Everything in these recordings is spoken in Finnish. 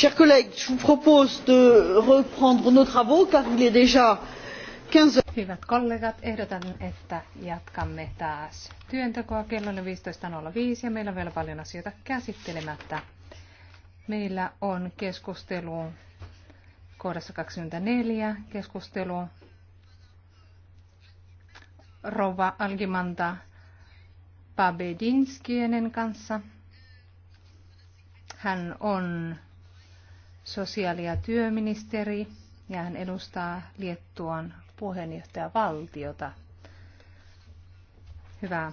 chers collègues je vous propose de reprendre nos travaux car il est déjà. quinze heures. hyvät kollegat ehdotan että jatkamme taas työntekoa kello on viisitoista viisi ja meillä on vielä paljon asioita käsittelemättä. Meillä on keskustelu kohdassa 24 keskustelu Rova Algimanta Pabedinskienen kanssa. Hän on sosiaali- ja työministeri ja hän edustaa Liettuan puheenjohtajavaltiota. Hyvä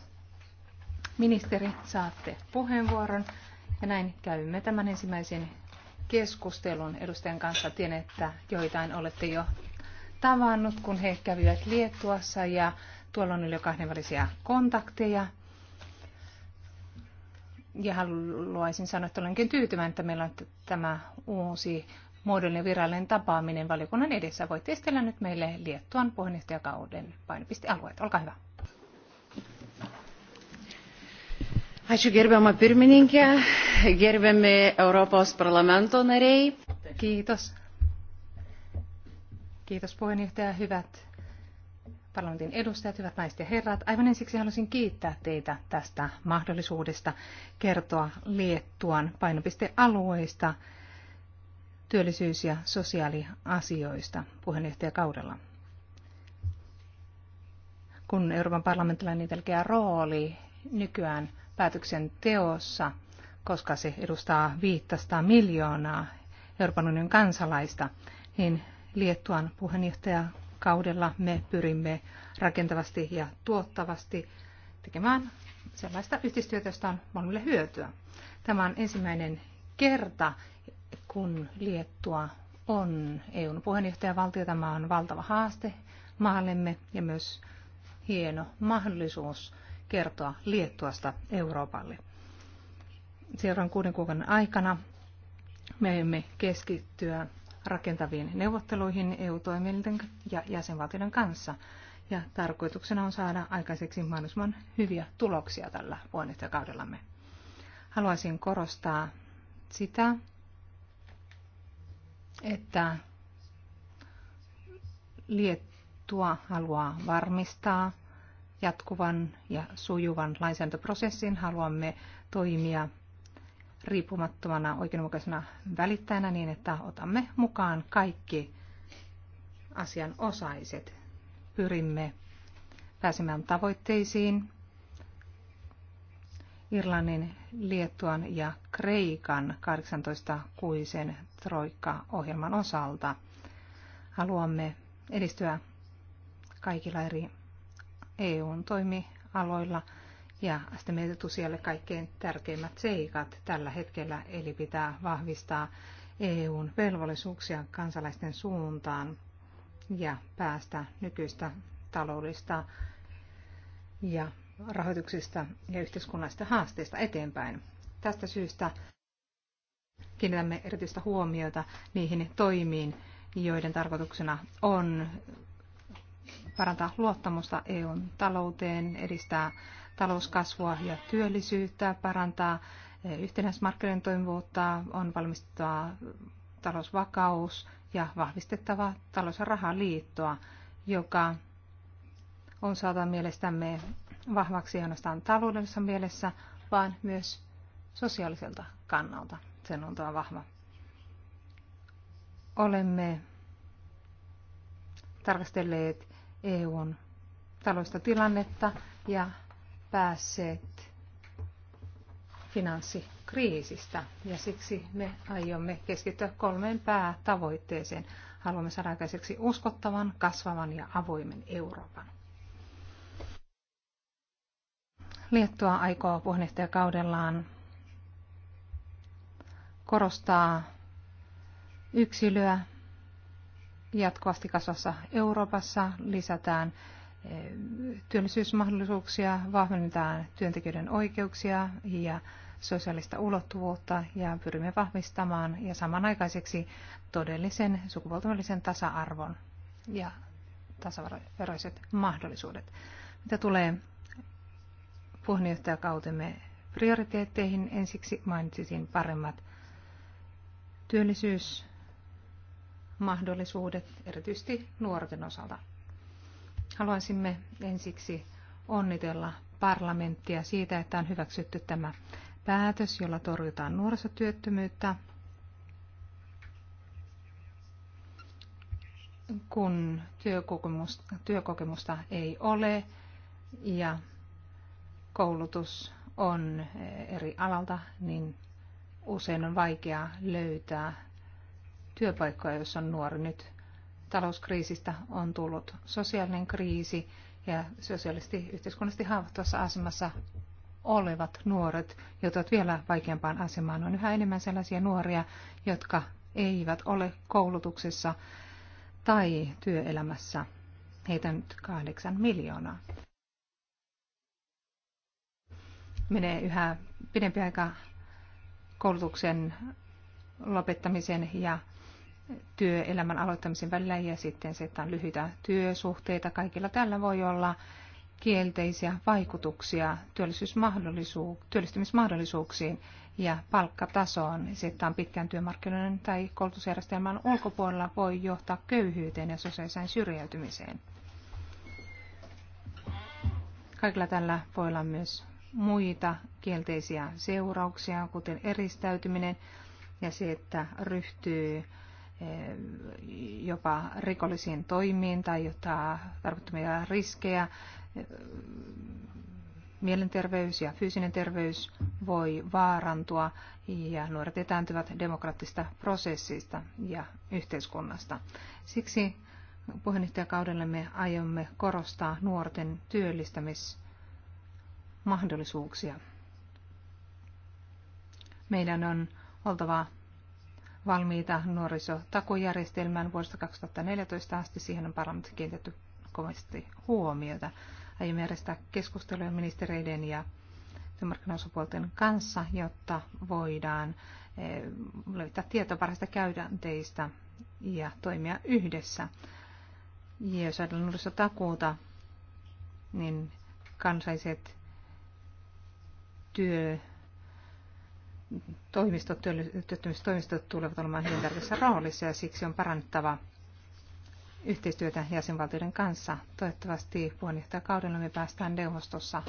ministeri, saatte puheenvuoron ja näin käymme tämän ensimmäisen keskustelun edustajan kanssa. Tien, että joitain olette jo tavannut, kun he kävivät Liettuassa ja tuolla on yli kahdenvälisiä kontakteja. Ja haluaisin sanoa, että olenkin tyytyväinen, että meillä on tämä uusi muodollinen virallinen tapaaminen valiokunnan edessä. Voitte esitellä nyt meille Liettuan puheenjohtajakauden painopistealueet. Olkaa hyvä. Ačiū gerbiamą pirmininkę, gerbiami Europos parlamento nariai. Kiitos. Kiitos puheenjohtaja, hyvät parlamentin edustajat, hyvät naiset ja herrat. Aivan ensiksi haluaisin kiittää teitä tästä mahdollisuudesta kertoa Liettuan painopistealueista, työllisyys- ja sosiaaliasioista puheenjohtajakaudella. Kun Euroopan parlamentilla on niin tärkeä rooli nykyään päätöksenteossa, koska se edustaa 500 miljoonaa Euroopan unionin kansalaista, niin Liettuan puheenjohtaja kaudella me pyrimme rakentavasti ja tuottavasti tekemään sellaista yhteistyötä, josta on monille hyötyä. Tämä on ensimmäinen kerta, kun Liettua on EUn puheenjohtajavaltio. Tämä on valtava haaste maallemme ja myös hieno mahdollisuus kertoa Liettuasta Euroopalle. Seuraavan kuuden kuukauden aikana me emme keskittyä rakentaviin neuvotteluihin EU-toimielinten ja jäsenvaltioiden kanssa. Ja tarkoituksena on saada aikaiseksi mahdollisimman hyviä tuloksia tällä puheenjohtajakaudellamme. Haluaisin korostaa sitä, että Liettua haluaa varmistaa jatkuvan ja sujuvan lainsäädäntöprosessin. Haluamme toimia riippumattomana oikeudenmukaisena välittäjänä niin, että otamme mukaan kaikki asian osaiset, Pyrimme pääsemään tavoitteisiin Irlannin, Liettuan ja Kreikan 18-kuisen Troikka-ohjelman osalta. Haluamme edistyä kaikilla eri EUn toimialoilla – ja meiltä etusijalle kaikkein tärkeimmät seikat tällä hetkellä, eli pitää vahvistaa EUn velvollisuuksia kansalaisten suuntaan ja päästä nykyistä taloudellista ja rahoituksista ja yhteiskunnallisista haasteista eteenpäin. Tästä syystä kiinnitämme erityistä huomiota niihin toimiin, joiden tarkoituksena on parantaa luottamusta EUn talouteen, edistää talouskasvua ja työllisyyttä, parantaa eh, yhtenäismarkkinoiden toimivuutta, on valmistettava talousvakaus ja vahvistettava talous- ja rahaliittoa, joka on saatava mielestämme vahvaksi ainoastaan taloudellisessa mielessä, vaan myös sosiaaliselta kannalta. Sen on oltava vahva. Olemme tarkastelleet EUn taloista tilannetta ja päässeet finanssikriisistä ja siksi me aiomme keskittyä kolmeen päätavoitteeseen. Haluamme saada aikaiseksi uskottavan, kasvavan ja avoimen Euroopan. Liettua aikoo puheenjohtajakaudellaan korostaa yksilöä jatkuvasti kasvassa Euroopassa, lisätään työllisyysmahdollisuuksia, vahvennetaan työntekijöiden oikeuksia ja sosiaalista ulottuvuutta ja pyrimme vahvistamaan ja samanaikaiseksi todellisen sukupuolten tasa-arvon ja tasaveroiset mahdollisuudet. Mitä tulee puheenjohtajakautemme prioriteetteihin, ensiksi mainitsisin paremmat työllisyysmahdollisuudet, erityisesti nuorten osalta. Haluaisimme ensiksi onnitella parlamenttia siitä, että on hyväksytty tämä päätös, jolla torjutaan nuorisotyöttömyyttä. Kun työkokemusta, työkokemusta ei ole ja koulutus on eri alalta, niin usein on vaikea löytää työpaikkoja, jos on nuori nyt talouskriisistä on tullut sosiaalinen kriisi ja sosiaalisesti yhteiskunnallisesti haavoittuvassa asemassa olevat nuoret joutuvat vielä vaikeampaan asemaan. On yhä enemmän sellaisia nuoria, jotka eivät ole koulutuksessa tai työelämässä. Heitä nyt kahdeksan miljoonaa. Menee yhä pidempi aika koulutuksen lopettamisen ja työelämän aloittamisen välillä ja sitten se, että on lyhyitä työsuhteita. Kaikilla tällä voi olla kielteisiä vaikutuksia työllistymismahdollisuuksiin ja palkkatasoon. Se, että on pitkään työmarkkinoiden tai koulutusjärjestelmän ulkopuolella, voi johtaa köyhyyteen ja sosiaaliseen syrjäytymiseen. Kaikilla tällä voi olla myös muita kielteisiä seurauksia, kuten eristäytyminen ja se, että ryhtyy Eh, jopa rikollisiin toimiin tai jotain tarvittomia riskejä. Eh, mielenterveys ja fyysinen terveys voi vaarantua ja nuoret etääntyvät demokraattista prosessista ja yhteiskunnasta. Siksi me aiomme korostaa nuorten työllistämismahdollisuuksia. Meidän on oltava valmiita nuorisotakujärjestelmään vuodesta 2014 asti. Siihen on parlamentti kiinnitetty kovasti huomiota. Aiemmin järjestää keskusteluja ministereiden ja työmarkkinaosapuolten kanssa, jotta voidaan eh, löytää tietoa parhaista käytänteistä ja toimia yhdessä. Ja jos ajatellaan nuorisotakuuta, niin kansalliset työ toimistot, työttömyystoimistot tulevat olemaan hyvin tärkeässä roolissa ja siksi on parannettava yhteistyötä jäsenvaltioiden kanssa. Toivottavasti puheenjohtajakaudella me päästään neuvostossa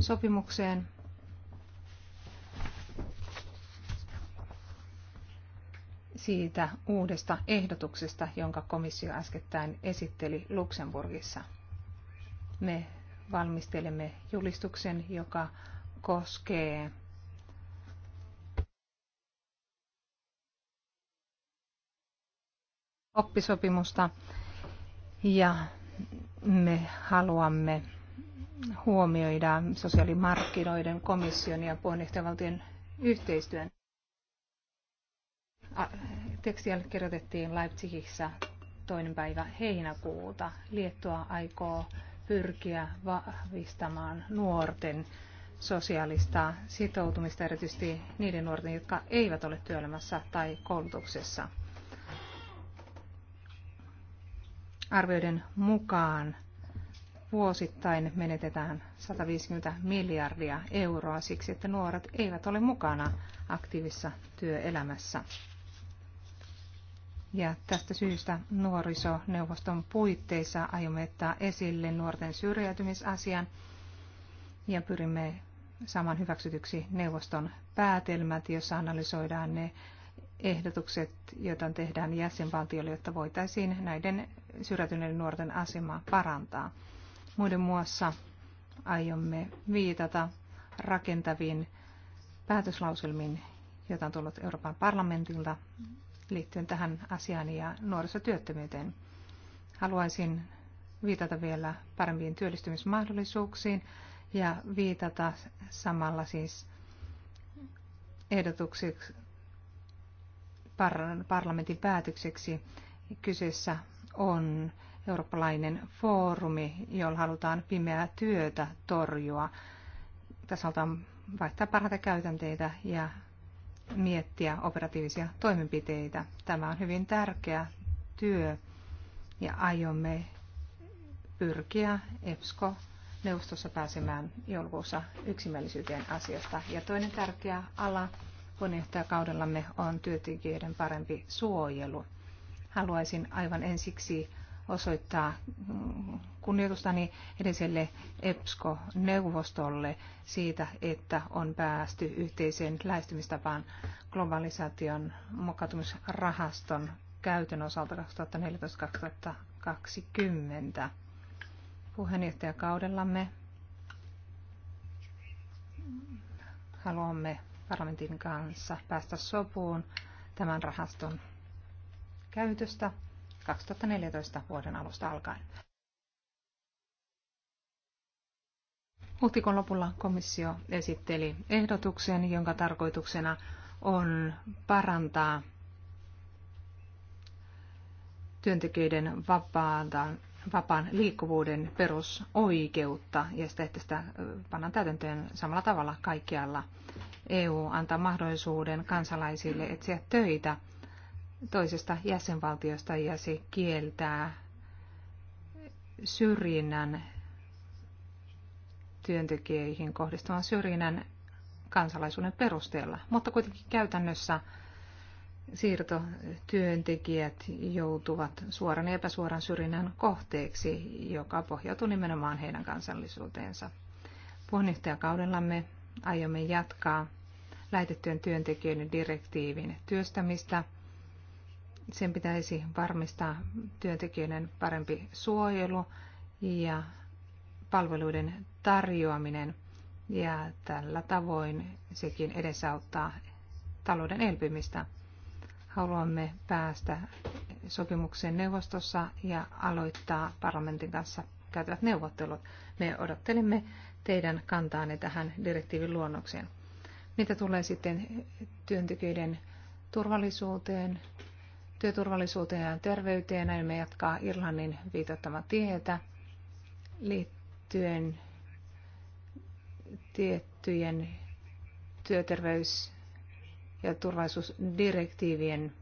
sopimukseen. siitä uudesta ehdotuksesta, jonka komissio äskettäin esitteli Luxemburgissa. Me valmistelemme julistuksen, joka koskee oppisopimusta ja me haluamme huomioida sosiaalimarkkinoiden komission ja puheenjohtajavaltion yhteistyön. Tekstiä kirjoitettiin Leipzigissä toinen päivä heinäkuuta. Liettua aikoo pyrkiä vahvistamaan nuorten sosiaalista sitoutumista, erityisesti niiden nuorten, jotka eivät ole työelämässä tai koulutuksessa. Arvioiden mukaan vuosittain menetetään 150 miljardia euroa siksi, että nuoret eivät ole mukana aktiivisessa työelämässä. Ja tästä syystä nuorisoneuvoston puitteissa aiomme ottaa esille nuorten syrjäytymisasian ja pyrimme saman hyväksytyksi neuvoston päätelmät, jossa analysoidaan ne ehdotukset, joita tehdään jäsenvaltioille, jotta voitaisiin näiden syrjäytyneiden nuorten asemaa parantaa. Muiden muassa aiomme viitata rakentaviin päätöslauselmiin, joita on tullut Euroopan parlamentilta liittyen tähän asiaan ja nuorisotyöttömyyteen. Haluaisin viitata vielä parempiin työllistymismahdollisuuksiin ja viitata samalla siis ehdotuksiksi parlamentin päätökseksi. Kyseessä on eurooppalainen foorumi, jolla halutaan pimeää työtä torjua. Tässä halutaan vaihtaa parhaita käytänteitä ja miettiä operatiivisia toimenpiteitä. Tämä on hyvin tärkeä työ ja aiomme pyrkiä EPSCO neuvostossa pääsemään joulukuussa yksimielisyyteen asiasta. Ja toinen tärkeä ala puheenjohtajakaudellamme on työntekijöiden parempi suojelu. Haluaisin aivan ensiksi osoittaa kunnioitustani edelliselle EPSCO-neuvostolle siitä, että on päästy yhteiseen lähestymistapaan globalisaation mukautumisrahaston käytön osalta 2014-2020. Puheenjohtajakaudellamme haluamme parlamentin kanssa päästä sopuun tämän rahaston käytöstä 2014 vuoden alusta alkaen. Huhtikuun lopulla komissio esitteli ehdotuksen, jonka tarkoituksena on parantaa työntekijöiden vapaata, vapaan liikkuvuuden perusoikeutta ja sitä, että sitä pannaan täytäntöön samalla tavalla kaikkialla EU antaa mahdollisuuden kansalaisille etsiä töitä toisesta jäsenvaltiosta ja se kieltää syrjinnän työntekijöihin kohdistuvan syrjinnän kansalaisuuden perusteella. Mutta kuitenkin käytännössä siirtotyöntekijät joutuvat suoran ja epäsuoran syrjinnän kohteeksi, joka pohjautuu nimenomaan heidän kansallisuuteensa. Puheenjohtajakaudellamme aiomme jatkaa lähetettyjen työntekijöiden direktiivin työstämistä. Sen pitäisi varmistaa työntekijöiden parempi suojelu ja palveluiden tarjoaminen. Ja tällä tavoin sekin edesauttaa talouden elpymistä. Haluamme päästä sopimukseen neuvostossa ja aloittaa parlamentin kanssa käytävät neuvottelut. Me odottelimme teidän kantaanne tähän direktiivin luonnokseen. Mitä tulee sitten työntekijöiden turvallisuuteen, työturvallisuuteen ja terveyteen, näin me jatkaa Irlannin viitottama tietä liittyen tiettyjen työterveys- ja turvallisuusdirektiivien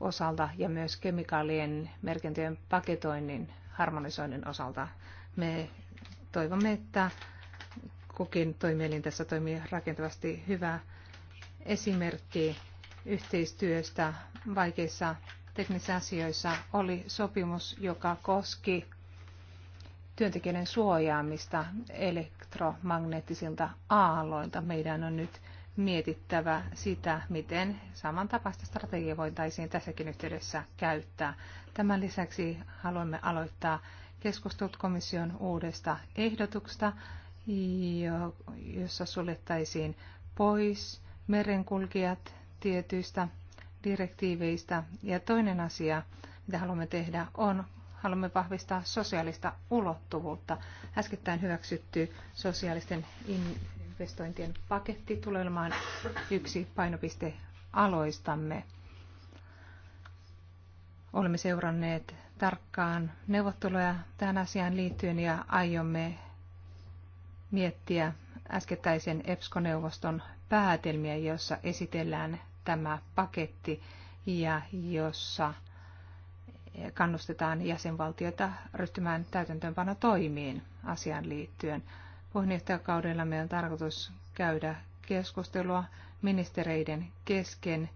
osalta ja myös kemikaalien merkintöjen paketoinnin harmonisoinnin osalta. Me toivomme, että kukin toimielin tässä toimii rakentavasti hyvä esimerkki yhteistyöstä vaikeissa teknisissä asioissa oli sopimus, joka koski työntekijöiden suojaamista elektromagneettisilta aalloilta. Meidän on nyt mietittävä sitä, miten samantapaista strategiaa voitaisiin tässäkin yhteydessä käyttää. Tämän lisäksi haluamme aloittaa keskustelut komission uudesta ehdotuksesta jossa suljettaisiin pois merenkulkijat tietyistä direktiiveistä. Ja toinen asia, mitä haluamme tehdä, on haluamme vahvistaa sosiaalista ulottuvuutta. Äskettäin hyväksytty sosiaalisten investointien paketti tulee olemaan yksi aloistamme. Olemme seuranneet tarkkaan neuvotteluja tähän asiaan liittyen ja aiomme miettiä äskettäisen EPSCO-neuvoston päätelmiä, jossa esitellään tämä paketti ja jossa kannustetaan jäsenvaltioita ryhtymään toimiin asiaan liittyen. Puheenjohtajakaudella meidän on tarkoitus käydä keskustelua ministereiden kesken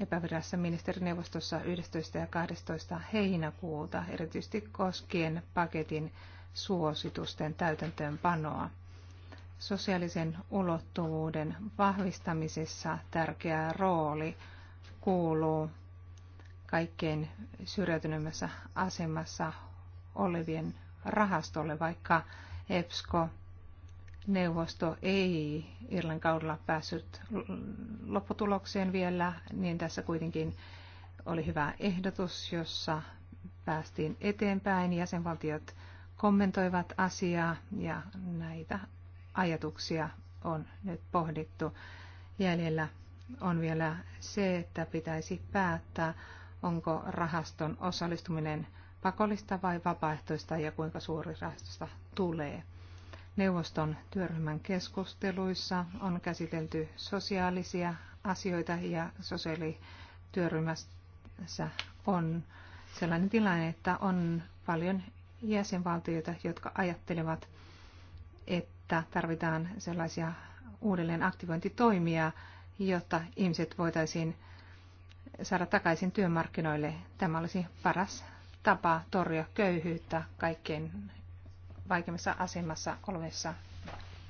epävirallisessa ministerineuvostossa 11. ja 12. heinäkuuta, erityisesti koskien paketin suositusten täytäntöönpanoa. Sosiaalisen ulottuvuuden vahvistamisessa tärkeä rooli kuuluu kaikkein syrjäytyneimmässä asemassa olevien rahastolle, vaikka EPSCO neuvosto ei Irlannin kaudella päässyt lopputulokseen vielä, niin tässä kuitenkin oli hyvä ehdotus, jossa päästiin eteenpäin. Jäsenvaltiot kommentoivat asiaa ja näitä ajatuksia on nyt pohdittu. Jäljellä on vielä se, että pitäisi päättää, onko rahaston osallistuminen pakollista vai vapaaehtoista ja kuinka suuri rahastosta tulee. Neuvoston työryhmän keskusteluissa on käsitelty sosiaalisia asioita ja sosiaalityöryhmässä on sellainen tilanne, että on paljon jäsenvaltioita, jotka ajattelevat, että tarvitaan sellaisia uudelleen aktivointitoimia, jotta ihmiset voitaisiin saada takaisin työmarkkinoille. Tämä olisi paras tapa torjua köyhyyttä kaikkein vaikeimmassa asemassa olevissa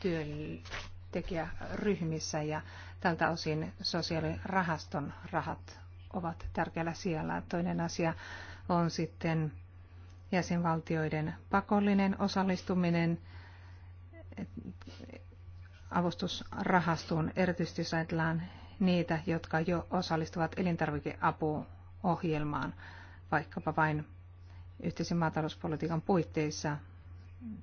työntekijäryhmissä ja tältä osin sosiaalirahaston rahat ovat tärkeällä siellä Toinen asia on sitten jäsenvaltioiden pakollinen osallistuminen avustusrahastoon, erityisesti jos ajatellaan niitä, jotka jo osallistuvat elintarvikeapuohjelmaan, vaikkapa vain yhteisen maatalouspolitiikan puitteissa.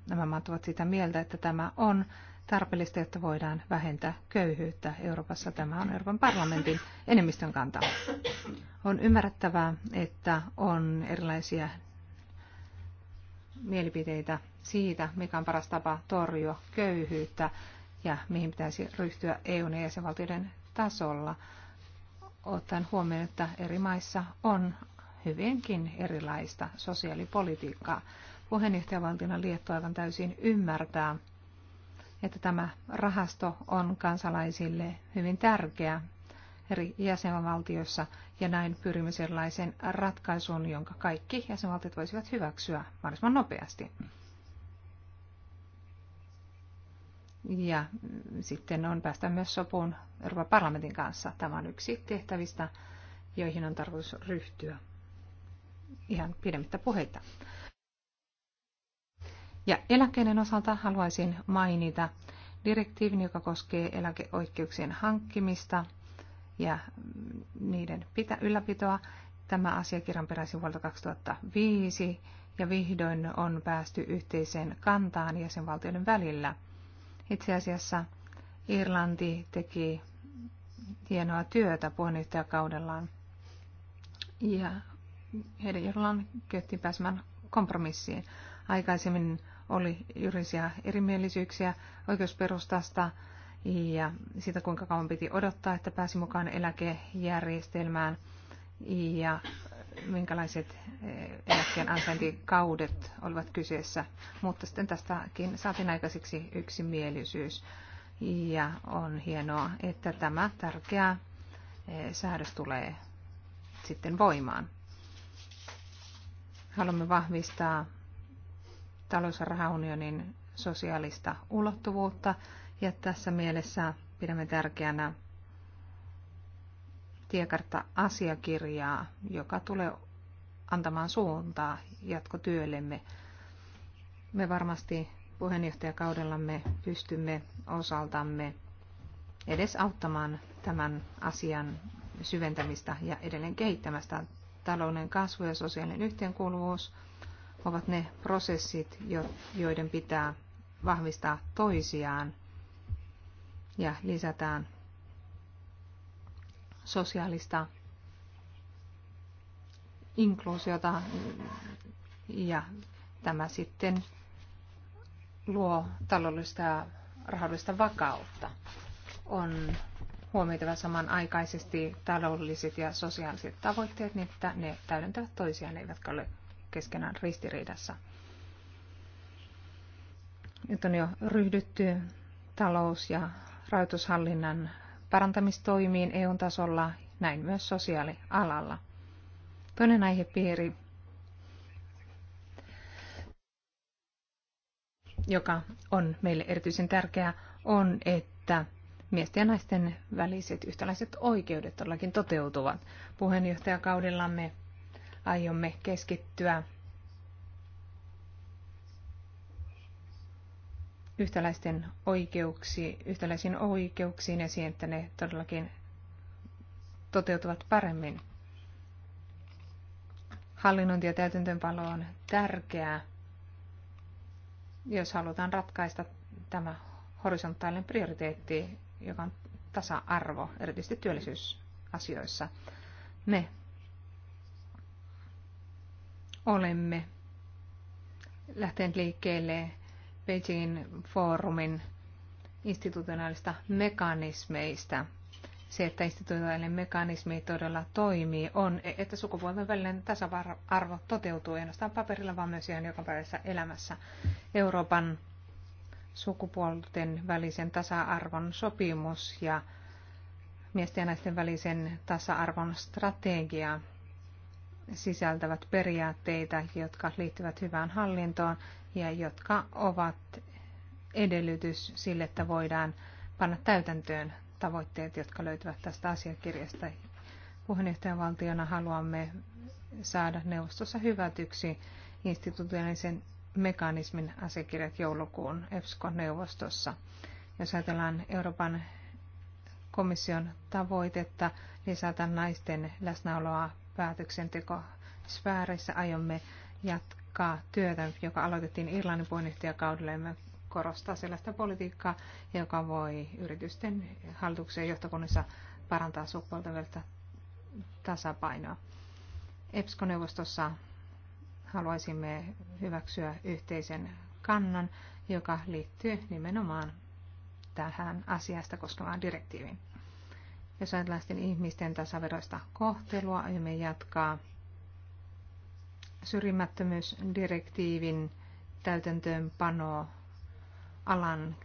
Nämä maat ovat sitä mieltä, että tämä on tarpeellista, että voidaan vähentää köyhyyttä Euroopassa. Tämä on Euroopan parlamentin enemmistön kanta. On ymmärrettävää, että on erilaisia mielipiteitä siitä, mikä on paras tapa torjua köyhyyttä ja mihin pitäisi ryhtyä EUn ja jäsenvaltioiden tasolla, ottaen huomioon, että eri maissa on hyvinkin erilaista sosiaalipolitiikkaa. Puheenjohtajavaltiona Liettu aivan täysin ymmärtää, että tämä rahasto on kansalaisille hyvin tärkeä eri jäsenvaltioissa ja näin pyrimme sellaiseen ratkaisuun, jonka kaikki jäsenvaltiot voisivat hyväksyä mahdollisimman nopeasti. Ja sitten on päästä myös sopuun Euroopan parlamentin kanssa. Tämä on yksi tehtävistä, joihin on tarkoitus ryhtyä ihan pidemmittä puheita. Ja eläkkeiden osalta haluaisin mainita direktiivin, joka koskee eläkeoikeuksien hankkimista ja mm, niiden pitä, ylläpitoa. Tämä asiakirjan peräisin vuodelta 2005 ja vihdoin on päästy yhteiseen kantaan jäsenvaltioiden välillä. Itse asiassa Irlanti teki hienoa työtä puheenjohtajakaudellaan ja heidän johdollaan kyettiin pääsemään kompromissiin. Aikaisemmin oli juridisia erimielisyyksiä oikeusperustasta, ja sitä, kuinka kauan piti odottaa, että pääsi mukaan eläkejärjestelmään ja minkälaiset eh, eläkkeen ansaintikaudet olivat kyseessä. Mutta sitten tästäkin saatiin aikaiseksi yksimielisyys ja on hienoa, että tämä tärkeä eh, säädös tulee sitten voimaan. Haluamme vahvistaa talous- ja rahaunionin sosiaalista ulottuvuutta ja tässä mielessä pidämme tärkeänä tiekartta-asiakirjaa, joka tulee antamaan suuntaa jatkotyöllemme. Me varmasti puheenjohtajakaudellamme pystymme osaltamme edes auttamaan tämän asian syventämistä ja edelleen kehittämästä. Talouden kasvu ja sosiaalinen yhteenkuuluvuus ovat ne prosessit, joiden pitää vahvistaa toisiaan ja lisätään sosiaalista inkluusiota ja tämä sitten luo taloudellista ja rahallista vakautta. On huomioitava samanaikaisesti taloudelliset ja sosiaaliset tavoitteet, niin että ne täydentävät toisiaan, eivätkä ole keskenään ristiriidassa. Nyt on jo ryhdytty talous- ja rahoitushallinnan parantamistoimiin EUn tasolla, näin myös sosiaalialalla. Toinen aihepiiri, joka on meille erityisen tärkeä, on, että miesten ja naisten väliset yhtäläiset oikeudet todellakin toteutuvat. Puheenjohtajakaudellamme aiomme keskittyä yhtäläisten oikeuksiin, yhtäläisiin oikeuksiin ja siihen, että ne todellakin toteutuvat paremmin. Hallinnointi ja täytäntöönpalo on tärkeää, jos halutaan ratkaista tämä horisontaalinen prioriteetti, joka on tasa-arvo, erityisesti työllisyysasioissa. Me olemme lähteneet liikkeelle Beijingin foorumin institutionaalista mekanismeista. Se, että institutionaalinen mekanismi todella toimii, on, että sukupuolten välinen tasa-arvo toteutuu ei ainoastaan paperilla, vaan myös ihan jokapäiväisessä elämässä. Euroopan sukupuolten välisen tasa-arvon sopimus ja miesten ja naisten välisen tasa-arvon strategia sisältävät periaatteita, jotka liittyvät hyvään hallintoon ja jotka ovat edellytys sille, että voidaan panna täytäntöön tavoitteet, jotka löytyvät tästä asiakirjasta. Puheenjohtajavaltiona haluamme saada neuvostossa hyvätyksi institutionaalisen mekanismin asiakirjat joulukuun EPSCO-neuvostossa. Jos ajatellaan Euroopan komission tavoitetta lisätä naisten läsnäoloa päätöksenteko sfääreissä, aiomme jatkaa politiikkaa työtä, joka aloitettiin Irlannin puheenjohtajakaudella. Ja me korostaa sellaista politiikkaa, joka voi yritysten hallituksen johtokunnissa parantaa sukupuolta tasapainoa. EPSCO-neuvostossa haluaisimme hyväksyä yhteisen kannan, joka liittyy nimenomaan tähän asiasta koskevaan direktiiviin. Jos ajatellaan ihmisten tasaveroista kohtelua, aiomme jatkaa syrjimättömyysdirektiivin täytäntöönpanoa alan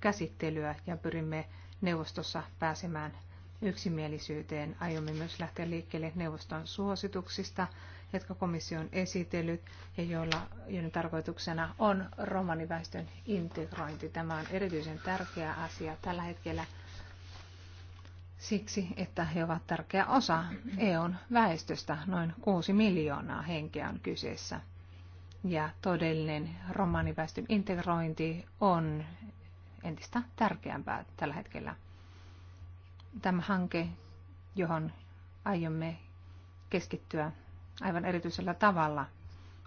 käsittelyä ja pyrimme neuvostossa pääsemään yksimielisyyteen. Aiomme myös lähteä liikkeelle neuvoston suosituksista, jotka komissio on esitellyt ja joilla, joiden tarkoituksena on romaniväestön integrointi. Tämä on erityisen tärkeä asia tällä hetkellä siksi, että he ovat tärkeä osa EUn väestöstä, noin 6 miljoonaa henkeä on kyseessä. Ja todellinen romaniväestön integrointi on entistä tärkeämpää tällä hetkellä. Tämä hanke, johon aiomme keskittyä aivan erityisellä tavalla,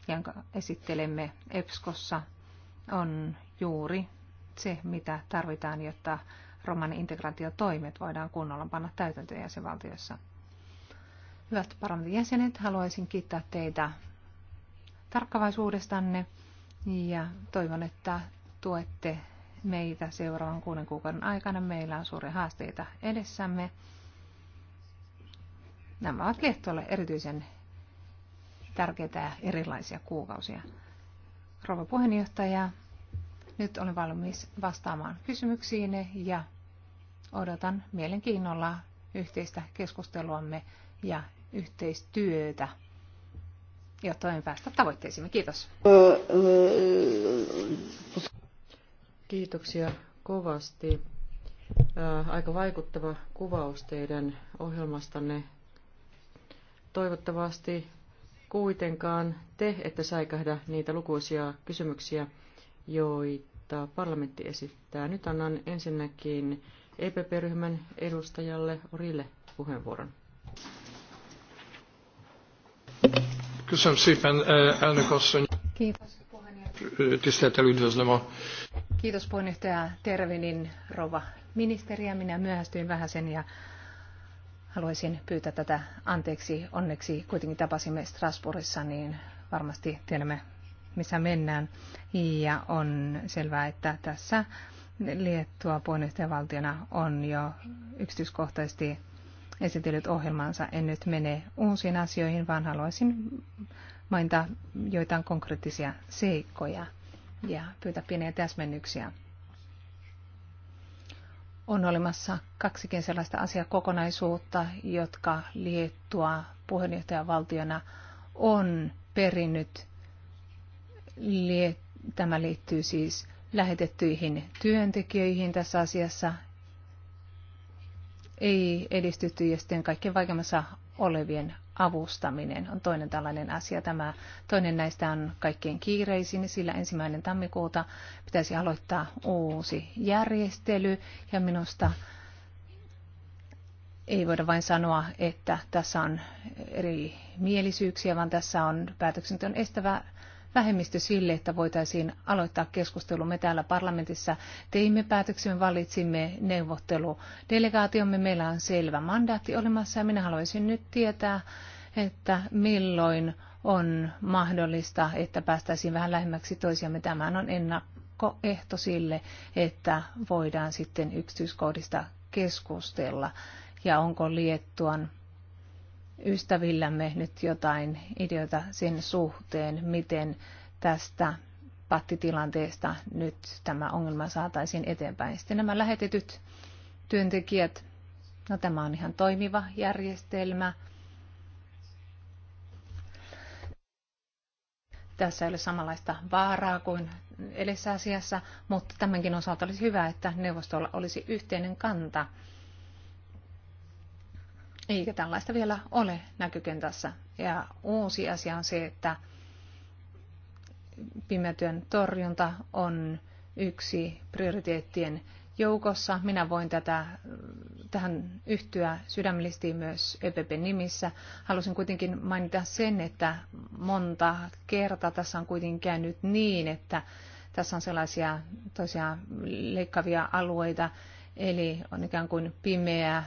jonka esittelemme EPSKossa, on juuri se, mitä tarvitaan, jotta romani-integraatiotoimet voidaan kunnolla panna täytäntöön jäsenvaltiossa. Hyvät parlamentin jäsenet, haluaisin kiittää teitä tarkkavaisuudestanne ja toivon, että tuette meitä seuraavan kuuden kuukauden aikana. Meillä on suuria haasteita edessämme. Nämä ovat Liettualle erityisen tärkeitä ja erilaisia kuukausia. Rouva puheenjohtaja, nyt olen valmis vastaamaan kysymyksiinne ja Odotan mielenkiinnolla yhteistä keskusteluamme ja yhteistyötä, jotta voimme päästä tavoitteisiimme. Kiitos. Kiitoksia kovasti. Äh, aika vaikuttava kuvaus teidän ohjelmastanne. Toivottavasti kuitenkaan te ette säikähdä niitä lukuisia kysymyksiä, joita parlamentti esittää. Nyt annan ensinnäkin EPP-ryhmän edustajalle Orille puheenvuoron. Eh, Kiitos puheenjohtaja. Eh, Tervinin Kiitos puheenjohtaja rova ministeriä. Minä myöhästyin vähän sen ja haluaisin pyytää tätä anteeksi. Onneksi kuitenkin tapasimme Strasbourgissa, niin varmasti tiedämme, missä mennään. Ja on selvää, että tässä Liettua puheenjohtajavaltiona on jo yksityiskohtaisesti esitellyt ohjelmansa. En nyt mene uusiin asioihin, vaan haluaisin mainita joitain konkreettisia seikkoja ja pyytää pieniä täsmennyksiä. On olemassa kaksikin sellaista asiakokonaisuutta, jotka Liettua puheenjohtajavaltiona on perinnyt. Tämä liittyy siis lähetettyihin työntekijöihin tässä asiassa ei edistytty ja sitten kaikkein vaikeimmassa olevien avustaminen on toinen tällainen asia. Tämä toinen näistä on kaikkein kiireisin, sillä ensimmäinen tammikuuta pitäisi aloittaa uusi järjestely ja minusta ei voida vain sanoa, että tässä on eri mielisyyksiä, vaan tässä on päätöksenteon estävä vähemmistö sille, että voitaisiin aloittaa keskustelu. Me täällä parlamentissa teimme päätöksen, valitsimme neuvotteludelegaatiomme. Meillä on selvä mandaatti olemassa ja minä haluaisin nyt tietää, että milloin on mahdollista, että päästäisiin vähän lähemmäksi toisiamme. Tämä on ennakkoehto sille, että voidaan sitten yksityiskohdista keskustella ja onko Liettuan ystävillämme nyt jotain ideoita sen suhteen, miten tästä pattitilanteesta nyt tämä ongelma saataisiin eteenpäin. Sitten nämä lähetetyt työntekijät, no tämä on ihan toimiva järjestelmä. Tässä ei ole samanlaista vaaraa kuin edessä asiassa, mutta tämänkin osalta olisi hyvä, että neuvostolla olisi yhteinen kanta eikä tällaista vielä ole näkykentässä. Ja uusi asia on se, että pimeätyön torjunta on yksi prioriteettien joukossa. Minä voin tätä, tähän yhtyä sydämellisesti myös EPP nimissä. Halusin kuitenkin mainita sen, että monta kertaa tässä on kuitenkin käynyt niin, että tässä on sellaisia tosiaan leikkavia alueita, eli on ikään kuin pimeä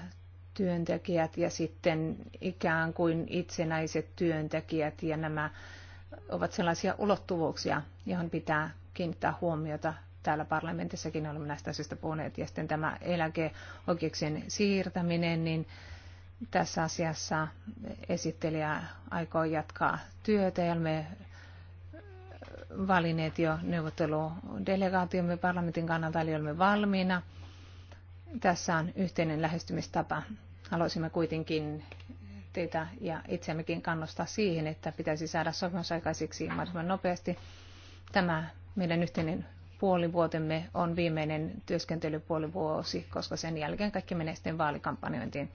työntekijät ja sitten ikään kuin itsenäiset työntekijät ja nämä ovat sellaisia ulottuvuuksia, johon pitää kiinnittää huomiota. Täällä parlamentissakin olemme näistä asioista puhuneet ja sitten tämä eläkeoikeuksien siirtäminen, niin tässä asiassa esittelijä aikoo jatkaa työtä ja me valineet jo neuvotteludelegaatiomme parlamentin kannalta, eli olemme valmiina. Tässä on yhteinen lähestymistapa. Haluaisimme kuitenkin teitä ja itseämmekin kannustaa siihen, että pitäisi saada sopimus aikaisiksi mahdollisimman nopeasti. Tämä meidän yhteinen puolivuotemme on viimeinen työskentelypuolivuosi, koska sen jälkeen kaikki menee sitten vaalikampanjointiin.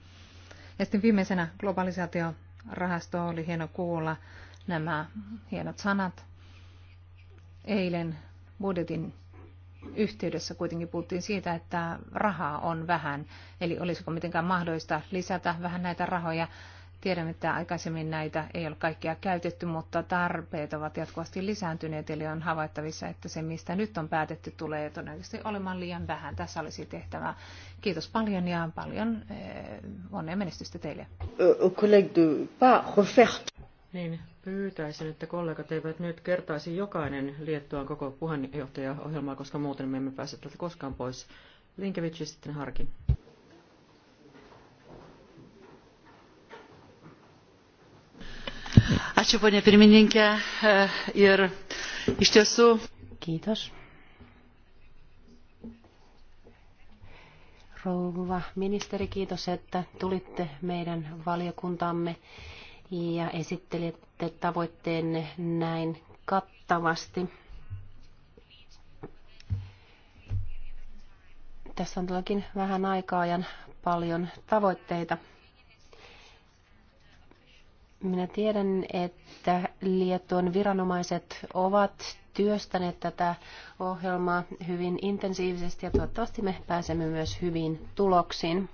Ja sitten viimeisenä globalisaatiorahasto oli hieno kuulla nämä hienot sanat. Eilen budjetin yhteydessä kuitenkin puhuttiin siitä, että rahaa on vähän. Eli olisiko mitenkään mahdollista lisätä vähän näitä rahoja? Tiedän, että aikaisemmin näitä ei ole kaikkia käytetty, mutta tarpeet ovat jatkuvasti lisääntyneet, eli on havaittavissa, että se, mistä nyt on päätetty, tulee todennäköisesti olemaan liian vähän. Tässä olisi tehtävä Kiitos paljon ja paljon eh, onnea menestystä teille. Euh, niin, Pyytäisin, että kollegat eivät nyt kertaisi jokainen Liettuan koko puheenjohtajaohjelmaa, koska muuten me emme pääse tältä koskaan pois. Linkevich sitten harkin. Ačiū, ponė pirmininkė. E, ir iš tiesų. Kiitos. Rouva ministeri, kiitos, että tulitte meidän valiokuntamme ja esittelette tavoitteenne näin kattavasti. Tässä on todellakin vähän aikaa ja paljon tavoitteita. Minä tiedän, että Liettuan viranomaiset ovat työstäneet tätä ohjelmaa hyvin intensiivisesti ja toivottavasti me pääsemme myös hyvin tuloksiin.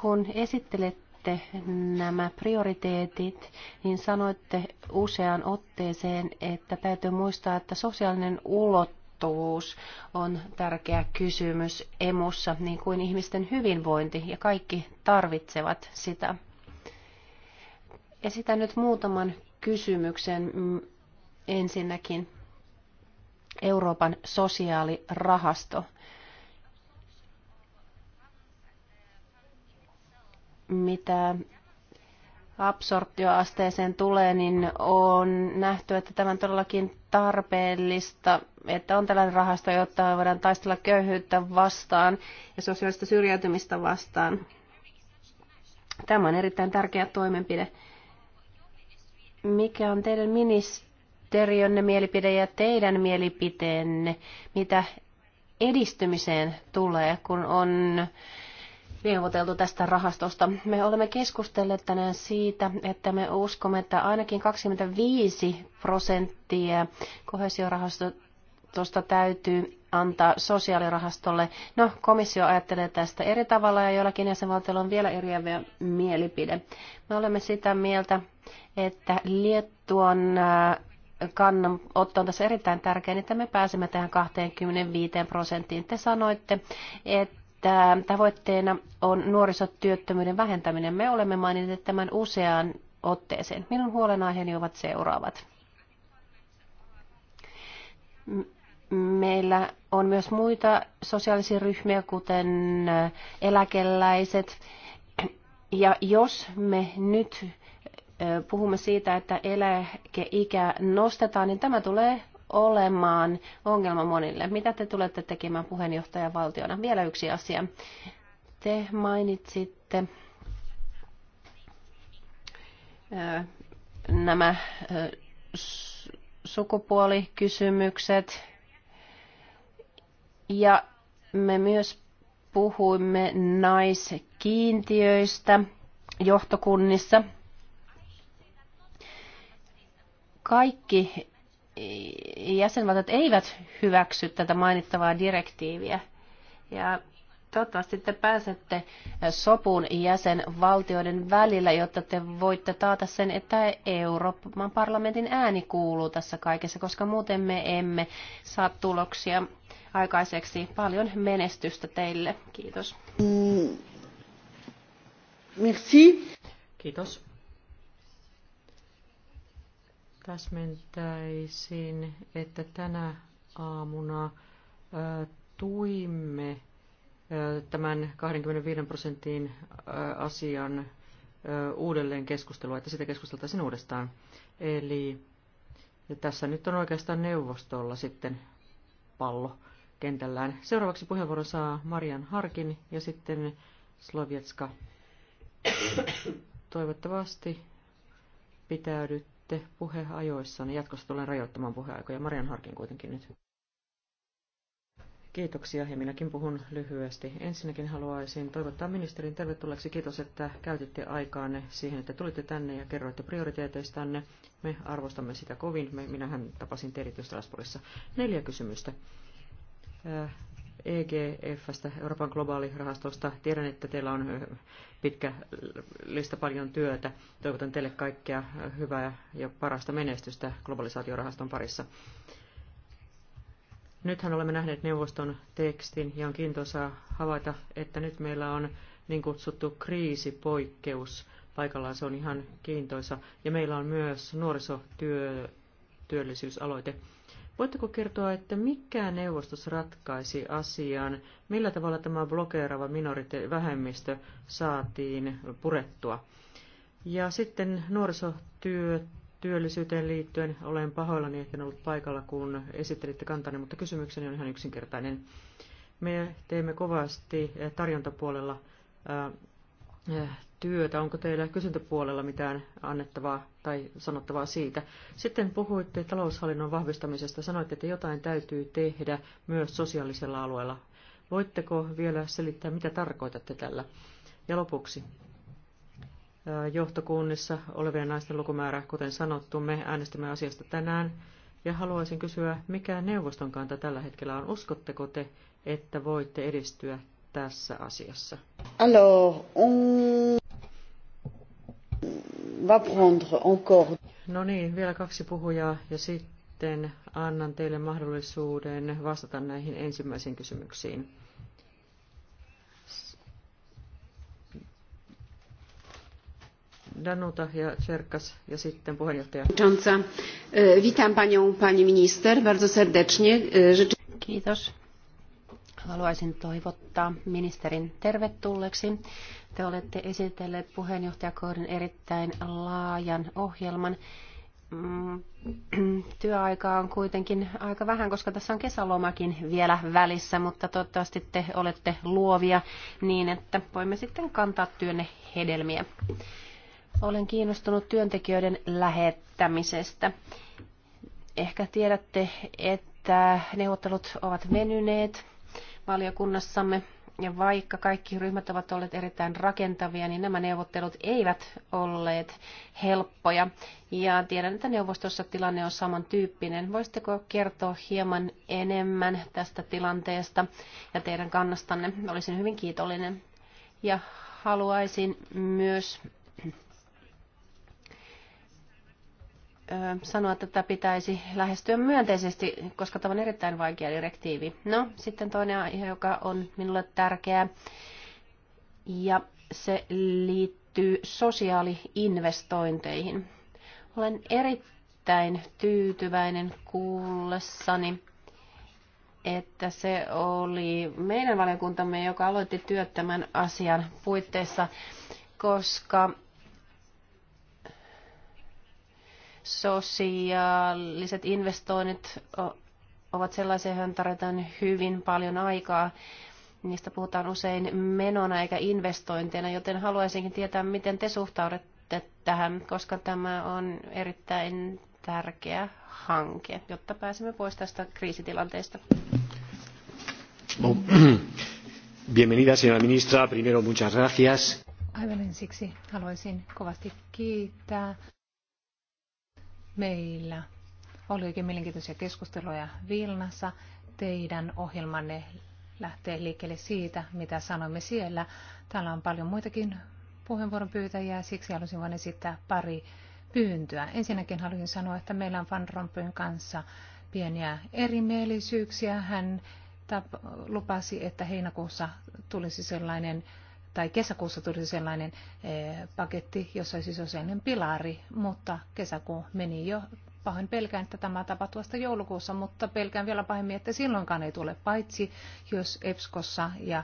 Kun esittelet esititte nämä prioriteetit, niin sanoitte useaan otteeseen, että täytyy muistaa, että sosiaalinen ulottuvuus on tärkeä kysymys emussa, niin kuin ihmisten hyvinvointi, ja kaikki tarvitsevat sitä. Esitän nyt muutaman kysymyksen mm, ensinnäkin. Euroopan sosiaalirahasto. mitä absorptioasteeseen tulee, niin on nähty, että tämä on todellakin tarpeellista, että on tällainen rahasto, jotta voidaan taistella köyhyyttä vastaan ja sosiaalista syrjäytymistä vastaan. Tämä on erittäin tärkeä toimenpide. Mikä on teidän ministeriönne mielipide ja teidän mielipiteenne, mitä edistymiseen tulee, kun on neuvoteltu tästä rahastosta. Me olemme keskustelleet tänään siitä, että me uskomme, että ainakin 25 prosenttia kohesiorahastosta täytyy antaa sosiaalirahastolle. No, komissio ajattelee tästä eri tavalla ja joillakin jäsenvaltioilla on vielä eriäviä mielipide. Me olemme sitä mieltä, että Liettuan äh, kannanotto on tässä erittäin tärkeä, niin että me pääsemme tähän 25 prosenttiin. Te sanoitte, että että tavoitteena on nuorisotyöttömyyden vähentäminen. Me olemme maininneet tämän useaan otteeseen. Minun huolenaiheeni ovat seuraavat. Meillä on myös muita sosiaalisia ryhmiä, kuten eläkeläiset. Ja jos me nyt puhumme siitä, että eläkeikä nostetaan, niin tämä tulee olemaan ongelma monille. Mitä te tulette tekemään valtiona? Vielä yksi asia. Te mainitsitte nämä sukupuolikysymykset. Ja me myös puhuimme naiskiintiöistä johtokunnissa. Kaikki jäsenvaltiot eivät hyväksy tätä mainittavaa direktiiviä. Ja toivottavasti te pääsette sopuun jäsenvaltioiden välillä, jotta te voitte taata sen, että Euroopan parlamentin ääni kuuluu tässä kaikessa, koska muuten me emme saa tuloksia aikaiseksi. Paljon menestystä teille. Kiitos. Mm. Merci. Kiitos täsmentäisin, että tänä aamuna tuimme tämän 25 prosentin asian uudelleen keskustelua, että sitä keskusteltaisiin uudestaan. Eli tässä nyt on oikeastaan neuvostolla sitten pallo kentällään. Seuraavaksi puheenvuoro saa Marian Harkin ja sitten Slovjetska. Toivottavasti pitäydyt pidätte puheajoissa, niin jatkossa tulen rajoittamaan puheaikoja. Marian Harkin kuitenkin nyt. Kiitoksia ja minäkin puhun lyhyesti. Ensinnäkin haluaisin toivottaa ministerin tervetulleeksi. Kiitos, että käytitte aikaanne siihen, että tulitte tänne ja kerroitte prioriteeteistanne. Me arvostamme sitä kovin. Me, minähän tapasin teidät Strasbourgissa. Neljä kysymystä. Äh, EGFstä, Euroopan globaalirahastosta. Tiedän, että teillä on pitkä lista paljon työtä. Toivotan teille kaikkea hyvää ja parasta menestystä globalisaatiorahaston parissa. Nythän olemme nähneet neuvoston tekstin ja on kiintoisaa havaita, että nyt meillä on niin kutsuttu kriisipoikkeus paikallaan. Se on ihan kiintoisa. Ja meillä on myös nuorisotyöllisyysaloite. Työ, Voitteko kertoa, että mikä neuvostos ratkaisi asian, millä tavalla tämä blokeerava minorite- vähemmistö saatiin purettua? Ja sitten nuorisotyöllisyyteen liittyen olen pahoillani, että en ollut paikalla, kun esittelitte kantanne, mutta kysymykseni on ihan yksinkertainen. Me teemme kovasti tarjontapuolella työtä. Onko teillä kysyntäpuolella mitään annettavaa tai sanottavaa siitä? Sitten puhuitte taloushallinnon vahvistamisesta. Sanoitte, että jotain täytyy tehdä myös sosiaalisella alueella. Voitteko vielä selittää, mitä tarkoitatte tällä? Ja lopuksi, johtokunnissa olevien naisten lukumäärä, kuten sanottu, me äänestimme asiasta tänään. Ja haluaisin kysyä, mikä neuvoston kanta tällä hetkellä on? Uskotteko te, että voitte edistyä tässä asiassa? Alors, on va prendre encore... No niin, vielä kaksi puhujaa ja sitten annan teille mahdollisuuden vastata näihin ensimmäisiin kysymyksiin. Danuta ja Czerkas ja sitten puheenjohtaja. E, witam panią, pani minister, bardzo serdecznie. E, Kiitos Haluaisin toivottaa ministerin tervetulleeksi. Te olette esitelleet puheenjohtajakoodin erittäin laajan ohjelman. Mm, työaikaa on kuitenkin aika vähän, koska tässä on kesälomakin vielä välissä, mutta toivottavasti te olette luovia niin, että voimme sitten kantaa työnne hedelmiä. Olen kiinnostunut työntekijöiden lähettämisestä. Ehkä tiedätte, että neuvottelut ovat venyneet valiokunnassamme. Ja vaikka kaikki ryhmät ovat olleet erittäin rakentavia, niin nämä neuvottelut eivät olleet helppoja. Ja tiedän, että neuvostossa tilanne on samantyyppinen. Voisitteko kertoa hieman enemmän tästä tilanteesta ja teidän kannastanne? Olisin hyvin kiitollinen. Ja haluaisin myös sanoa, että tätä pitäisi lähestyä myönteisesti, koska tämä on erittäin vaikea direktiivi. No, sitten toinen aihe, joka on minulle tärkeä, ja se liittyy sosiaaliinvestointeihin. Olen erittäin tyytyväinen kuullessani, että se oli meidän valiokuntamme, joka aloitti työttämän asian puitteissa, koska sosiaaliset investoinnit ovat sellaisia, joihin tarvitaan hyvin paljon aikaa. Niistä puhutaan usein menona eikä investointeina, joten haluaisinkin tietää, miten te suhtaudutte tähän, koska tämä on erittäin tärkeä hanke, jotta pääsemme pois tästä kriisitilanteesta. Bienvenida, señora ministra. Primero, muchas gracias. Aivan ensiksi haluaisin kovasti kiittää Meillä oli oikein mielenkiintoisia keskusteluja Vilnassa. Teidän ohjelmanne lähtee liikkeelle siitä, mitä sanoimme siellä. Täällä on paljon muitakin puheenvuoron pyytäjiä, siksi halusin vain esittää pari pyyntöä. Ensinnäkin haluaisin sanoa, että meillä on Van Rompuyn kanssa pieniä erimielisyyksiä. Hän tap- lupasi, että heinäkuussa tulisi sellainen tai kesäkuussa tulisi sellainen eh, paketti, jossa olisi sosiaalinen pilari, mutta kesäkuu meni jo. Pahoin pelkään, että tämä tapahtuu vasta joulukuussa, mutta pelkään vielä pahemmin, että silloinkaan ei tule, paitsi jos EPSKossa ja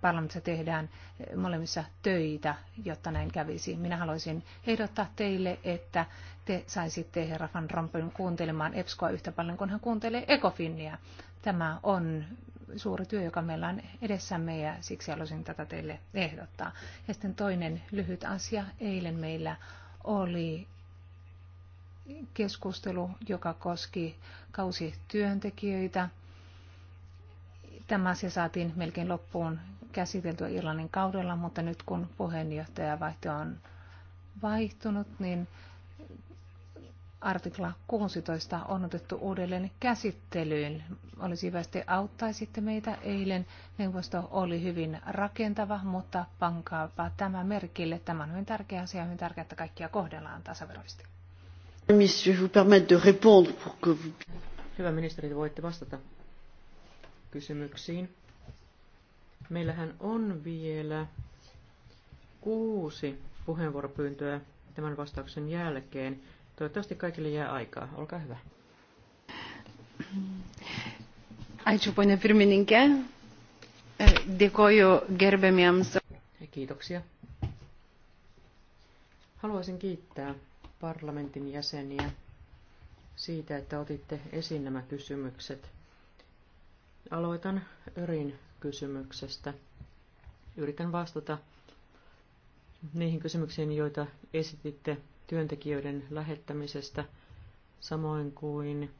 parlamentissa tehdään eh, molemmissa töitä, jotta näin kävisi. Minä haluaisin ehdottaa teille, että te saisitte herra Van Rompuyn kuuntelemaan EPSKoa yhtä paljon kuin hän kuuntelee Ekofinia. Tämä on suuri työ, joka meillä on edessämme ja siksi haluaisin tätä teille ehdottaa. Ja sitten toinen lyhyt asia. Eilen meillä oli keskustelu, joka koski kausityöntekijöitä. Tämä asia saatiin melkein loppuun käsiteltyä Irlannin kaudella, mutta nyt kun puheenjohtajavaihto vaihto on vaihtunut, niin artikla 16 on otettu uudelleen käsittelyyn. Olisi hyvä, että auttaisitte meitä. Eilen neuvosto oli hyvin rakentava, mutta pankaapa tämä merkille. Tämä on hyvin tärkeä asia ja hyvin tärkeää, että kaikkia kohdellaan tasaveroisesti. Hyvä ministeri, voitte vastata kysymyksiin. Meillähän on vielä kuusi puheenvuoropyyntöä tämän vastauksen jälkeen. Toivottavasti kaikille jää aikaa. Olkaa hyvä. Aitsu, poinen pirmininkė. E, Dekoju gerbėmiems. Kiitoksia. Haluaisin kiittää parlamentin jäseniä siitä, että otitte esiin nämä kysymykset. Aloitan Örin kysymyksestä. Yritän vastata niihin kysymyksiin, joita esititte työntekijöiden lähettämisestä, samoin kuin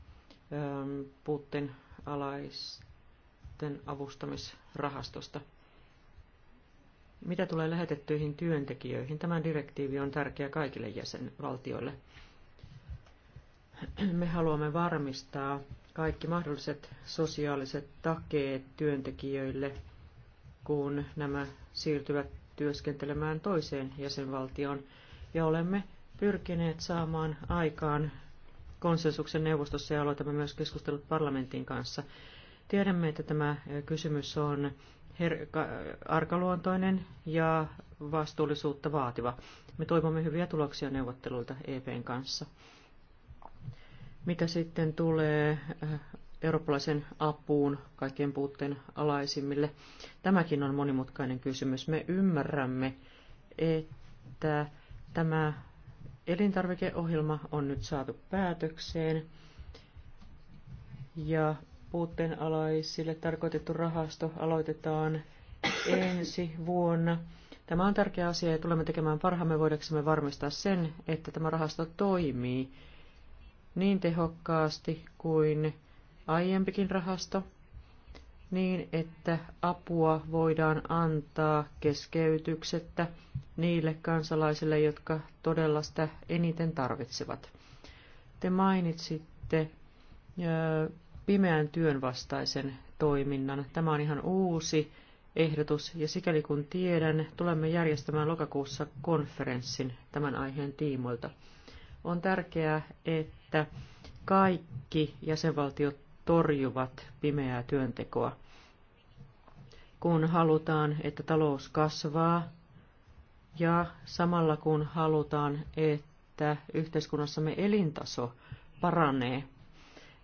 ähm, puutteen alaisten avustamisrahastosta. Mitä tulee lähetettyihin työntekijöihin, tämä direktiivi on tärkeä kaikille jäsenvaltioille. Me haluamme varmistaa kaikki mahdolliset sosiaaliset takeet työntekijöille, kun nämä siirtyvät työskentelemään toiseen jäsenvaltioon, ja olemme pyrkineet saamaan aikaan konsensuksen neuvostossa ja aloitamme myös keskustelut parlamentin kanssa. Tiedämme, että tämä kysymys on arkaluontoinen ja vastuullisuutta vaativa. Me toivomme hyviä tuloksia neuvotteluilta EPn kanssa. Mitä sitten tulee eurooppalaisen apuun kaikkien puutteen alaisimmille? Tämäkin on monimutkainen kysymys. Me ymmärrämme, että tämä Elintarvikeohjelma on nyt saatu päätökseen ja puutteenalaisille tarkoitettu rahasto aloitetaan ensi vuonna. Tämä on tärkeä asia ja tulemme tekemään parhaamme voidaksemme varmistaa sen, että tämä rahasto toimii niin tehokkaasti kuin aiempikin rahasto niin, että apua voidaan antaa keskeytyksettä niille kansalaisille, jotka todella sitä eniten tarvitsevat. Te mainitsitte pimeän työn vastaisen toiminnan. Tämä on ihan uusi ehdotus ja sikäli kun tiedän, tulemme järjestämään lokakuussa konferenssin tämän aiheen tiimoilta. On tärkeää, että kaikki jäsenvaltiot torjuvat pimeää työntekoa kun halutaan, että talous kasvaa, ja samalla kun halutaan, että yhteiskunnassamme elintaso paranee,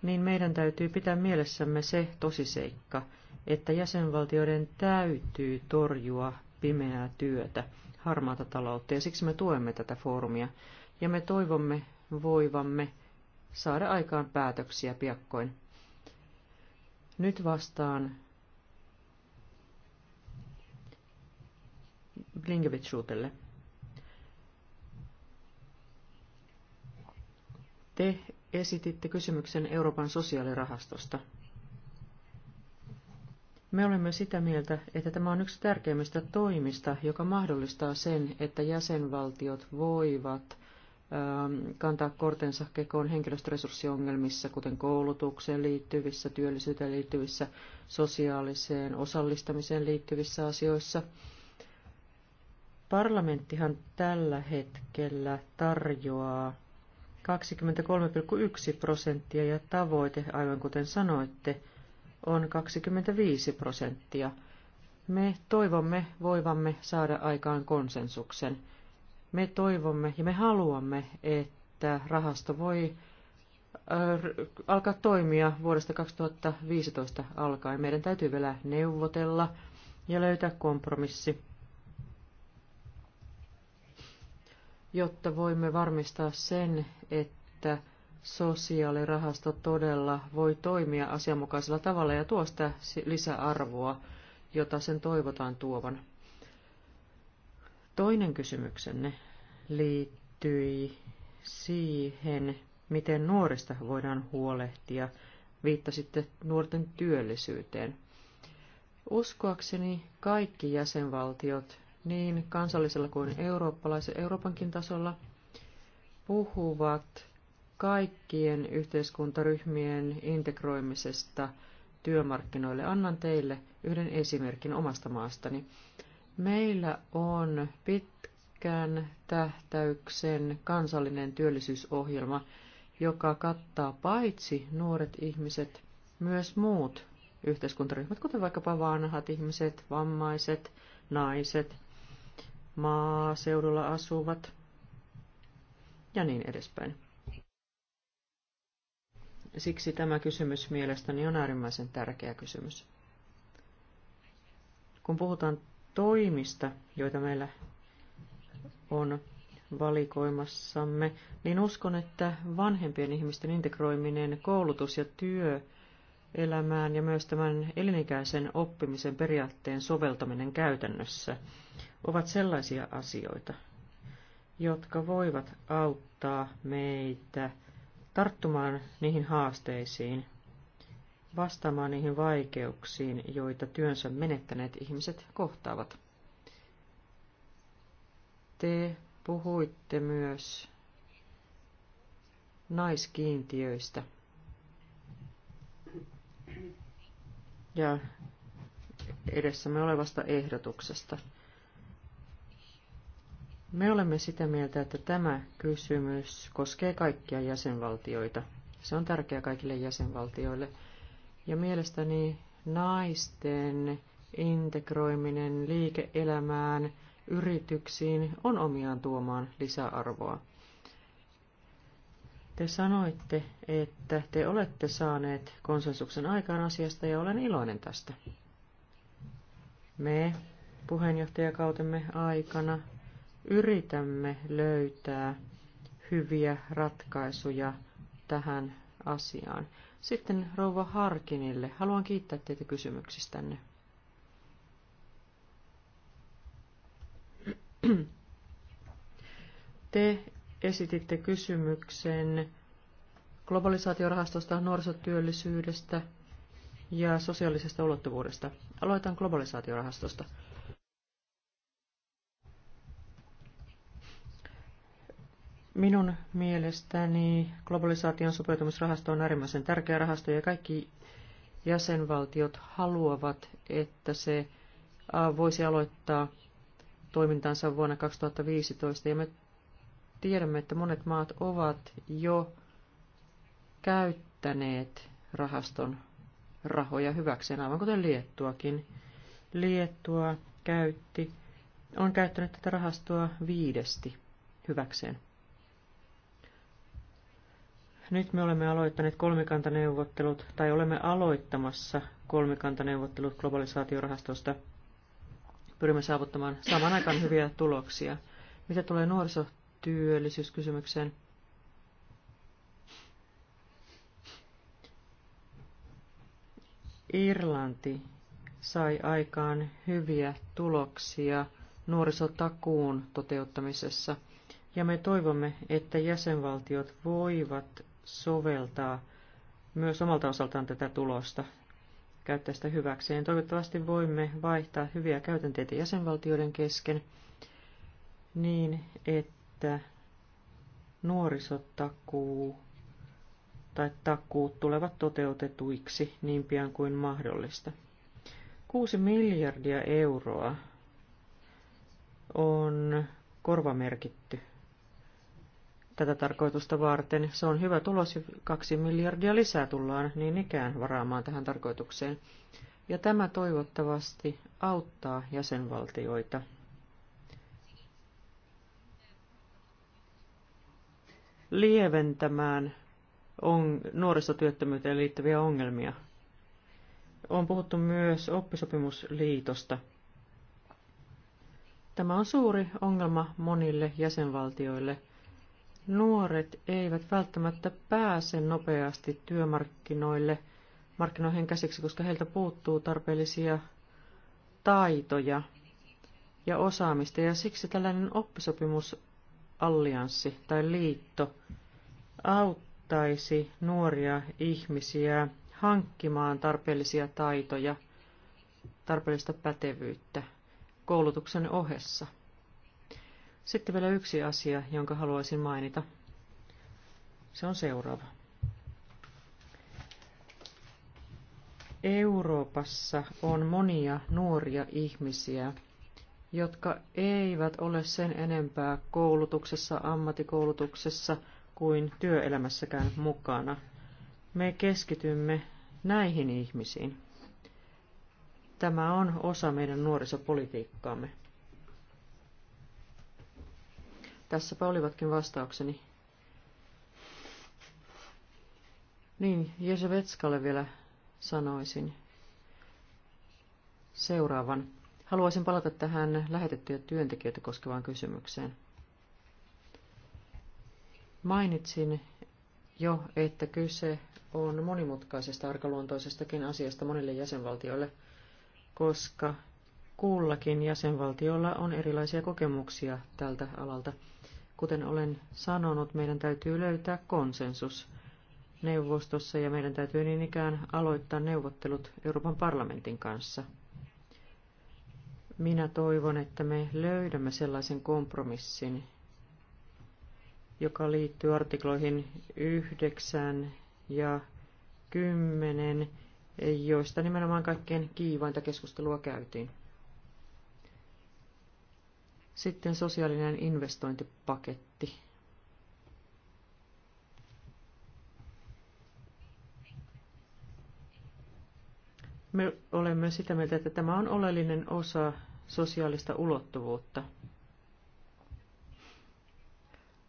niin meidän täytyy pitää mielessämme se tosiseikka, että jäsenvaltioiden täytyy torjua pimeää työtä, harmaata taloutta, ja siksi me tuemme tätä foorumia, ja me toivomme voivamme saada aikaan päätöksiä piakkoin. Nyt vastaan Klingevitsuutelle. Te esititte kysymyksen Euroopan sosiaalirahastosta. Me olemme sitä mieltä, että tämä on yksi tärkeimmistä toimista, joka mahdollistaa sen, että jäsenvaltiot voivat ähm, kantaa kortensa kekoon henkilöstöresurssiongelmissa, kuten koulutukseen liittyvissä, työllisyyteen liittyvissä, sosiaaliseen osallistamiseen liittyvissä asioissa – Parlamenttihan tällä hetkellä tarjoaa 23,1 prosenttia ja tavoite, aivan kuten sanoitte, on 25 prosenttia. Me toivomme voivamme saada aikaan konsensuksen. Me toivomme ja me haluamme, että rahasto voi alkaa toimia vuodesta 2015 alkaen. Meidän täytyy vielä neuvotella ja löytää kompromissi. jotta voimme varmistaa sen, että sosiaalirahasto todella voi toimia asianmukaisella tavalla ja tuo sitä lisäarvoa, jota sen toivotaan tuovan. Toinen kysymyksenne liittyi siihen, miten nuorista voidaan huolehtia. Viittasitte nuorten työllisyyteen. Uskoakseni kaikki jäsenvaltiot niin kansallisella kuin eurooppalaisen Euroopankin tasolla, puhuvat kaikkien yhteiskuntaryhmien integroimisesta työmarkkinoille. Annan teille yhden esimerkin omasta maastani. Meillä on pitkän tähtäyksen kansallinen työllisyysohjelma, joka kattaa paitsi nuoret ihmiset, myös muut yhteiskuntaryhmät, kuten vaikkapa vanhat ihmiset, vammaiset, naiset, maaseudulla asuvat ja niin edespäin. Siksi tämä kysymys mielestäni on äärimmäisen tärkeä kysymys. Kun puhutaan toimista, joita meillä on valikoimassamme, niin uskon, että vanhempien ihmisten integroiminen koulutus- ja työelämään ja myös tämän elinikäisen oppimisen periaatteen soveltaminen käytännössä ovat sellaisia asioita, jotka voivat auttaa meitä tarttumaan niihin haasteisiin, vastaamaan niihin vaikeuksiin, joita työnsä menettäneet ihmiset kohtaavat. Te puhuitte myös naiskiintiöistä. Ja edessämme olevasta ehdotuksesta. Me olemme sitä mieltä, että tämä kysymys koskee kaikkia jäsenvaltioita. Se on tärkeä kaikille jäsenvaltioille. Ja mielestäni naisten integroiminen liike-elämään, yrityksiin on omiaan tuomaan lisäarvoa. Te sanoitte, että te olette saaneet konsensuksen aikaan asiasta ja olen iloinen tästä. Me puheenjohtajakautemme aikana yritämme löytää hyviä ratkaisuja tähän asiaan. Sitten rouva Harkinille. Haluan kiittää teitä kysymyksistänne. Te esititte kysymyksen globalisaatiorahastosta, nuorisotyöllisyydestä ja sosiaalisesta ulottuvuudesta. Aloitan globalisaatiorahastosta. Minun mielestäni globalisaation sopeutumisrahasto on äärimmäisen tärkeä rahasto ja kaikki jäsenvaltiot haluavat, että se voisi aloittaa toimintansa vuonna 2015. Ja me tiedämme, että monet maat ovat jo käyttäneet rahaston rahoja hyväkseen, aivan kuten Liettuakin. Liettua käytti, on käyttänyt tätä rahastoa viidesti hyväkseen. Nyt me olemme aloittaneet kolmikantaneuvottelut, tai olemme aloittamassa kolmikantaneuvottelut globalisaatiorahastosta. Pyrimme saavuttamaan saman aikaan hyviä tuloksia. Mitä tulee nuorisotyöllisyyskysymykseen? Irlanti sai aikaan hyviä tuloksia nuorisotakuun toteuttamisessa, ja me toivomme, että jäsenvaltiot voivat soveltaa myös omalta osaltaan tätä tulosta, käyttää sitä hyväkseen. Toivottavasti voimme vaihtaa hyviä käytänteitä jäsenvaltioiden kesken niin, että nuorisotakuu tai takuut tulevat toteutetuiksi niin pian kuin mahdollista. 6 miljardia euroa on korvamerkitty tätä tarkoitusta varten. Se on hyvä tulos, kaksi miljardia lisää tullaan niin ikään varaamaan tähän tarkoitukseen. Ja tämä toivottavasti auttaa jäsenvaltioita. lieventämään on, nuorisotyöttömyyteen liittyviä ongelmia. On puhuttu myös oppisopimusliitosta. Tämä on suuri ongelma monille jäsenvaltioille – nuoret eivät välttämättä pääse nopeasti työmarkkinoille, markkinoihin käsiksi, koska heiltä puuttuu tarpeellisia taitoja ja osaamista. Ja siksi tällainen oppisopimusallianssi tai liitto auttaisi nuoria ihmisiä hankkimaan tarpeellisia taitoja, tarpeellista pätevyyttä koulutuksen ohessa. Sitten vielä yksi asia, jonka haluaisin mainita. Se on seuraava. Euroopassa on monia nuoria ihmisiä, jotka eivät ole sen enempää koulutuksessa, ammattikoulutuksessa kuin työelämässäkään mukana. Me keskitymme näihin ihmisiin. Tämä on osa meidän nuorisopolitiikkaamme. Tässäpä olivatkin vastaukseni. Niin, Vetskalle vielä sanoisin seuraavan. Haluaisin palata tähän lähetettyjä työntekijöitä koskevaan kysymykseen. Mainitsin jo, että kyse on monimutkaisesta arkaluontoisestakin asiasta monille jäsenvaltioille, koska kullakin jäsenvaltiolla on erilaisia kokemuksia tältä alalta – Kuten olen sanonut, meidän täytyy löytää konsensus neuvostossa ja meidän täytyy niin ikään aloittaa neuvottelut Euroopan parlamentin kanssa. Minä toivon, että me löydämme sellaisen kompromissin, joka liittyy artikloihin 9 ja 10, joista nimenomaan kaikkein kiivainta keskustelua käytiin. Sitten sosiaalinen investointipaketti. Me olemme sitä mieltä, että tämä on oleellinen osa sosiaalista ulottuvuutta.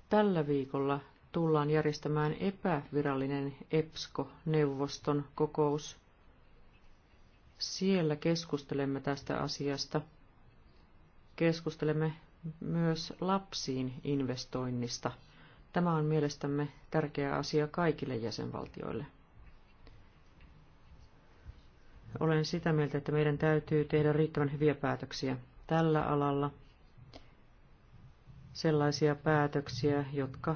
Tällä viikolla tullaan järjestämään epävirallinen EPSCO-neuvoston kokous. Siellä keskustelemme tästä asiasta – keskustelemme myös lapsiin investoinnista. Tämä on mielestämme tärkeä asia kaikille jäsenvaltioille. Olen sitä mieltä, että meidän täytyy tehdä riittävän hyviä päätöksiä tällä alalla. Sellaisia päätöksiä, jotka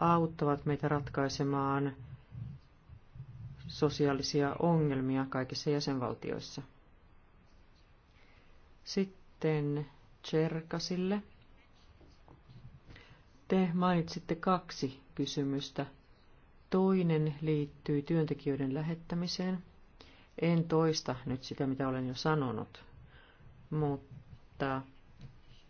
auttavat meitä ratkaisemaan sosiaalisia ongelmia kaikissa jäsenvaltioissa. Sitten Tserkasille. Te mainitsitte kaksi kysymystä. Toinen liittyy työntekijöiden lähettämiseen. En toista nyt sitä, mitä olen jo sanonut, mutta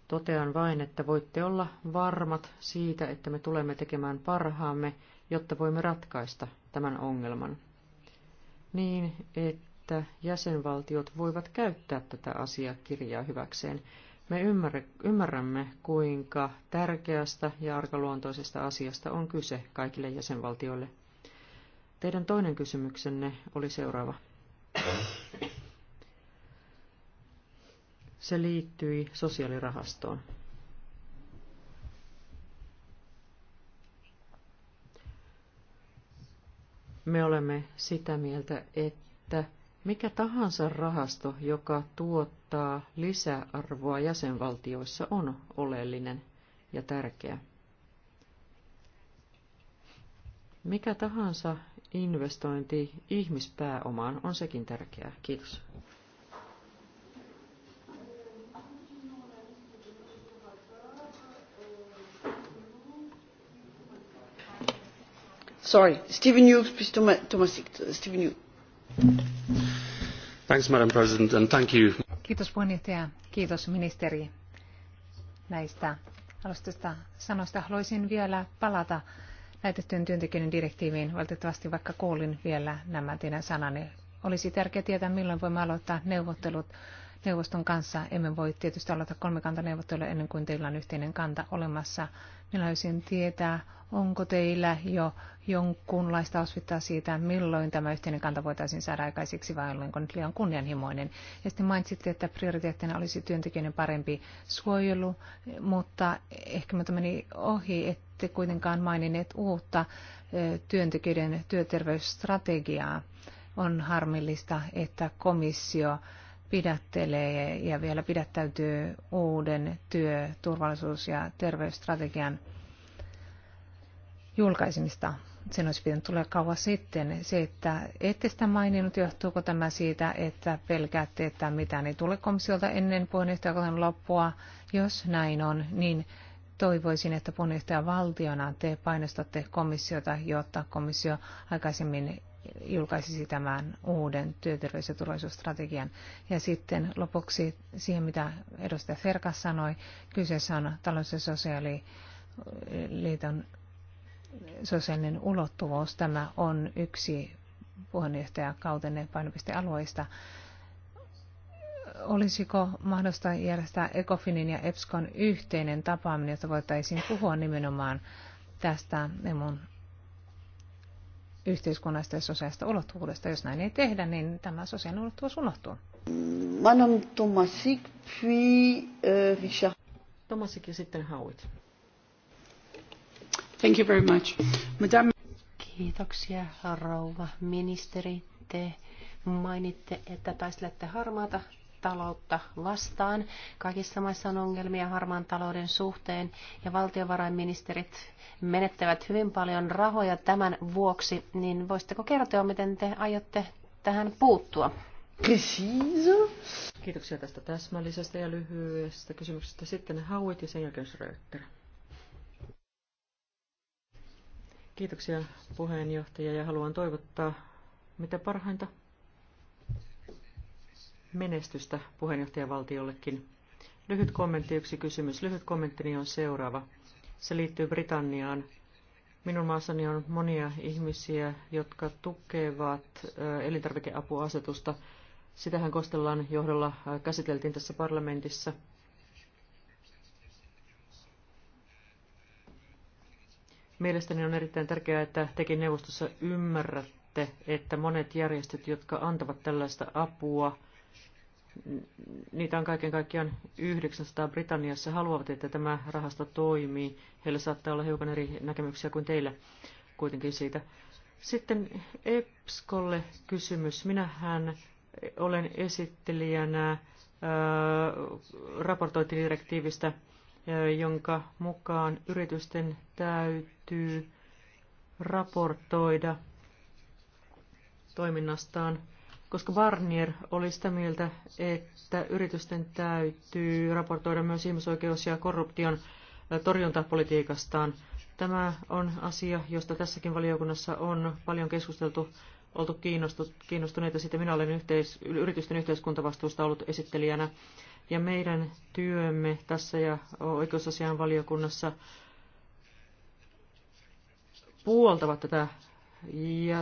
totean vain, että voitte olla varmat siitä, että me tulemme tekemään parhaamme, jotta voimme ratkaista tämän ongelman. Niin, että jäsenvaltiot voivat käyttää tätä asiakirjaa hyväkseen. Me ymmärrämme, kuinka tärkeästä ja arkaluontoisesta asiasta on kyse kaikille jäsenvaltioille. Teidän toinen kysymyksenne oli seuraava. Se liittyi sosiaalirahastoon. Me olemme sitä mieltä, että mikä tahansa rahasto, joka tuottaa lisäarvoa jäsenvaltioissa, on oleellinen ja tärkeä. Mikä tahansa investointi ihmispääomaan on sekin tärkeää. Kiitos. Sorry, Stephen Hughes, please to my, to my, Hughes. Thanks, Madam President, and thank you. Kiitos puheenjohtaja, kiitos ministeri näistä alustusta sanoista. Haluaisin vielä palata lähetettyjen työntekijöiden direktiiviin. Valitettavasti vaikka kuulin vielä nämä teidän sananne, olisi tärkeää tietää, milloin voimme aloittaa neuvottelut neuvoston kanssa. Emme voi tietysti aloittaa kolmikantaneuvottelua ennen kuin teillä on yhteinen kanta olemassa. Minä haluaisin tietää, onko teillä jo jonkunlaista osvittaa siitä, milloin tämä yhteinen kanta voitaisiin saada aikaiseksi vai onko nyt liian kunnianhimoinen. Ja sitten mainitsitte, että prioriteettina olisi työntekijöiden parempi suojelu, mutta ehkä minulta meni ohi, ette kuitenkaan maininneet uutta työntekijöiden työterveysstrategiaa. On harmillista, että komissio pidättelee ja vielä pidättäytyy uuden työ-, turvallisuus- ja terveysstrategian julkaisemista. Sen olisi pitänyt tulla kauan sitten. Se, että ette sitä maininnut, johtuuko tämä siitä, että pelkäätte, että mitään ei tule komissiolta ennen puheenjohtajakauden loppua. Jos näin on, niin toivoisin, että puheenjohtajavaltiona te painostatte komissiota, jotta komissio aikaisemmin julkaisisi tämän uuden työterveys- ja turvallisuusstrategian. Ja sitten lopuksi siihen, mitä edustaja Ferkas sanoi, kyseessä on talous- ja sosiaaliliiton sosiaalinen ulottuvuus. Tämä on yksi puheenjohtajakautenne painopistealueista. Olisiko mahdollista järjestää ECOFINin ja EPSCON yhteinen tapaaminen, jotta voitaisiin puhua nimenomaan tästä emun yhteiskunnasta ja sosiaalista ulottuvuudesta. Jos näin ei tehdä, niin tämä sosiaalinen ulottuvuus unohtuu. Madame Tomasik, puis euh, Tomasik ja sitten Howard. Thank you very much. Madame... Kiitoksia, rouva ministeri. Te mainitte, että taistelette harmaata taloutta vastaan. Kaikissa maissa on ongelmia harmaan talouden suhteen ja valtiovarainministerit menettävät hyvin paljon rahoja tämän vuoksi, niin voisitteko kertoa, miten te aiotte tähän puuttua? Preciso. Kiitoksia tästä täsmällisestä ja lyhyestä kysymyksestä. Sitten Hauit ja sen jälkeen Schröter. Kiitoksia puheenjohtaja ja haluan toivottaa mitä parhainta menestystä puheenjohtajavaltiollekin. Lyhyt kommentti, yksi kysymys. Lyhyt kommenttini on seuraava. Se liittyy Britanniaan. Minun maassani on monia ihmisiä, jotka tukevat elintarvikeapuasetusta. Sitähän Kostellan johdolla käsiteltiin tässä parlamentissa. Mielestäni on erittäin tärkeää, että tekin neuvostossa ymmärrätte, että monet järjestöt, jotka antavat tällaista apua, niitä on kaiken kaikkiaan 900 Britanniassa, haluavat, että tämä rahasto toimii. Heillä saattaa olla hiukan eri näkemyksiä kuin teillä kuitenkin siitä. Sitten EPSKOlle kysymys. Minähän olen esittelijänä raportointidirektiivistä, jonka mukaan yritysten täytyy raportoida toiminnastaan koska Barnier oli sitä mieltä, että yritysten täytyy raportoida myös ihmisoikeus- ja korruption torjuntapolitiikastaan. Tämä on asia, josta tässäkin valiokunnassa on paljon keskusteltu, oltu kiinnostuneita siitä. Minä olen yhteis, yritysten yhteiskuntavastuusta ollut esittelijänä ja meidän työmme tässä ja oikeusasian valiokunnassa puoltavat tätä ja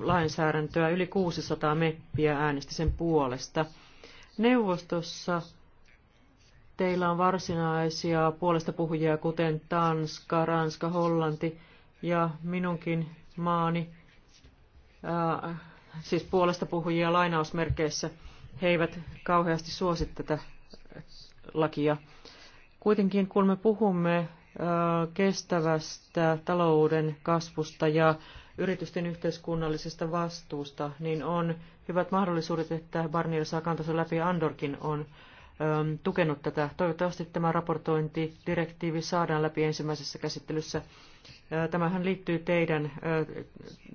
lainsäädäntöä. Yli 600 meppiä äänesti sen puolesta. Neuvostossa teillä on varsinaisia puolesta puhujia, kuten Tanska, Ranska, Hollanti ja minunkin maani, ää, siis puolesta puhujia lainausmerkeissä. He eivät kauheasti suosi tätä lakia. Kuitenkin kun me puhumme kestävästä talouden kasvusta ja yritysten yhteiskunnallisesta vastuusta, niin on hyvät mahdollisuudet, että Barnier saa kantansa läpi ja Andorkin on äm, tukenut tätä. Toivottavasti tämä raportointidirektiivi saadaan läpi ensimmäisessä käsittelyssä. Ää, äh, tämähän liittyy teidän ää, äh,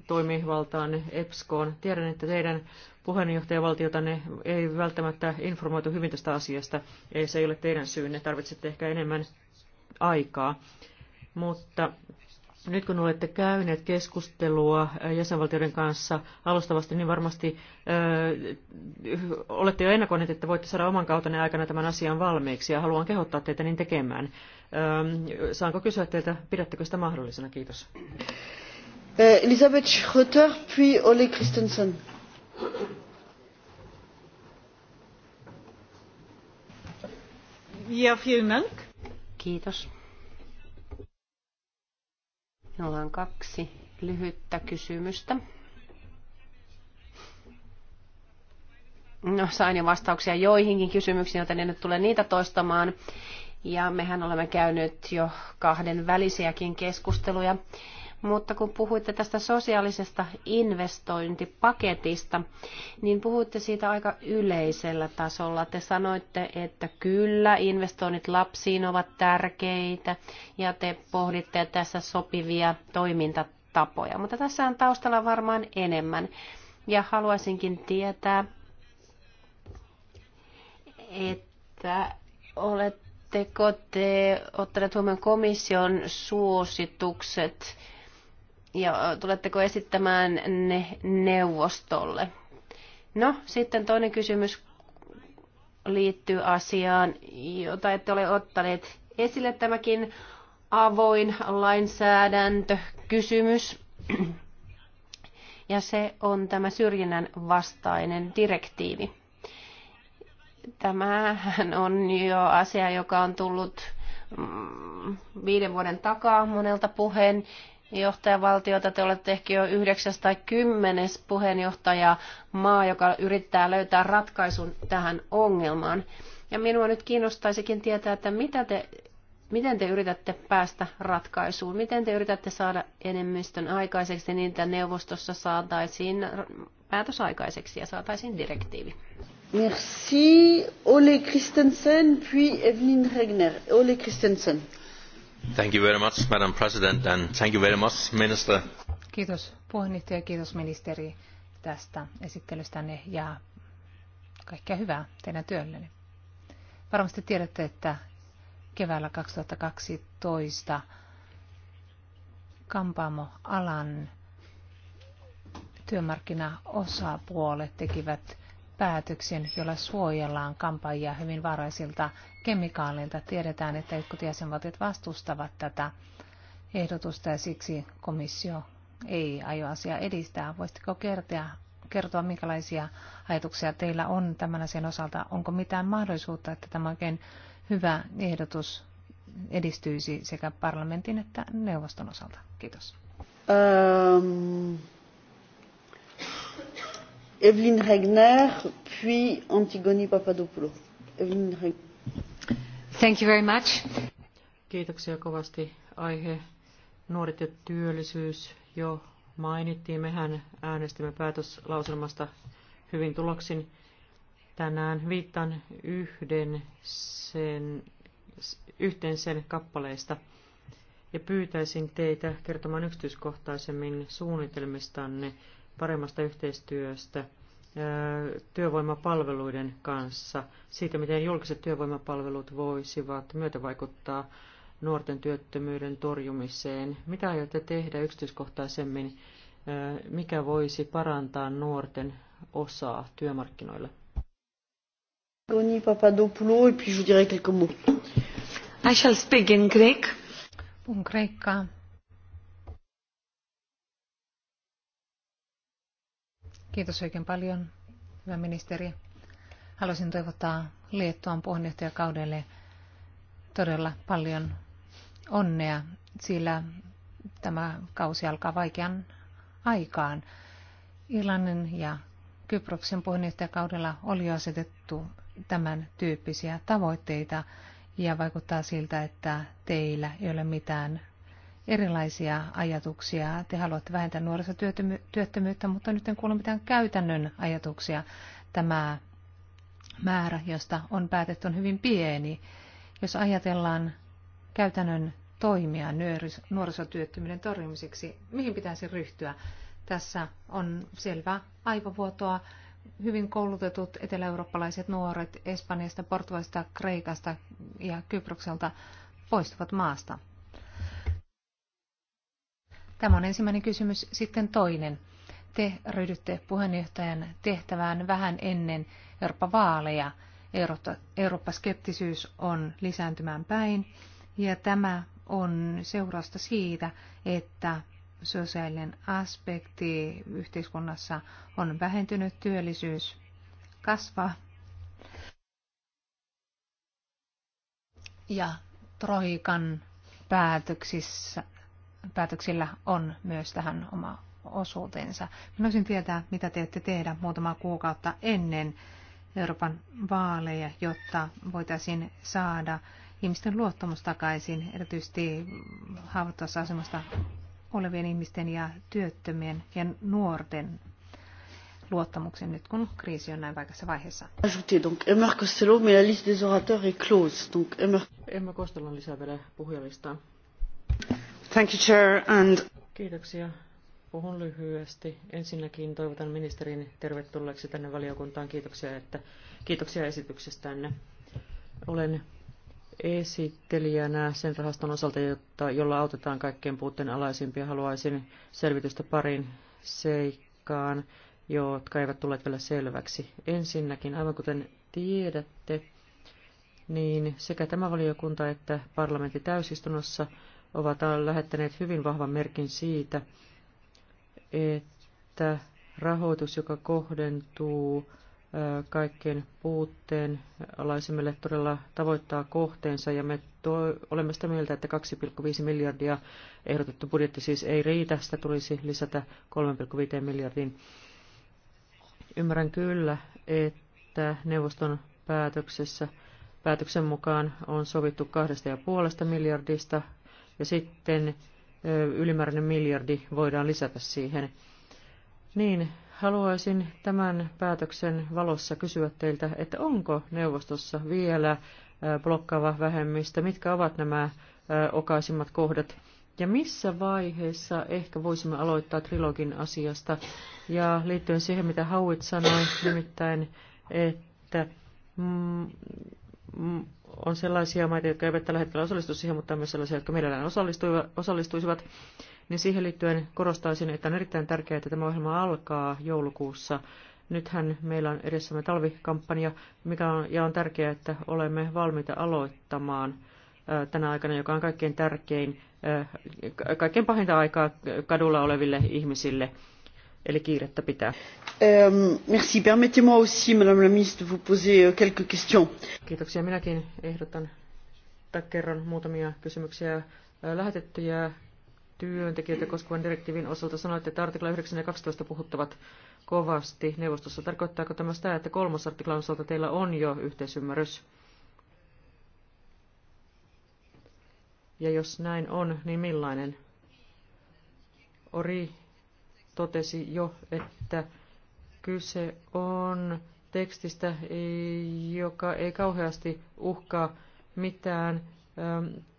toimivaltaan EPSKoon. Tiedän, että teidän puheenjohtajavaltiotanne ei välttämättä informoitu hyvin tästä asiasta. Ei, se ei ole teidän syynne. Tarvitsette ehkä enemmän aikaa. Mutta nyt kun olette käyneet keskustelua jäsenvaltioiden kanssa alustavasti, niin varmasti ö, olette jo ennakoineet, että voitte saada oman kautenne aikana tämän asian valmiiksi ja haluan kehottaa teitä niin tekemään. Ö, saanko kysyä teiltä, pidättekö sitä mahdollisena? Kiitos. Elisabeth Schröter, puis Ole Christensen. Ja, vielen Dank. Kiitos. Minulla on kaksi lyhyttä kysymystä. No, sain jo vastauksia joihinkin kysymyksiin, joten en nyt tule niitä toistamaan. Ja mehän olemme käyneet jo kahden välisiäkin keskusteluja mutta kun puhuitte tästä sosiaalisesta investointipaketista, niin puhuitte siitä aika yleisellä tasolla. Te sanoitte, että kyllä investoinnit lapsiin ovat tärkeitä ja te pohditte tässä sopivia toimintatapoja. Mutta tässä on taustalla varmaan enemmän. Ja haluaisinkin tietää, että oletteko te ottaneet huomioon komission suositukset ja tuletteko esittämään ne neuvostolle? No, sitten toinen kysymys liittyy asiaan, jota ette ole ottaneet esille tämäkin avoin lainsäädäntökysymys. Ja se on tämä syrjinnän vastainen direktiivi. Tämähän on jo asia, joka on tullut mm, viiden vuoden takaa monelta puheen johtajavaltiota. Te olette ehkä jo yhdeksäs tai kymmenes puheenjohtaja maa, joka yrittää löytää ratkaisun tähän ongelmaan. Ja minua nyt kiinnostaisikin tietää, että mitä te, miten te yritätte päästä ratkaisuun, miten te yritätte saada enemmistön aikaiseksi niin, että neuvostossa saataisiin päätös aikaiseksi ja saataisiin direktiivi. Merci. Ole Christensen, puis Evelyn Regner. Ole Christensen. Thank you very much, Madam President, and thank you very much, Minister. Kiitos puheenjohtaja, kiitos ministeri tästä esittelystänne ja kaikkea hyvää teidän työllenne. Varmasti tiedätte, että keväällä 2012 kampaamoalan työmarkkinaosapuolet tekivät päätöksen, jolla suojellaan kampaajia hyvin varaisilta kemikaaleilta. Tiedetään, että jotkut jäsenvaltiot vastustavat tätä ehdotusta ja siksi komissio ei aio asiaa edistää. Voisitteko kertoa, kertoa, minkälaisia ajatuksia teillä on tämän asian osalta? Onko mitään mahdollisuutta, että tämä oikein hyvä ehdotus edistyisi sekä parlamentin että neuvoston osalta? Kiitos. Um... Evelyne Regner, puis Antigoni Papadopoulou. Evelyn Regner. Thank you very much. Kiitoksia kovasti. Aihe nuoret ja työllisyys jo mainittiin. Mehän äänestimme päätöslauselmasta hyvin tuloksin tänään. Viittaan yhden sen, yhteen sen kappaleista ja pyytäisin teitä kertomaan yksityiskohtaisemmin suunnitelmistanne paremmasta yhteistyöstä työvoimapalveluiden kanssa, siitä miten julkiset työvoimapalvelut voisivat myötävaikuttaa nuorten työttömyyden torjumiseen. Mitä aiotte tehdä yksityiskohtaisemmin, mikä voisi parantaa nuorten osaa työmarkkinoilla? Tony Papadopoulou, et puis je vous quelques mots. I shall speak in Greek. Puhun kreikkaa. Kiitos oikein paljon, hyvä ministeri. Haluaisin toivottaa Liettuan puheenjohtajakaudelle todella paljon onnea, sillä tämä kausi alkaa vaikean aikaan. Irlannin ja Kyproksen puheenjohtajakaudella oli asetettu tämän tyyppisiä tavoitteita ja vaikuttaa siltä, että teillä ei ole mitään erilaisia ajatuksia. Te haluatte vähentää nuorisotyöttömyyttä, mutta nyt en kuulu mitään käytännön ajatuksia. Tämä määrä, josta on päätetty, on hyvin pieni. Jos ajatellaan käytännön toimia nuorisotyöttömyyden torjumiseksi, mihin pitäisi ryhtyä? Tässä on selvä aivovuotoa. Hyvin koulutetut eteläeurooppalaiset nuoret Espanjasta, Portugalista, Kreikasta ja Kyprokselta poistuvat maasta. Tämä on ensimmäinen kysymys. Sitten toinen. Te ryhdytte puheenjohtajan tehtävään vähän ennen Euroopan vaaleja. Eurooppa-skeptisyys on lisääntymään päin ja tämä on seurausta siitä, että sosiaalinen aspekti yhteiskunnassa on vähentynyt, työllisyys kasvaa. Ja Troikan päätöksissä päätöksillä on myös tähän oma osuutensa. Minä olisin tietää, mitä te ette tehdä muutama kuukautta ennen Euroopan vaaleja, jotta voitaisiin saada ihmisten luottamus takaisin, erityisesti haavoittuvassa asemassa olevien ihmisten ja työttömien ja nuorten luottamuksen nyt, kun kriisi on näin vaikeassa vaiheessa. Emma Costello, on lisää vielä puhujalistaan. Kiitoksia. Puhun lyhyesti. Ensinnäkin toivotan ministerin tervetulleeksi tänne valiokuntaan. Kiitoksia, että, kiitoksia esityksestänne. Olen esittelijänä sen rahaston osalta, jotta, jolla autetaan kaikkein puutteen alaisimpia. Haluaisin selvitystä parin seikkaan, jotka eivät tule vielä selväksi. Ensinnäkin, aivan kuten tiedätte, niin sekä tämä valiokunta että parlamentti täysistunnossa – ovat lähettäneet hyvin vahvan merkin siitä, että rahoitus, joka kohdentuu kaikkien puutteen alaisimmille todella tavoittaa kohteensa ja me tuo, olemme sitä mieltä, että 2,5 miljardia ehdotettu budjetti siis ei riitä, sitä tulisi lisätä 3,5 miljardin. Ymmärrän kyllä, että neuvoston päätöksessä Päätöksen mukaan on sovittu 2,5 miljardista ja sitten ylimääräinen miljardi voidaan lisätä siihen. Niin, haluaisin tämän päätöksen valossa kysyä teiltä, että onko neuvostossa vielä blokkaava vähemmistö, mitkä ovat nämä okaisimmat kohdat ja missä vaiheessa ehkä voisimme aloittaa trilogin asiasta. Ja liittyen siihen, mitä Hauit sanoi, nimittäin, että on sellaisia maita, jotka eivät tällä hetkellä osallistu siihen, mutta myös sellaisia, jotka mielellään osallistuisivat, niin siihen liittyen korostaisin, että on erittäin tärkeää, että tämä ohjelma alkaa joulukuussa. Nythän meillä on edessämme talvikampanja, mikä on, ja on tärkeää, että olemme valmiita aloittamaan tänä aikana, joka on kaikkein tärkein, kaikkein pahinta aikaa kadulla oleville ihmisille – Eli kiirettä pitää. Merci. Permettez-moi aussi, Madame la Ministre, de vous poser euh, quelques questions. Kiitoksia. Minäkin ehdotan tai kerron muutamia kysymyksiä äh, lähetettyjä työntekijöitä koskevan direktiivin osalta. Sanoitte, että artikla 9 ja 12 puhuttavat kovasti neuvostossa. Tarkoittaako tämä sitä, että kolmas artiklan osalta teillä on jo yhteisymmärrys? Ja jos näin on, niin millainen? Ori totesi jo, että kyse on tekstistä, joka ei kauheasti uhkaa mitään.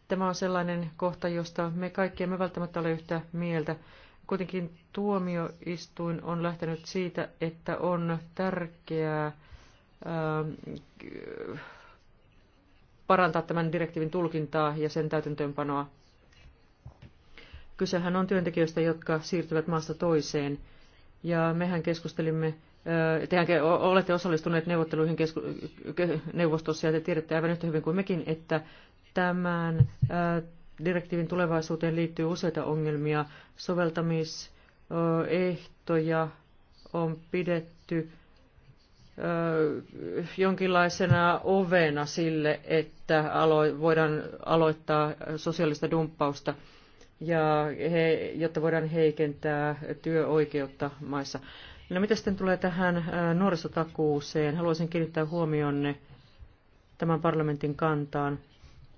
Tämä on sellainen kohta, josta me kaikki emme välttämättä ole yhtä mieltä. Kuitenkin tuomioistuin on lähtenyt siitä, että on tärkeää parantaa tämän direktiivin tulkintaa ja sen täytäntöönpanoa Kysehän on työntekijöistä, jotka siirtyvät maasta toiseen. Ja mehän keskustelimme, tehän olette osallistuneet neuvotteluihin neuvostossa ja te tiedätte aivan yhtä hyvin kuin mekin, että tämän direktiivin tulevaisuuteen liittyy useita ongelmia. Soveltamisehtoja on pidetty jonkinlaisena ovena sille, että voidaan aloittaa sosiaalista dumppausta ja he, jotta voidaan heikentää työoikeutta maissa. No mitä sitten tulee tähän äh, nuorisotakuuseen? Haluaisin kiinnittää huomionne tämän parlamentin kantaan,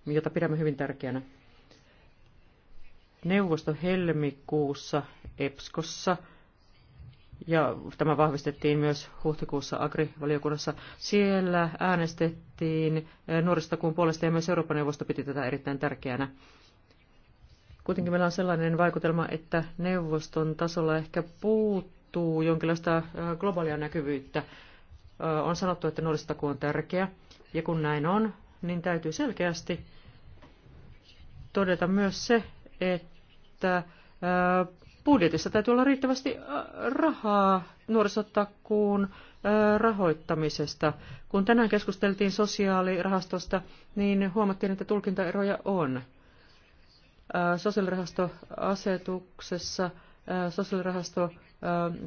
jota pidämme hyvin tärkeänä. Neuvosto helmikuussa EPSKossa, ja tämä vahvistettiin myös huhtikuussa Agri-valiokunnassa, siellä äänestettiin äh, nuorisotakuun puolesta ja myös Euroopan neuvosto piti tätä erittäin tärkeänä. Kuitenkin meillä on sellainen vaikutelma, että neuvoston tasolla ehkä puuttuu jonkinlaista äh, globaalia näkyvyyttä. Äh, on sanottu, että nuorisotaku on tärkeä, ja kun näin on, niin täytyy selkeästi todeta myös se, että äh, budjetissa täytyy olla riittävästi rahaa nuorisotakuun rahoittamisesta. Kun tänään keskusteltiin sosiaalirahastosta, niin huomattiin, että tulkintaeroja on sosiaalirahastoasetuksessa sosiaalirahasto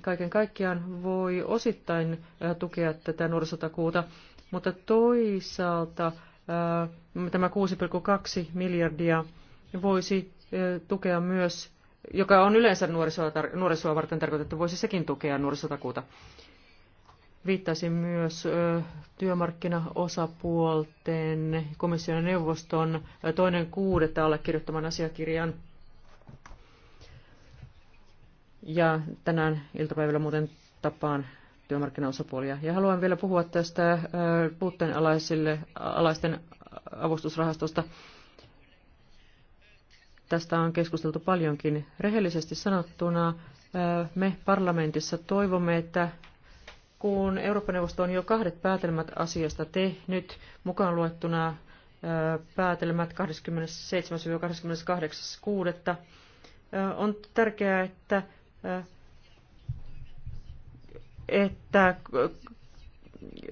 kaiken kaikkiaan voi osittain tukea tätä nuorisotakuuta, mutta toisaalta tämä 6,2 miljardia voisi tukea myös, joka on yleensä nuorisoa, nuorisoa varten tarkoitettu, voisi sekin tukea nuorisotakuuta. Viittaisin myös työmarkkinaosapuolten komission ja neuvoston toinen kuudetta allekirjoittaman asiakirjan. Ja tänään iltapäivällä muuten tapaan työmarkkinaosapuolia. Ja haluan vielä puhua tästä alaisille, alaisten avustusrahastosta. Tästä on keskusteltu paljonkin. Rehellisesti sanottuna me parlamentissa toivomme, että kun Eurooppa-neuvosto on jo kahdet päätelmät asiasta tehnyt, mukaan luettuna päätelmät 27-28.6. On tärkeää, että, että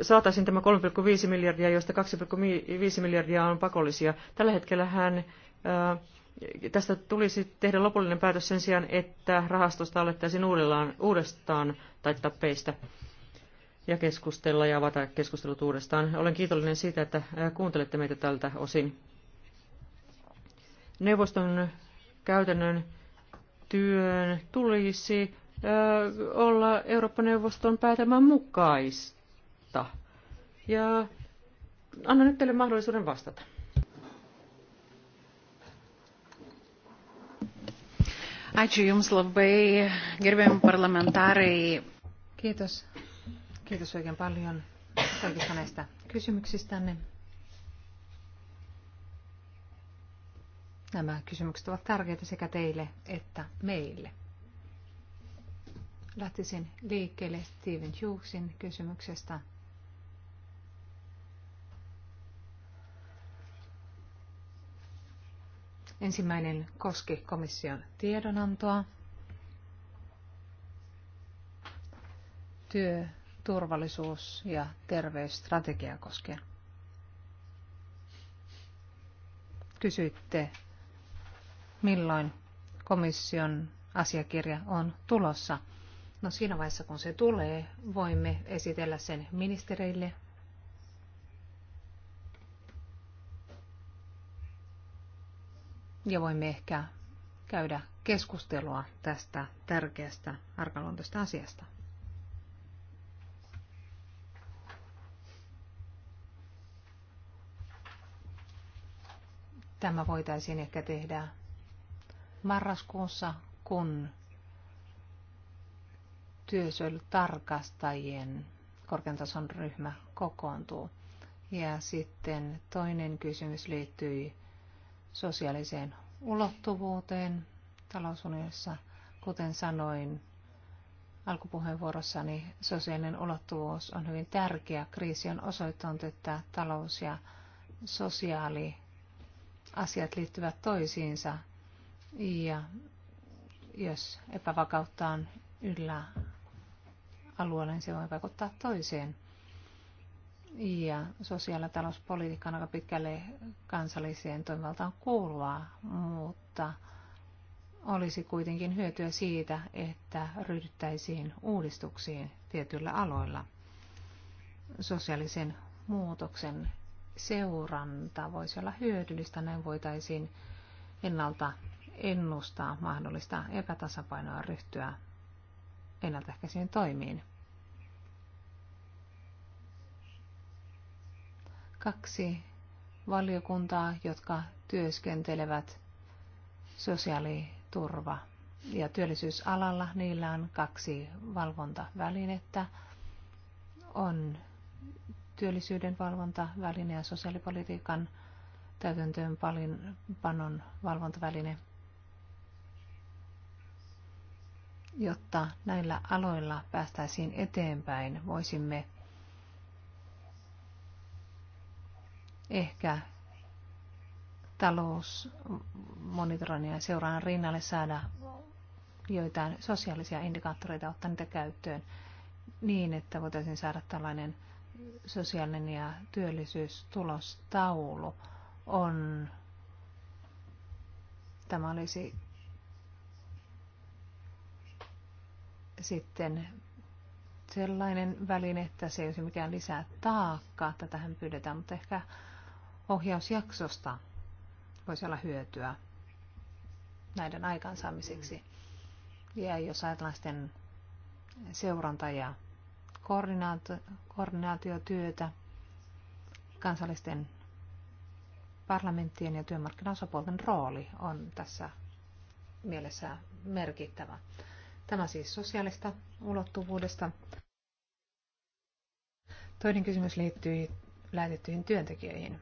saataisiin tämä 3,5 miljardia, joista 2,5 miljardia on pakollisia. Tällä hetkellä hän tästä tulisi tehdä lopullinen päätös sen sijaan, että rahastosta alettaisiin uudestaan taittaa peistä ja keskustella ja avata keskustelut uudestaan. Olen kiitollinen siitä, että kuuntelette meitä tältä osin. Neuvoston käytännön työn tulisi olla Eurooppa-neuvoston päätelmän mukaista. Ja annan nyt teille mahdollisuuden vastata. Ačiū Jums labai, gerbėjom parlamentarai. Kiitos Kiitos oikein paljon kaikista näistä kysymyksistänne. Nämä kysymykset ovat tärkeitä sekä teille että meille. Lähtisin liikkeelle Steven Hughesin kysymyksestä. Ensimmäinen koski komission tiedonantoa. Työ turvallisuus- ja terveysstrategiaa koskien. Kysyitte, milloin komission asiakirja on tulossa. No siinä vaiheessa, kun se tulee, voimme esitellä sen ministereille. Ja voimme ehkä käydä keskustelua tästä tärkeästä arkaluontoista asiasta. Tämä voitaisiin ehkä tehdä marraskuussa, kun työsuojelutarkastajien korkean tason ryhmä kokoontuu. Ja sitten toinen kysymys liittyy sosiaaliseen ulottuvuuteen talousunionissa. Kuten sanoin alkupuheenvuorossani, sosiaalinen ulottuvuus on hyvin tärkeä. Kriisi on osoittanut, että talous ja sosiaali asiat liittyvät toisiinsa ja jos epävakautta on yllä alueella, niin se voi vaikuttaa toiseen. Ja sosiaali- ja talouspolitiikka on aika pitkälle kansalliseen toimivaltaan kuuluvaa, mutta olisi kuitenkin hyötyä siitä, että ryhdyttäisiin uudistuksiin tietyillä aloilla. Sosiaalisen muutoksen seuranta voisi olla hyödyllistä. Näin voitaisiin ennalta ennustaa mahdollista epätasapainoa ryhtyä ennaltaehkäisiin toimiin. Kaksi valiokuntaa, jotka työskentelevät sosiaaliturva- ja työllisyysalalla, niillä on kaksi valvontavälinettä. On työllisyyden valvontaväline ja sosiaalipolitiikan täytäntöönpanon valvontaväline, jotta näillä aloilla päästäisiin eteenpäin. Voisimme ehkä talousmonitoroinnin ja seuraan rinnalle saada joitain sosiaalisia indikaattoreita, ottaa niitä käyttöön niin, että voitaisiin saada tällainen sosiaalinen ja työllisyystulostaulu on, tämä olisi sitten sellainen väline, että se ei olisi mikään lisää taakkaa, tähän pyydetään, mutta ehkä ohjausjaksosta voisi olla hyötyä näiden aikaansaamiseksi. Ja jos ajatellaan sitten seuranta ja Koordinaatio koordinaatiotyötä kansallisten parlamenttien ja työmarkkinaosapuolten rooli on tässä mielessä merkittävä. Tämä siis sosiaalista ulottuvuudesta. Toinen kysymys liittyy lähetettyihin työntekijöihin.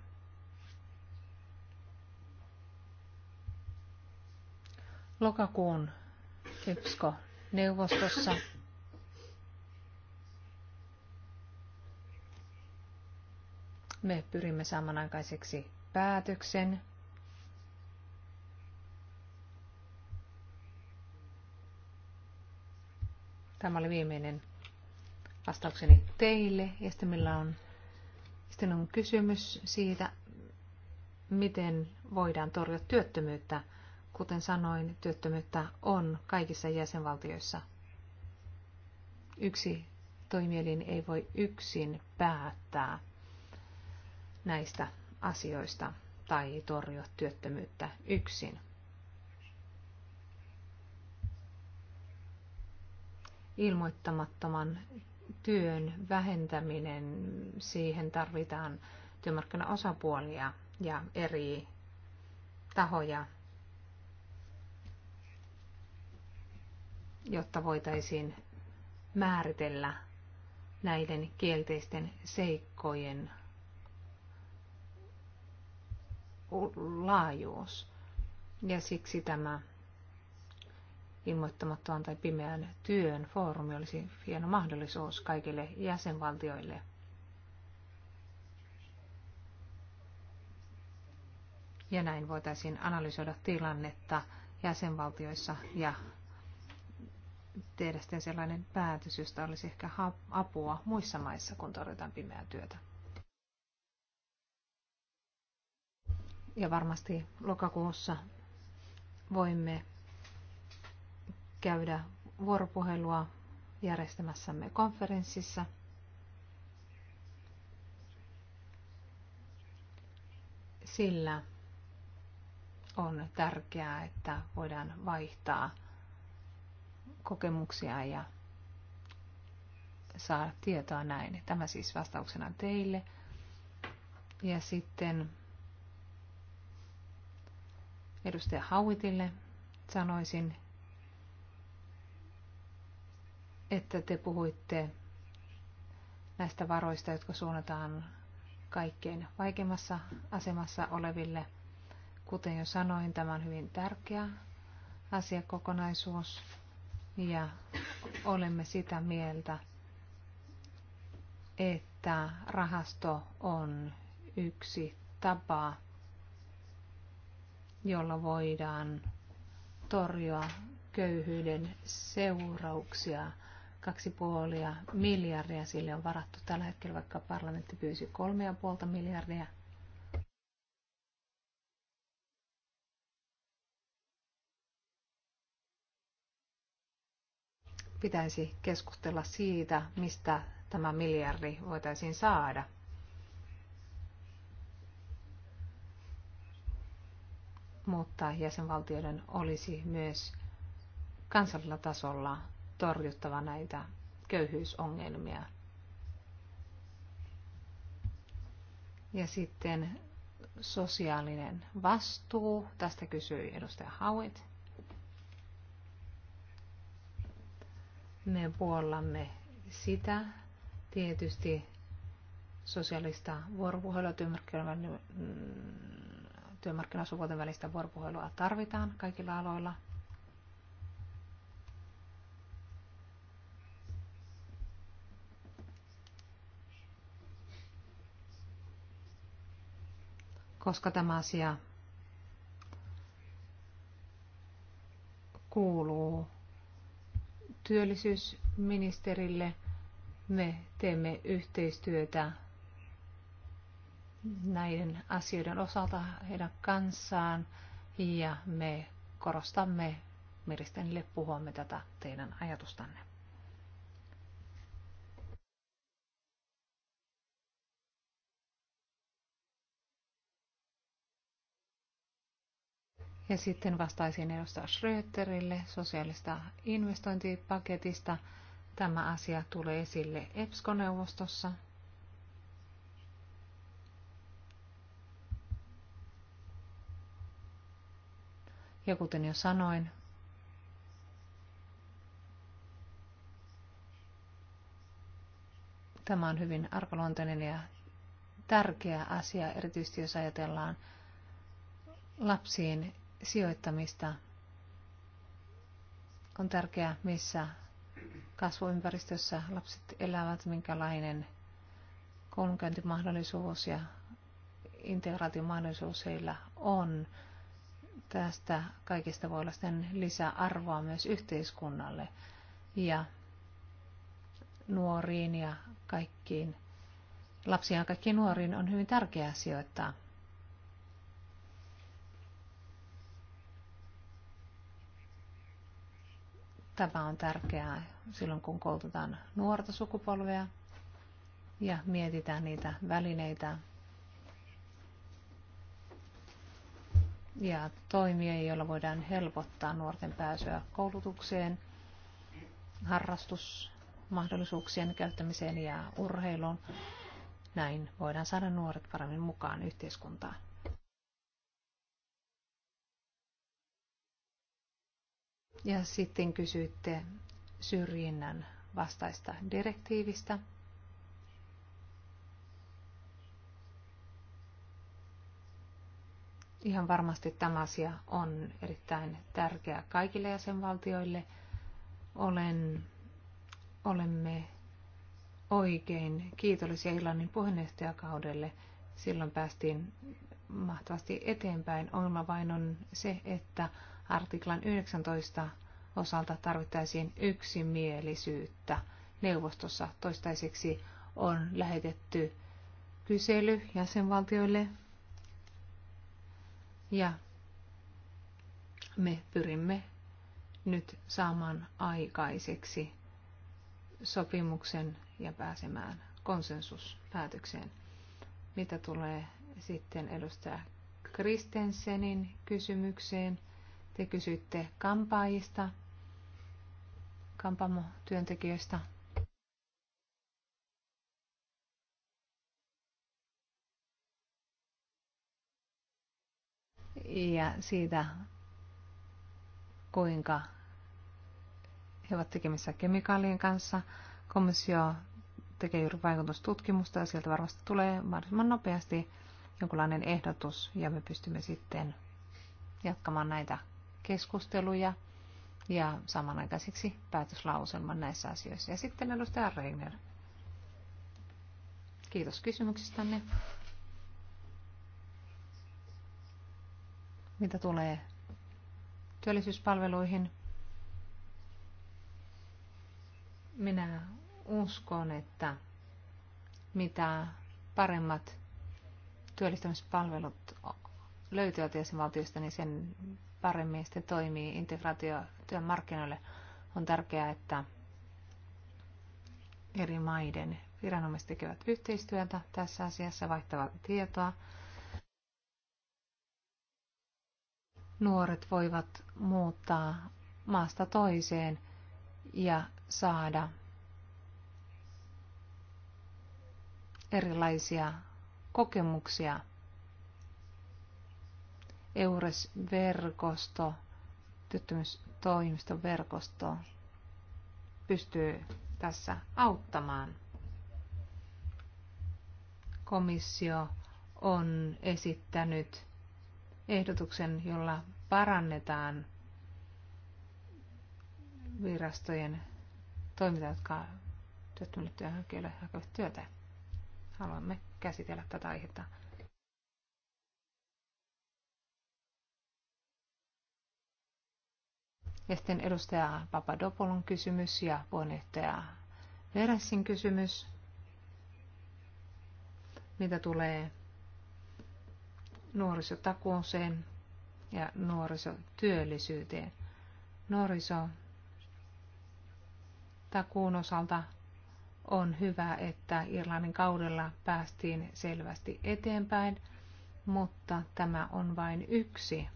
Lokakuun epsco neuvostossa me pyrimme saamaan aikaiseksi päätöksen. Tämä oli viimeinen vastaukseni teille. Ja sitten meillä on, sitten on kysymys siitä, miten voidaan torjua työttömyyttä. Kuten sanoin, työttömyyttä on kaikissa jäsenvaltioissa. Yksi toimielin ei voi yksin päättää näistä asioista tai torjua työttömyyttä yksin. Ilmoittamattoman työn vähentäminen, siihen tarvitaan työmarkkinaosapuolia ja eri tahoja, jotta voitaisiin määritellä näiden kielteisten seikkojen laajuus. Ja siksi tämä ilmoittamattoman tai pimeän työn foorumi olisi hieno mahdollisuus kaikille jäsenvaltioille. Ja näin voitaisiin analysoida tilannetta jäsenvaltioissa ja tehdä sitten sellainen päätös, josta olisi ehkä apua muissa maissa, kun torjutaan pimeää työtä. Ja varmasti lokakuussa voimme käydä vuoropuhelua järjestämässämme konferenssissa. Sillä on tärkeää, että voidaan vaihtaa kokemuksia ja saada tietoa näin. Tämä siis vastauksena teille. Ja sitten edustaja Hauitille sanoisin, että te puhuitte näistä varoista, jotka suunnataan kaikkein vaikeimmassa asemassa oleville. Kuten jo sanoin, tämä on hyvin tärkeä asiakokonaisuus ja olemme sitä mieltä, että rahasto on yksi tapa jolla voidaan torjua köyhyyden seurauksia. Kaksi puolia miljardia sille on varattu tällä hetkellä, vaikka parlamentti pyysi kolme ja puolta miljardia. Pitäisi keskustella siitä, mistä tämä miljardi voitaisiin saada. mutta jäsenvaltioiden olisi myös kansallisella tasolla torjuttava näitä köyhyysongelmia. Ja sitten sosiaalinen vastuu, tästä kysyi edustaja Hauit. Me puollamme sitä tietysti sosiaalista vuoropuhelua työmarkkinoiden Työmarkkinasukupuolten välistä vuoropuhelua tarvitaan kaikilla aloilla. Koska tämä asia kuuluu työllisyysministerille, me teemme yhteistyötä näiden asioiden osalta heidän kanssaan ja me korostamme Miristenille puhuamme tätä teidän ajatustanne. Ja sitten vastaisin edustaja Schröterille sosiaalista investointipaketista. Tämä asia tulee esille EPSCO-neuvostossa Ja kuten jo sanoin, tämä on hyvin arkaluontoinen ja tärkeä asia, erityisesti jos ajatellaan lapsiin sijoittamista. On tärkeää, missä kasvuympäristössä lapset elävät, minkälainen koulunkäyntimahdollisuus ja integraatiomahdollisuus heillä on tästä kaikesta voi olla sitten lisäarvoa myös yhteiskunnalle ja nuoriin ja kaikkiin lapsiin, ja kaikkiin nuoriin on hyvin tärkeää sijoittaa. Tämä on tärkeää silloin, kun koulutetaan nuorta sukupolvea ja mietitään niitä välineitä, ja toimia, joilla voidaan helpottaa nuorten pääsyä koulutukseen, harrastusmahdollisuuksien käyttämiseen ja urheiluun. Näin voidaan saada nuoret paremmin mukaan yhteiskuntaan. Ja sitten kysyitte syrjinnän vastaista direktiivistä. Ihan varmasti tämä asia on erittäin tärkeä kaikille jäsenvaltioille. Olen, olemme oikein kiitollisia Irlannin puheenjohtajakaudelle. Silloin päästiin mahtavasti eteenpäin. Ongelma vain on se, että artiklan 19 osalta tarvittaisiin yksimielisyyttä. Neuvostossa toistaiseksi on lähetetty kysely jäsenvaltioille ja me pyrimme nyt saamaan aikaiseksi sopimuksen ja pääsemään konsensuspäätökseen. Mitä tulee sitten edustaja Kristensenin kysymykseen? Te kysytte kampaajista, kampamotyöntekijöistä. työntekijöistä ja siitä, kuinka he ovat tekemissä kemikaalien kanssa. Komissio tekee juuri vaikutustutkimusta ja sieltä varmasti tulee mahdollisimman nopeasti jonkinlainen ehdotus ja me pystymme sitten jatkamaan näitä keskusteluja ja samanaikaisiksi päätöslauselman näissä asioissa. Ja sitten edustaja Reiner. Kiitos kysymyksistänne. mitä tulee työllisyyspalveluihin. Minä uskon, että mitä paremmat työllistämispalvelut löytyvät jäsenvaltiosta, niin sen paremmin sitten toimii integraatio työmarkkinoille. On tärkeää, että eri maiden viranomaiset tekevät yhteistyötä tässä asiassa, vaihtavat tietoa nuoret voivat muuttaa maasta toiseen ja saada erilaisia kokemuksia. Eures-verkosto, työttömyystoimiston verkosto pystyy tässä auttamaan. Komissio on esittänyt ehdotuksen, jolla parannetaan virastojen toimintaa, jotka työttömille työnhakijoille hakevat työtä. Haluamme käsitellä tätä aihetta. Ja sitten edustaja Papadopoulon kysymys ja puheenjohtaja Veressin kysymys, mitä tulee nuorisotakuuseen ja nuorisotyöllisyyteen. Nuorisotakuun osalta on hyvä, että Irlannin kaudella päästiin selvästi eteenpäin, mutta tämä on vain yksi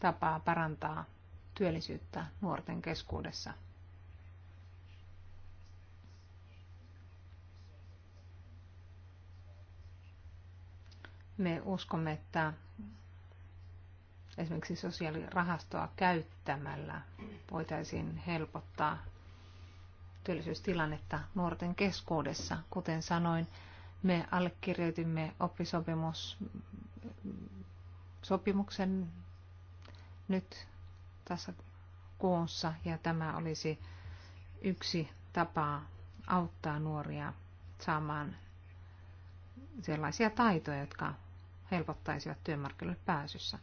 tapaa parantaa työllisyyttä nuorten keskuudessa. Me uskomme, että esimerkiksi sosiaalirahastoa käyttämällä voitaisiin helpottaa työllisyystilannetta nuorten keskuudessa. Kuten sanoin, me allekirjoitimme sopimuksen nyt tässä kuussa ja tämä olisi yksi tapa auttaa nuoria saamaan sellaisia taitoja, jotka helpottaisivat työmarkkinoille pääsyssä.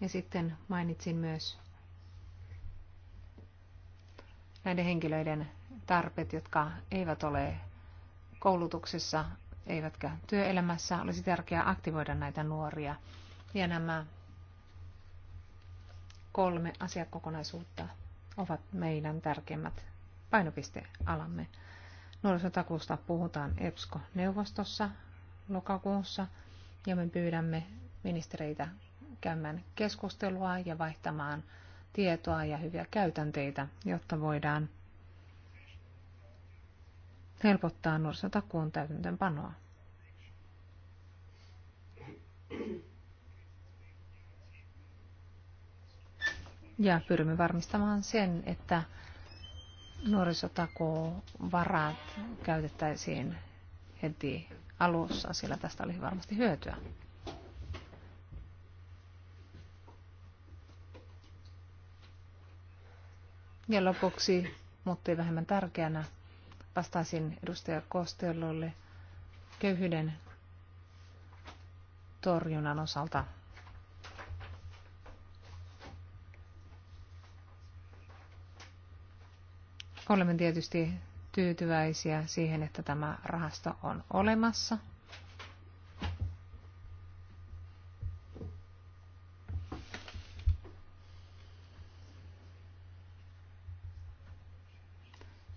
Ja sitten mainitsin myös näiden henkilöiden tarpeet, jotka eivät ole koulutuksessa eivätkä työelämässä. Olisi tärkeää aktivoida näitä nuoria. Ja nämä kolme asiakokonaisuutta ovat meidän tärkeimmät painopistealamme. Nuorisotakuusta puhutaan EPSCO-neuvostossa lokakuussa – ja me pyydämme ministereitä käymään keskustelua ja vaihtamaan tietoa ja hyviä käytänteitä, jotta voidaan helpottaa nuorisotakuun täytäntöönpanoa. Ja pyrimme varmistamaan sen, että nuorisotakuvarat käytettäisiin heti alussa, sillä tästä olisi varmasti hyötyä. Ja lopuksi, mutta ei vähemmän tärkeänä, vastaisin edustaja Kostelolle köyhyyden torjunnan osalta. Olemme tietysti tyytyväisiä siihen, että tämä rahasto on olemassa.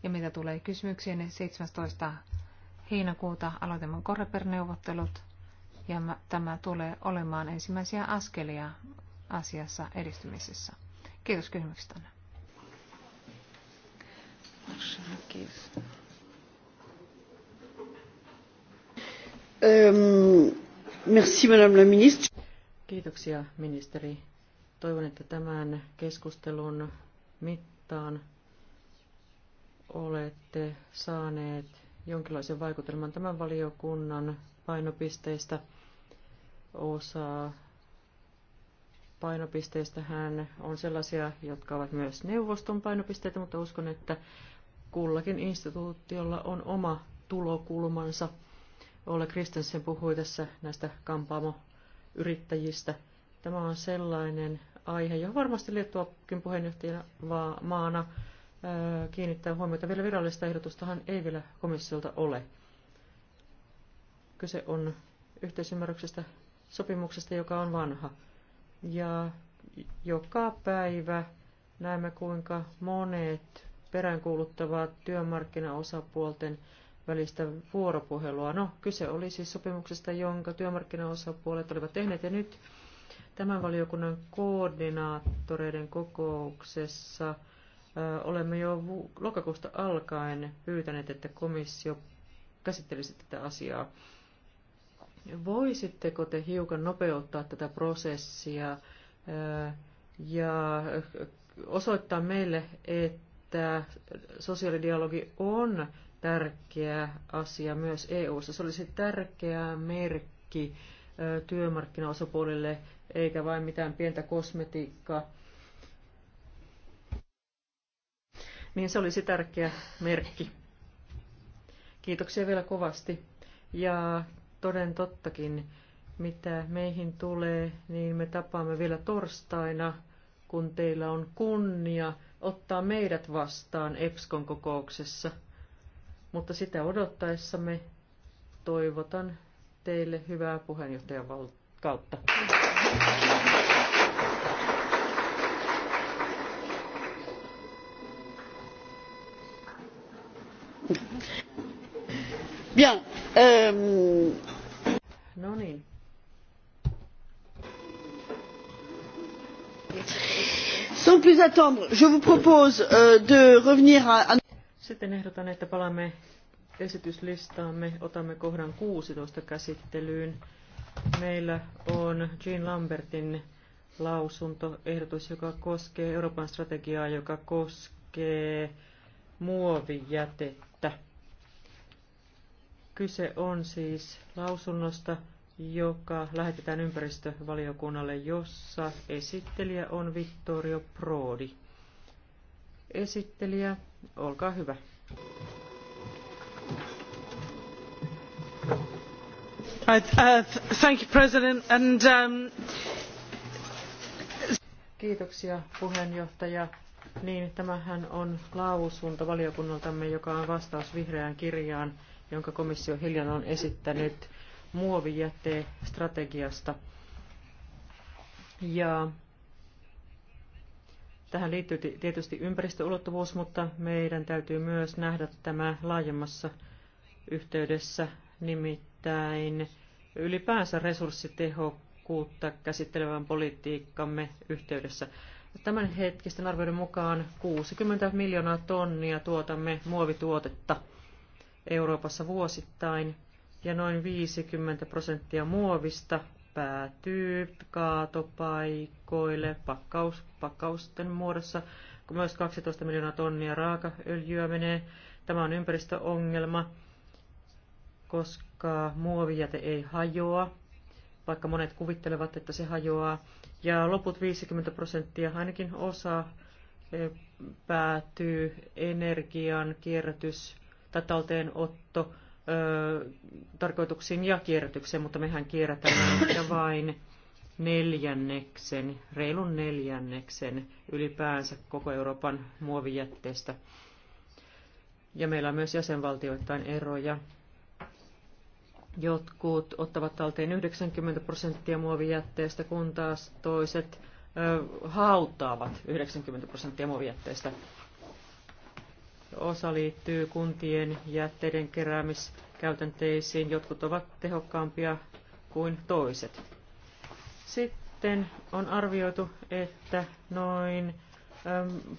Ja mitä tulee niin 17. heinäkuuta aloitamme koreper ja tämä tulee olemaan ensimmäisiä askelia asiassa edistymisessä. Kiitos kysymyksestänne. Um, Kiitoksia ministeri. Toivon, että tämän keskustelun mittaan olette saaneet jonkinlaisen vaikutelman tämän valiokunnan painopisteistä. Osa painopisteistähän on sellaisia, jotka ovat myös neuvoston painopisteitä, mutta uskon, että kullakin instituutiolla on oma tulokulmansa. Ole Kristensen puhui tässä näistä kampaamoyrittäjistä. Tämä on sellainen aihe, johon varmasti Liettuakin puheenjohtajana maana kiinnittää huomiota. Vielä virallista ehdotustahan ei vielä komissiolta ole. Kyse on yhteisymmärryksestä sopimuksesta, joka on vanha. Ja joka päivä näemme, kuinka monet peräänkuuluttavaa työmarkkinaosapuolten välistä vuoropuhelua. No, kyse oli siis sopimuksesta, jonka työmarkkinaosapuolet olivat tehneet, ja nyt tämän valiokunnan koordinaattoreiden kokouksessa olemme jo lokakuusta alkaen pyytäneet, että komissio käsittelisi tätä asiaa. Voisitteko te hiukan nopeuttaa tätä prosessia ja osoittaa meille, että että sosiaalidialogi on tärkeä asia myös EU:ssa. Se olisi tärkeä merkki työmarkkinaosapuolille, eikä vain mitään pientä kosmetiikkaa. Niin se olisi tärkeä merkki. Kiitoksia vielä kovasti. Ja toden tottakin, mitä meihin tulee, niin me tapaamme vielä torstaina, kun teillä on kunnia ottaa meidät vastaan EPSKon kokouksessa, mutta sitä odottaessamme toivotan teille hyvää puheenjohtajan kautta. Bien. Euh... No niin. sans plus attendre je vous propose euh, de revenir à sitten ehdotan, että palaamme esityslistaamme, otamme kohdan 16 käsittelyyn. Meillä on Jean Lambertin lausunto ehdotus, joka koskee Euroopan strategiaa, joka koskee muovijätettä. Kyse on siis lausunnosta, joka lähetetään ympäristövaliokunnalle, jossa esittelijä on Vittorio Prodi. Esittelijä, olkaa hyvä. Uh, thank you, President. And, um... Kiitoksia puheenjohtaja. Niin, tämähän on lausunto valiokunnaltamme, joka on vastaus vihreään kirjaan, jonka komissio hiljan on esittänyt muovijätestrategiasta. Ja tähän liittyy tietysti ympäristöulottuvuus, mutta meidän täytyy myös nähdä tämä laajemmassa yhteydessä, nimittäin ylipäänsä resurssitehokkuutta käsittelevän politiikkamme yhteydessä. Tämän hetkisten arvioiden mukaan 60 miljoonaa tonnia tuotamme muovituotetta Euroopassa vuosittain ja noin 50 prosenttia muovista päätyy kaatopaikoille pakkaus, pakkausten muodossa. Myös 12 miljoonaa tonnia raakaöljyä menee. Tämä on ympäristöongelma, koska muovijäte ei hajoa, vaikka monet kuvittelevat, että se hajoaa. Ja loput 50 prosenttia, ainakin osa, e, päätyy energian kierrätys tai talteenotto tarkoituksiin ja kierrätykseen, mutta mehän kierrätään ehkä vain neljänneksen, reilun neljänneksen ylipäänsä koko Euroopan muovijätteestä. Ja meillä on myös jäsenvaltioittain eroja. Jotkut ottavat talteen 90 prosenttia muovijätteestä, kun taas toiset ö, hautaavat 90 prosenttia muovijätteestä osa liittyy kuntien jätteiden keräämiskäytänteisiin. Jotkut ovat tehokkaampia kuin toiset. Sitten on arvioitu, että noin äm,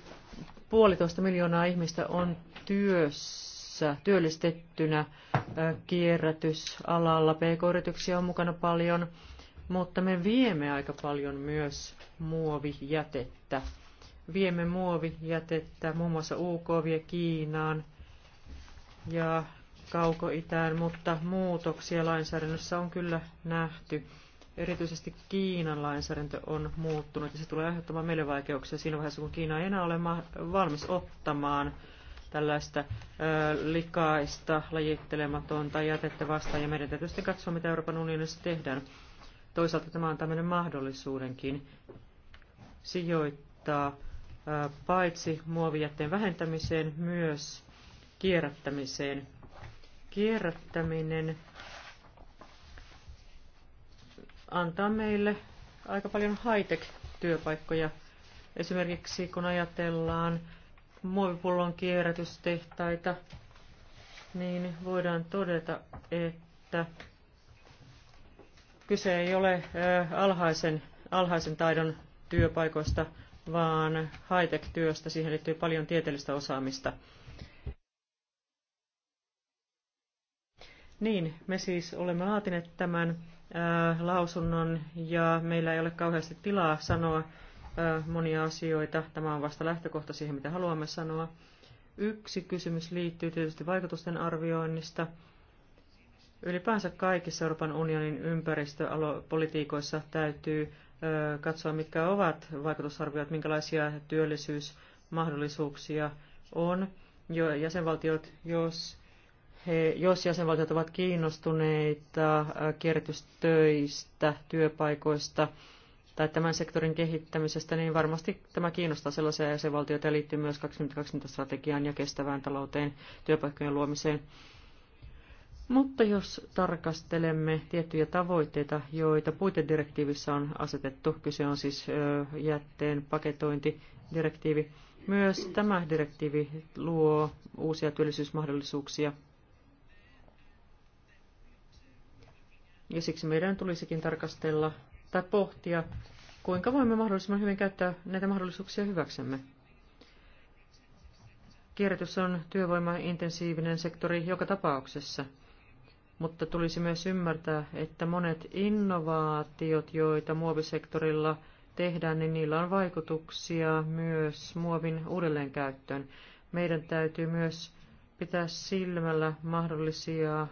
puolitoista miljoonaa ihmistä on työssä, työllistettynä ä, kierrätysalalla. PK-yrityksiä on mukana paljon, mutta me viemme aika paljon myös muovijätettä viemme muovijätettä muun muassa UK vie Kiinaan ja kaukoitään, mutta muutoksia lainsäädännössä on kyllä nähty. Erityisesti Kiinan lainsäädäntö on muuttunut ja se tulee aiheuttamaan meille vaikeuksia siinä vaiheessa, kun Kiina ei enää ole valmis ottamaan tällaista ö, likaista, lajittelematonta jätettä vastaan ja meidän täytyy sitten katsoa, mitä Euroopan unionissa tehdään. Toisaalta tämä on tämmöinen mahdollisuudenkin sijoittaa paitsi muovijätteen vähentämiseen, myös kierrättämiseen. Kierrättäminen antaa meille aika paljon high-tech-työpaikkoja. Esimerkiksi kun ajatellaan muovipullon kierrätystehtaita, niin voidaan todeta, että kyse ei ole alhaisen, alhaisen taidon työpaikoista, vaan high-tech-työstä. Siihen liittyy paljon tieteellistä osaamista. Niin, me siis olemme laatineet tämän ää, äh, lausunnon ja meillä ei ole kauheasti tilaa sanoa ää, äh, monia asioita. Tämä on vasta lähtökohta siihen, mitä haluamme sanoa. Yksi kysymys liittyy tietysti vaikutusten arvioinnista. Ylipäänsä kaikissa Euroopan unionin ympäristöpolitiikoissa täytyy katsoa, mitkä ovat vaikutusarviot, minkälaisia työllisyysmahdollisuuksia on. Jo, jäsenvaltiot, jos, he, jos jäsenvaltiot ovat kiinnostuneita kierrätystöistä, työpaikoista tai tämän sektorin kehittämisestä, niin varmasti tämä kiinnostaa sellaisia jäsenvaltioita ja liittyy myös 2020 strategiaan ja kestävään talouteen, työpaikkojen luomiseen. Mutta jos tarkastelemme tiettyjä tavoitteita, joita puitedirektiivissä on asetettu, kyse on siis jätteen paketointidirektiivi, myös tämä direktiivi luo uusia työllisyysmahdollisuuksia. Ja siksi meidän tulisikin tarkastella tai pohtia, kuinka voimme mahdollisimman hyvin käyttää näitä mahdollisuuksia hyväksemme. Kierrätys on työvoimaintensiivinen sektori joka tapauksessa – mutta tulisi myös ymmärtää, että monet innovaatiot, joita muovisektorilla tehdään, niin niillä on vaikutuksia myös muovin uudelleenkäyttöön. Meidän täytyy myös pitää silmällä mahdollisia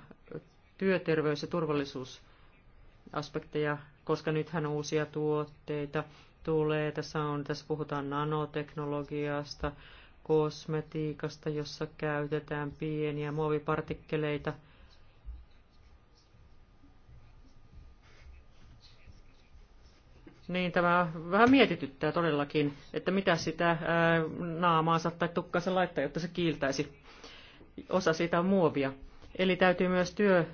työterveys- ja turvallisuusaspekteja, koska nythän uusia tuotteita tulee. Tässä, on, tässä puhutaan nanoteknologiasta, kosmetiikasta, jossa käytetään pieniä muovipartikkeleita – niin tämä vähän mietityttää todellakin, että mitä sitä naamaansa tai tukkaansa laittaa, jotta se kiiltäisi. Osa siitä on muovia. Eli täytyy myös työ-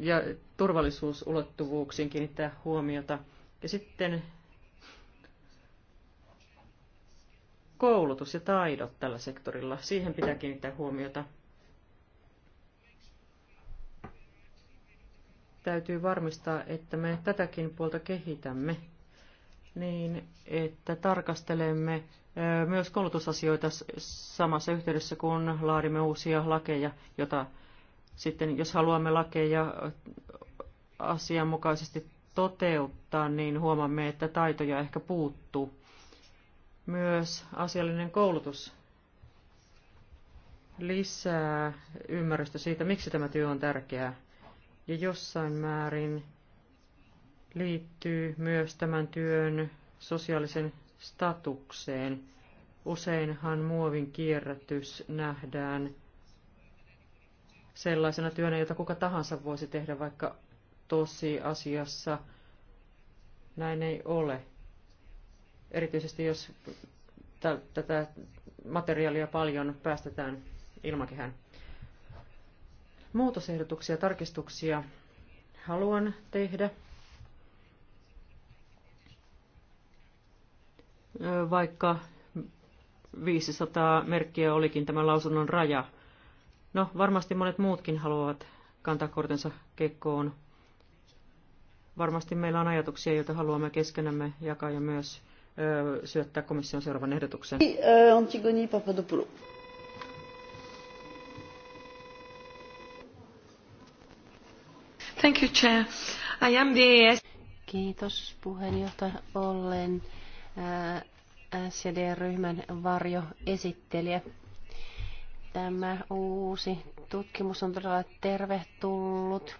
ja turvallisuusulottuvuuksiin kiinnittää huomiota. Ja sitten koulutus ja taidot tällä sektorilla. Siihen pitää kiinnittää huomiota. Täytyy varmistaa, että me tätäkin puolta kehitämme niin, että tarkastelemme myös koulutusasioita samassa yhteydessä, kun laadimme uusia lakeja, jota sitten, jos haluamme lakeja asianmukaisesti toteuttaa, niin huomamme, että taitoja ehkä puuttuu. Myös asiallinen koulutus lisää ymmärrystä siitä, miksi tämä työ on tärkeää. Ja jossain määrin liittyy myös tämän työn sosiaalisen statukseen. Useinhan muovin kierrätys nähdään sellaisena työnä, jota kuka tahansa voisi tehdä, vaikka tosi asiassa näin ei ole. Erityisesti jos tätä materiaalia paljon päästetään ilmakehään. Muutosehdotuksia, tarkistuksia haluan tehdä vaikka 500 merkkiä olikin tämä lausunnon raja. No, varmasti monet muutkin haluavat kantaa kortensa kekkoon. Varmasti meillä on ajatuksia, joita haluamme keskenämme jakaa ja myös ö, syöttää komission seuraavan ehdotuksen. E, Antigoni Papadopoulou. Thank you, Chair. I am the... Kiitos puheenjohtaja. Olen scd ryhmän varjoesittelijä. Tämä uusi tutkimus on todella tervetullut.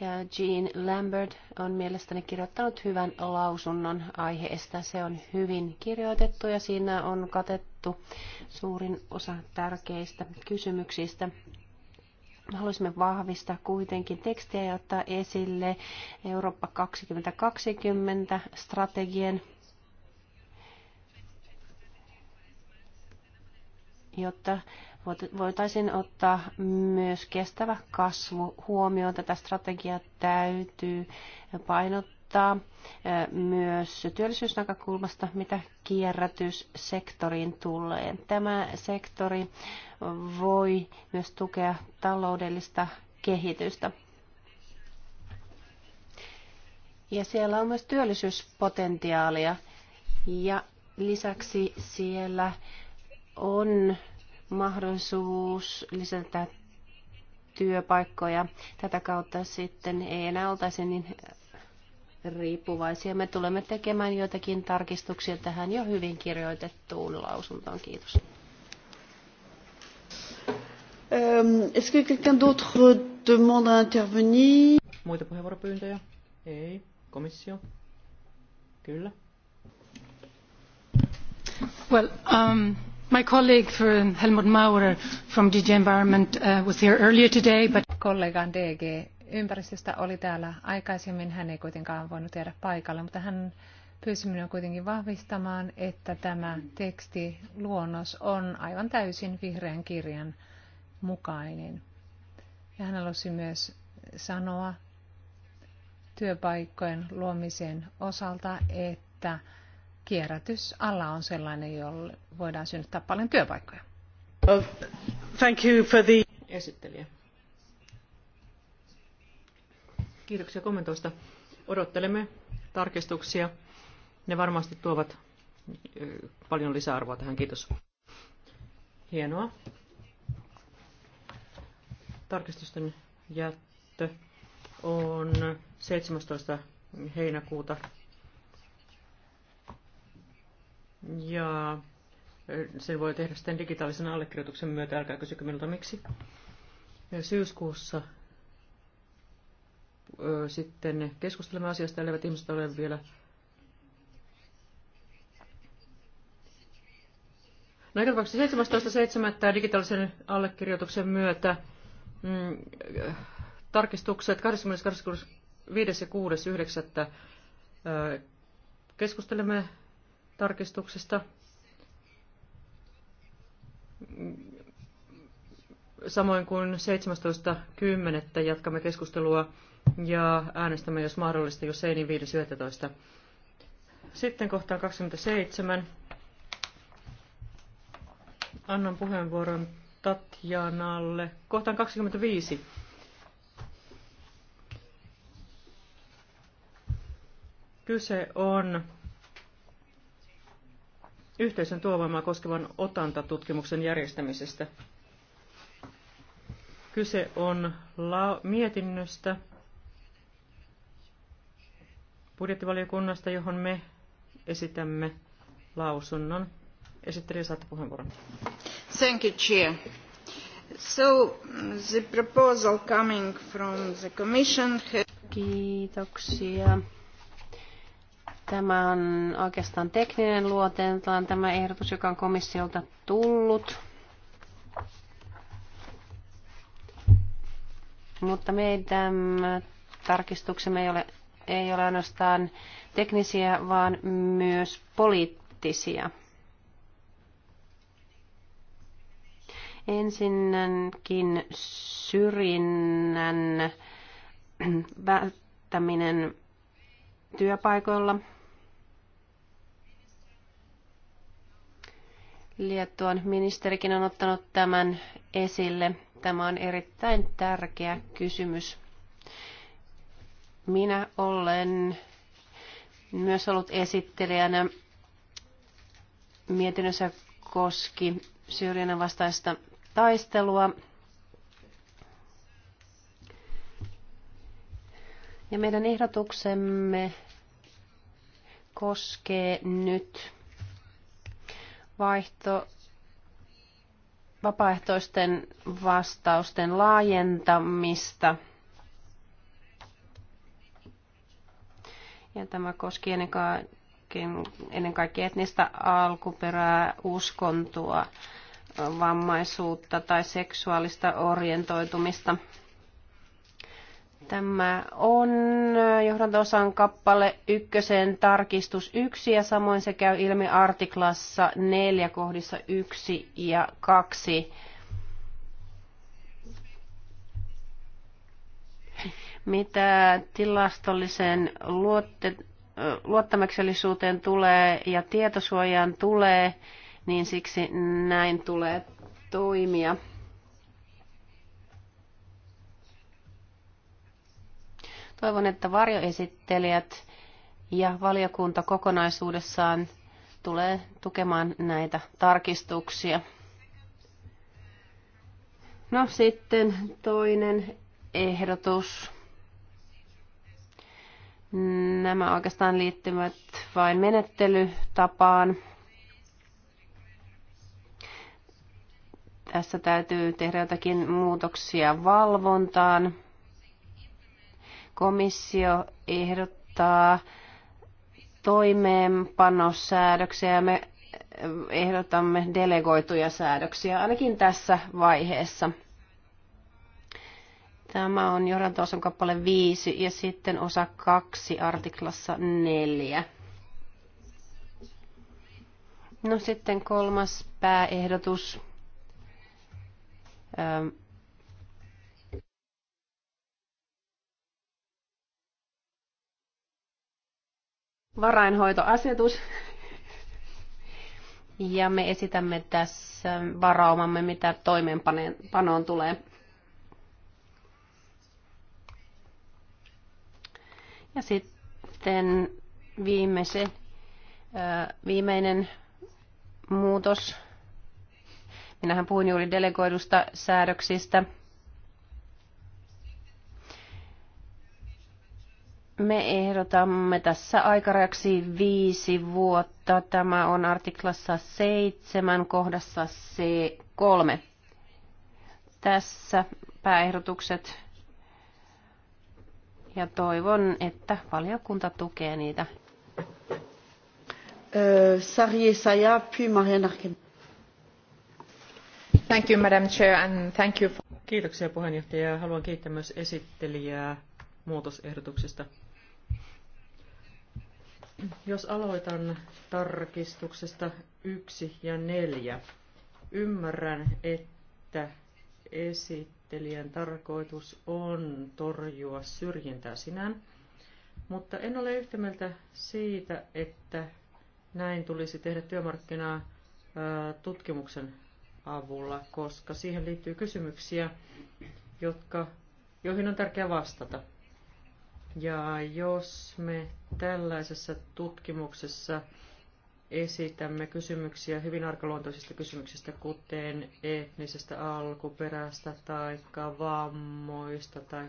Ja Jean Lambert on mielestäni kirjoittanut hyvän lausunnon aiheesta. Se on hyvin kirjoitettu ja siinä on katettu suurin osa tärkeistä kysymyksistä. Haluaisimme vahvistaa kuitenkin tekstiä ja ottaa esille Eurooppa 2020 strategian jotta voitaisiin ottaa myös kestävä kasvu huomioon. Tätä strategiaa täytyy painottaa myös työllisyysnäkökulmasta, mitä kierrätyssektoriin tulee. Tämä sektori voi myös tukea taloudellista kehitystä. Ja siellä on myös työllisyyspotentiaalia ja lisäksi siellä on mahdollisuus lisätä työpaikkoja. Tätä kautta sitten ei enää oltaisi niin riippuvaisia. Me tulemme tekemään joitakin tarkistuksia tähän jo hyvin kirjoitettuun lausuntoon. Kiitos. Euh, est-ce que quelqu'un d'autre demande à intervenir? Muita puheenvuoropyyntöjä? Ei. Komissio? Kyllä. Well, um, My colleague uh, Helmut Maurer from DG Environment uh, was here earlier today, but... Kollegan DG ympäristöstä oli täällä aikaisemmin. Hän ei kuitenkaan voinut jäädä paikalle, mutta hän pyysi minua kuitenkin vahvistamaan, että tämä tekstiluonnos on aivan täysin vihreän kirjan mukainen. Ja hän halusi myös sanoa työpaikkojen luomisen osalta, että kierrätysala on sellainen, jolle voidaan synnyttää paljon työpaikkoja. thank you for the... Esittelijä. Kiitoksia kommentoista. Odottelemme tarkistuksia. Ne varmasti tuovat paljon lisäarvoa tähän. Kiitos. Hienoa. Tarkistusten jättö on 17. heinäkuuta ja sen voi tehdä sitten digitaalisen allekirjoituksen myötä, älkää kysykö minulta miksi. Ja syyskuussa ö, sitten keskustelemme asiasta, elevät ihmiset ole vielä No joka tapauksessa 17.7. digitaalisen allekirjoituksen myötä mm, tarkistukset 25. ja 6.9. keskustelemme tarkistuksesta. Samoin kuin 17.10. jatkamme keskustelua ja äänestämme, jos mahdollista, jos ei, niin 5.11. Sitten kohtaan 27. Annan puheenvuoron Tatjanalle. Kohtaan 25. Kyse on yhteisön työvoimaa koskevan otantatutkimuksen järjestämisestä. Kyse on mietinnöstä budjettivaliokunnasta, johon me esitämme lausunnon. Esittelijä saatte puheenvuoron. Thank you, Chair. So the proposal coming from the Commission. Kiitoksia. Tämä on oikeastaan tekninen luoteeltaan tämä ehdotus, joka on komissiolta tullut. Mutta meidän tarkistuksemme ei ole, ei ole ainoastaan teknisiä, vaan myös poliittisia. Ensinnäkin syrjinnän välttäminen työpaikoilla – Liettuan ministerikin on ottanut tämän esille. Tämä on erittäin tärkeä kysymys. Minä olen myös ollut esittelijänä mietinnössä koski syrjinnän vastaista taistelua. Ja meidän ehdotuksemme koskee nyt vaihto vapaaehtoisten vastausten laajentamista. Ja tämä koski ennen kaikkea, ennen kaikkea etnistä alkuperää, uskontoa, vammaisuutta tai seksuaalista orientoitumista. Tämä on johdantosan kappale ykkösen tarkistus yksi ja samoin se käy ilmi artiklassa neljä kohdissa yksi ja kaksi. Mitä tilastolliseen luotte, luottamuksellisuuteen tulee ja tietosuojaan tulee, niin siksi näin tulee toimia. Toivon, että varjoesittelijät ja valiokunta kokonaisuudessaan tulee tukemaan näitä tarkistuksia. No sitten toinen ehdotus. Nämä oikeastaan liittyvät vain menettelytapaan. Tässä täytyy tehdä jotakin muutoksia valvontaan komissio ehdottaa toimeenpanosäädöksiä ja me ehdotamme delegoituja säädöksiä ainakin tässä vaiheessa. Tämä on johdantoosan kappale 5 ja sitten osa 2 artiklassa 4. No sitten kolmas pääehdotus. Öö, varainhoitoasetus. Ja me esitämme tässä varaumamme, mitä toimeenpanoon tulee. Ja sitten viimeise, viimeinen muutos. Minähän puhuin juuri delegoidusta säädöksistä. Me ehdotamme tässä aikarajaksi viisi vuotta. Tämä on artiklassa 7 kohdassa C3. Tässä pääehdotukset ja toivon, että valiokunta tukee niitä. Sari Saja, puis Marianne Thank you, Madam Chair, and thank you for... Kiitoksia puheenjohtaja. Haluan kiittää myös esittelijää muutosehdotuksesta. Jos aloitan tarkistuksesta yksi ja neljä, ymmärrän, että esittelijän tarkoitus on torjua syrjintää sinään, mutta en ole yhtä mieltä siitä, että näin tulisi tehdä työmarkkinaa tutkimuksen avulla, koska siihen liittyy kysymyksiä, jotka, joihin on tärkeää vastata. Ja jos me tällaisessa tutkimuksessa esitämme kysymyksiä hyvin arkaluontoisista kysymyksistä, kuten etnisestä alkuperästä tai vammoista tai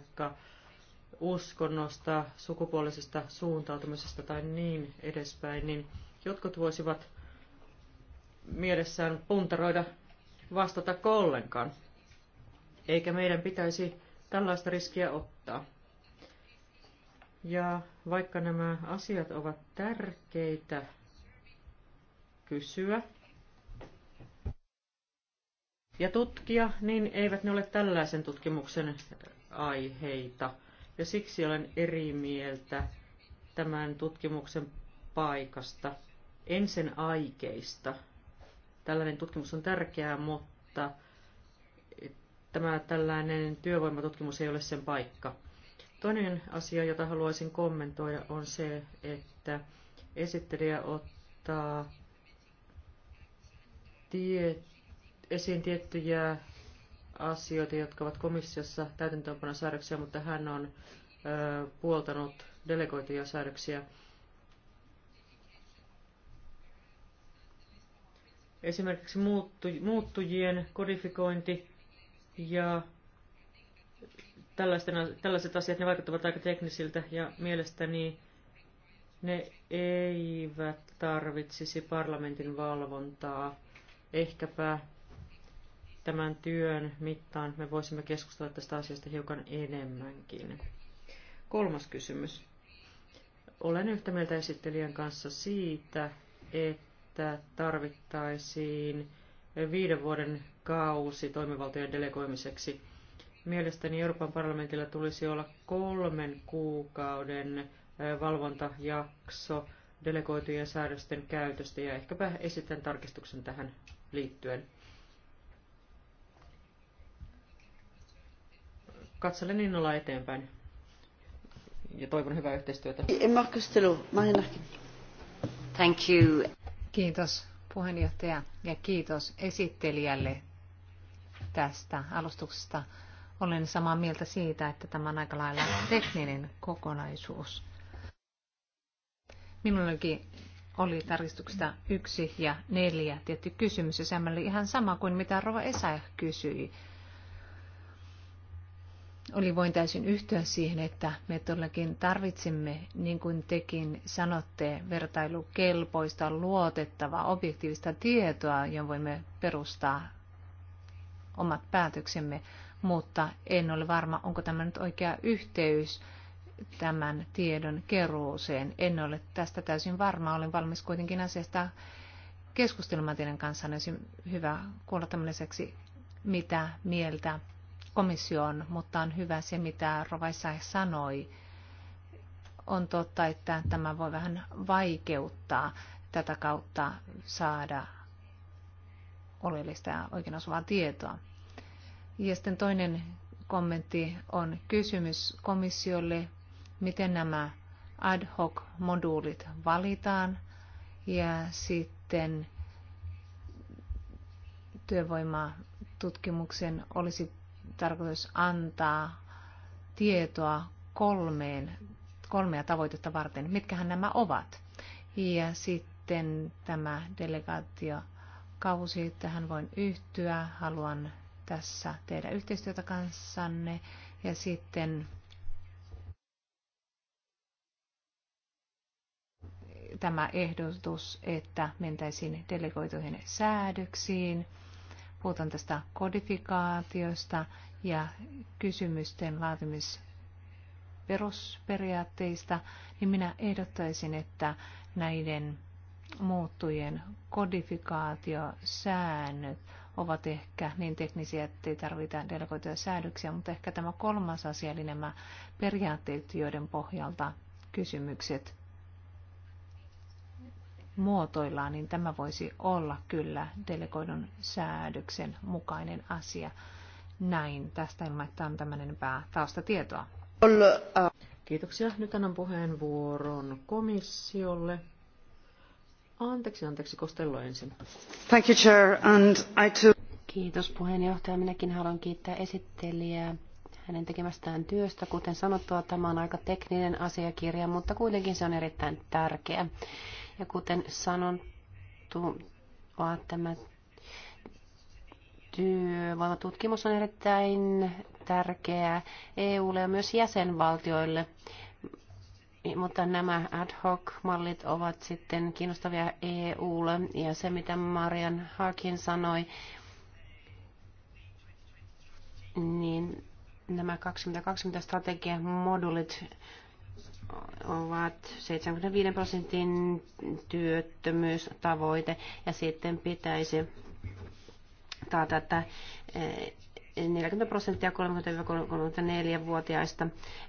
uskonnosta, sukupuolisesta suuntautumisesta tai niin edespäin, niin jotkut voisivat mielessään puntaroida vastata kollenkaan. Eikä meidän pitäisi tällaista riskiä ottaa. Ja vaikka nämä asiat ovat tärkeitä kysyä ja tutkia, niin eivät ne ole tällaisen tutkimuksen aiheita. Ja siksi olen eri mieltä tämän tutkimuksen paikasta, ensin aikeista. Tällainen tutkimus on tärkeää, mutta tämä tällainen työvoimatutkimus ei ole sen paikka. Toinen asia, jota haluaisin kommentoida, on se, että esittelijä ottaa tie, esiin tiettyjä asioita, jotka ovat komissiossa täytäntöönpanon säädöksiä, mutta hän on ö, puoltanut delegoituja säädöksiä. Esimerkiksi muuttujien kodifikointi ja tällaiset asiat, ne vaikuttavat aika teknisiltä ja mielestäni ne eivät tarvitsisi parlamentin valvontaa. Ehkäpä tämän työn mittaan me voisimme keskustella tästä asiasta hiukan enemmänkin. Kolmas kysymys. Olen yhtä mieltä esittelijän kanssa siitä, että tarvittaisiin viiden vuoden kausi toimivaltojen delegoimiseksi – Mielestäni Euroopan parlamentilla tulisi olla kolmen kuukauden valvontajakso delegoitujen säädösten käytöstä ja ehkäpä esitän tarkistuksen tähän liittyen. Katselen innolla eteenpäin ja toivon hyvää yhteistyötä. Thank you. Kiitos puheenjohtaja ja kiitos esittelijälle tästä alustuksesta. Olen samaa mieltä siitä, että tämä on aika lailla tekninen kokonaisuus. Minullakin oli tarkistuksesta yksi ja neljä tietty kysymys, ja se oli ihan sama kuin mitä Rova Esa kysyi. Oli voin täysin yhtyä siihen, että me todellakin tarvitsemme, niin kuin tekin sanotte, vertailukelpoista, luotettavaa, objektiivista tietoa, johon voimme perustaa omat päätöksemme mutta en ole varma, onko tämä nyt oikea yhteys tämän tiedon keruuseen. En ole tästä täysin varma, olen valmis kuitenkin asiasta keskustelemaan teidän kanssa. Olisi hyvä kuulla tämmöiseksi, mitä mieltä komissio on, mutta on hyvä se, mitä Rovaisa sanoi. On totta, että tämä voi vähän vaikeuttaa tätä kautta saada oleellista ja oikein osuvaa tietoa. Ja sitten toinen kommentti on kysymys komissiolle, miten nämä ad hoc moduulit valitaan ja sitten työvoimatutkimuksen olisi tarkoitus antaa tietoa kolmeen, kolmea tavoitetta varten. Mitkähän nämä ovat? Ja sitten tämä delegaatio kausi, tähän voin yhtyä. Haluan tässä tehdä yhteistyötä kanssanne. Ja sitten tämä ehdotus, että mentäisiin delegoituihin säädöksiin. Puhutaan tästä kodifikaatiosta ja kysymysten laatimis perusperiaatteista, niin minä ehdottaisin, että näiden muuttujen kodifikaatiosäännöt ovat ehkä niin teknisiä, että ei tarvita delegoituja säädöksiä, mutta ehkä tämä kolmas asia, eli nämä periaatteet, joiden pohjalta kysymykset muotoillaan, niin tämä voisi olla kyllä delegoidun säädöksen mukainen asia. Näin, tästä ilman, että on Kiitoksia. Nyt annan puheenvuoron komissiolle. Anteeksi, anteeksi, Kostello ensin. Thank you, Chair, and I too... Kiitos puheenjohtaja. Minäkin haluan kiittää esittelijää hänen tekemästään työstä. Kuten sanottua, tämä on aika tekninen asiakirja, mutta kuitenkin se on erittäin tärkeä. Ja kuten sanottu, tämä työvoimatutkimus on erittäin tärkeää EUlle ja myös jäsenvaltioille mutta nämä ad hoc-mallit ovat sitten kiinnostavia EUlle. Ja se, mitä Marian Harkin sanoi, niin nämä 2020-strategian modulit ovat 75 prosentin työttömyystavoite ja sitten pitäisi taata, että 40 prosenttia 30-34-vuotiaista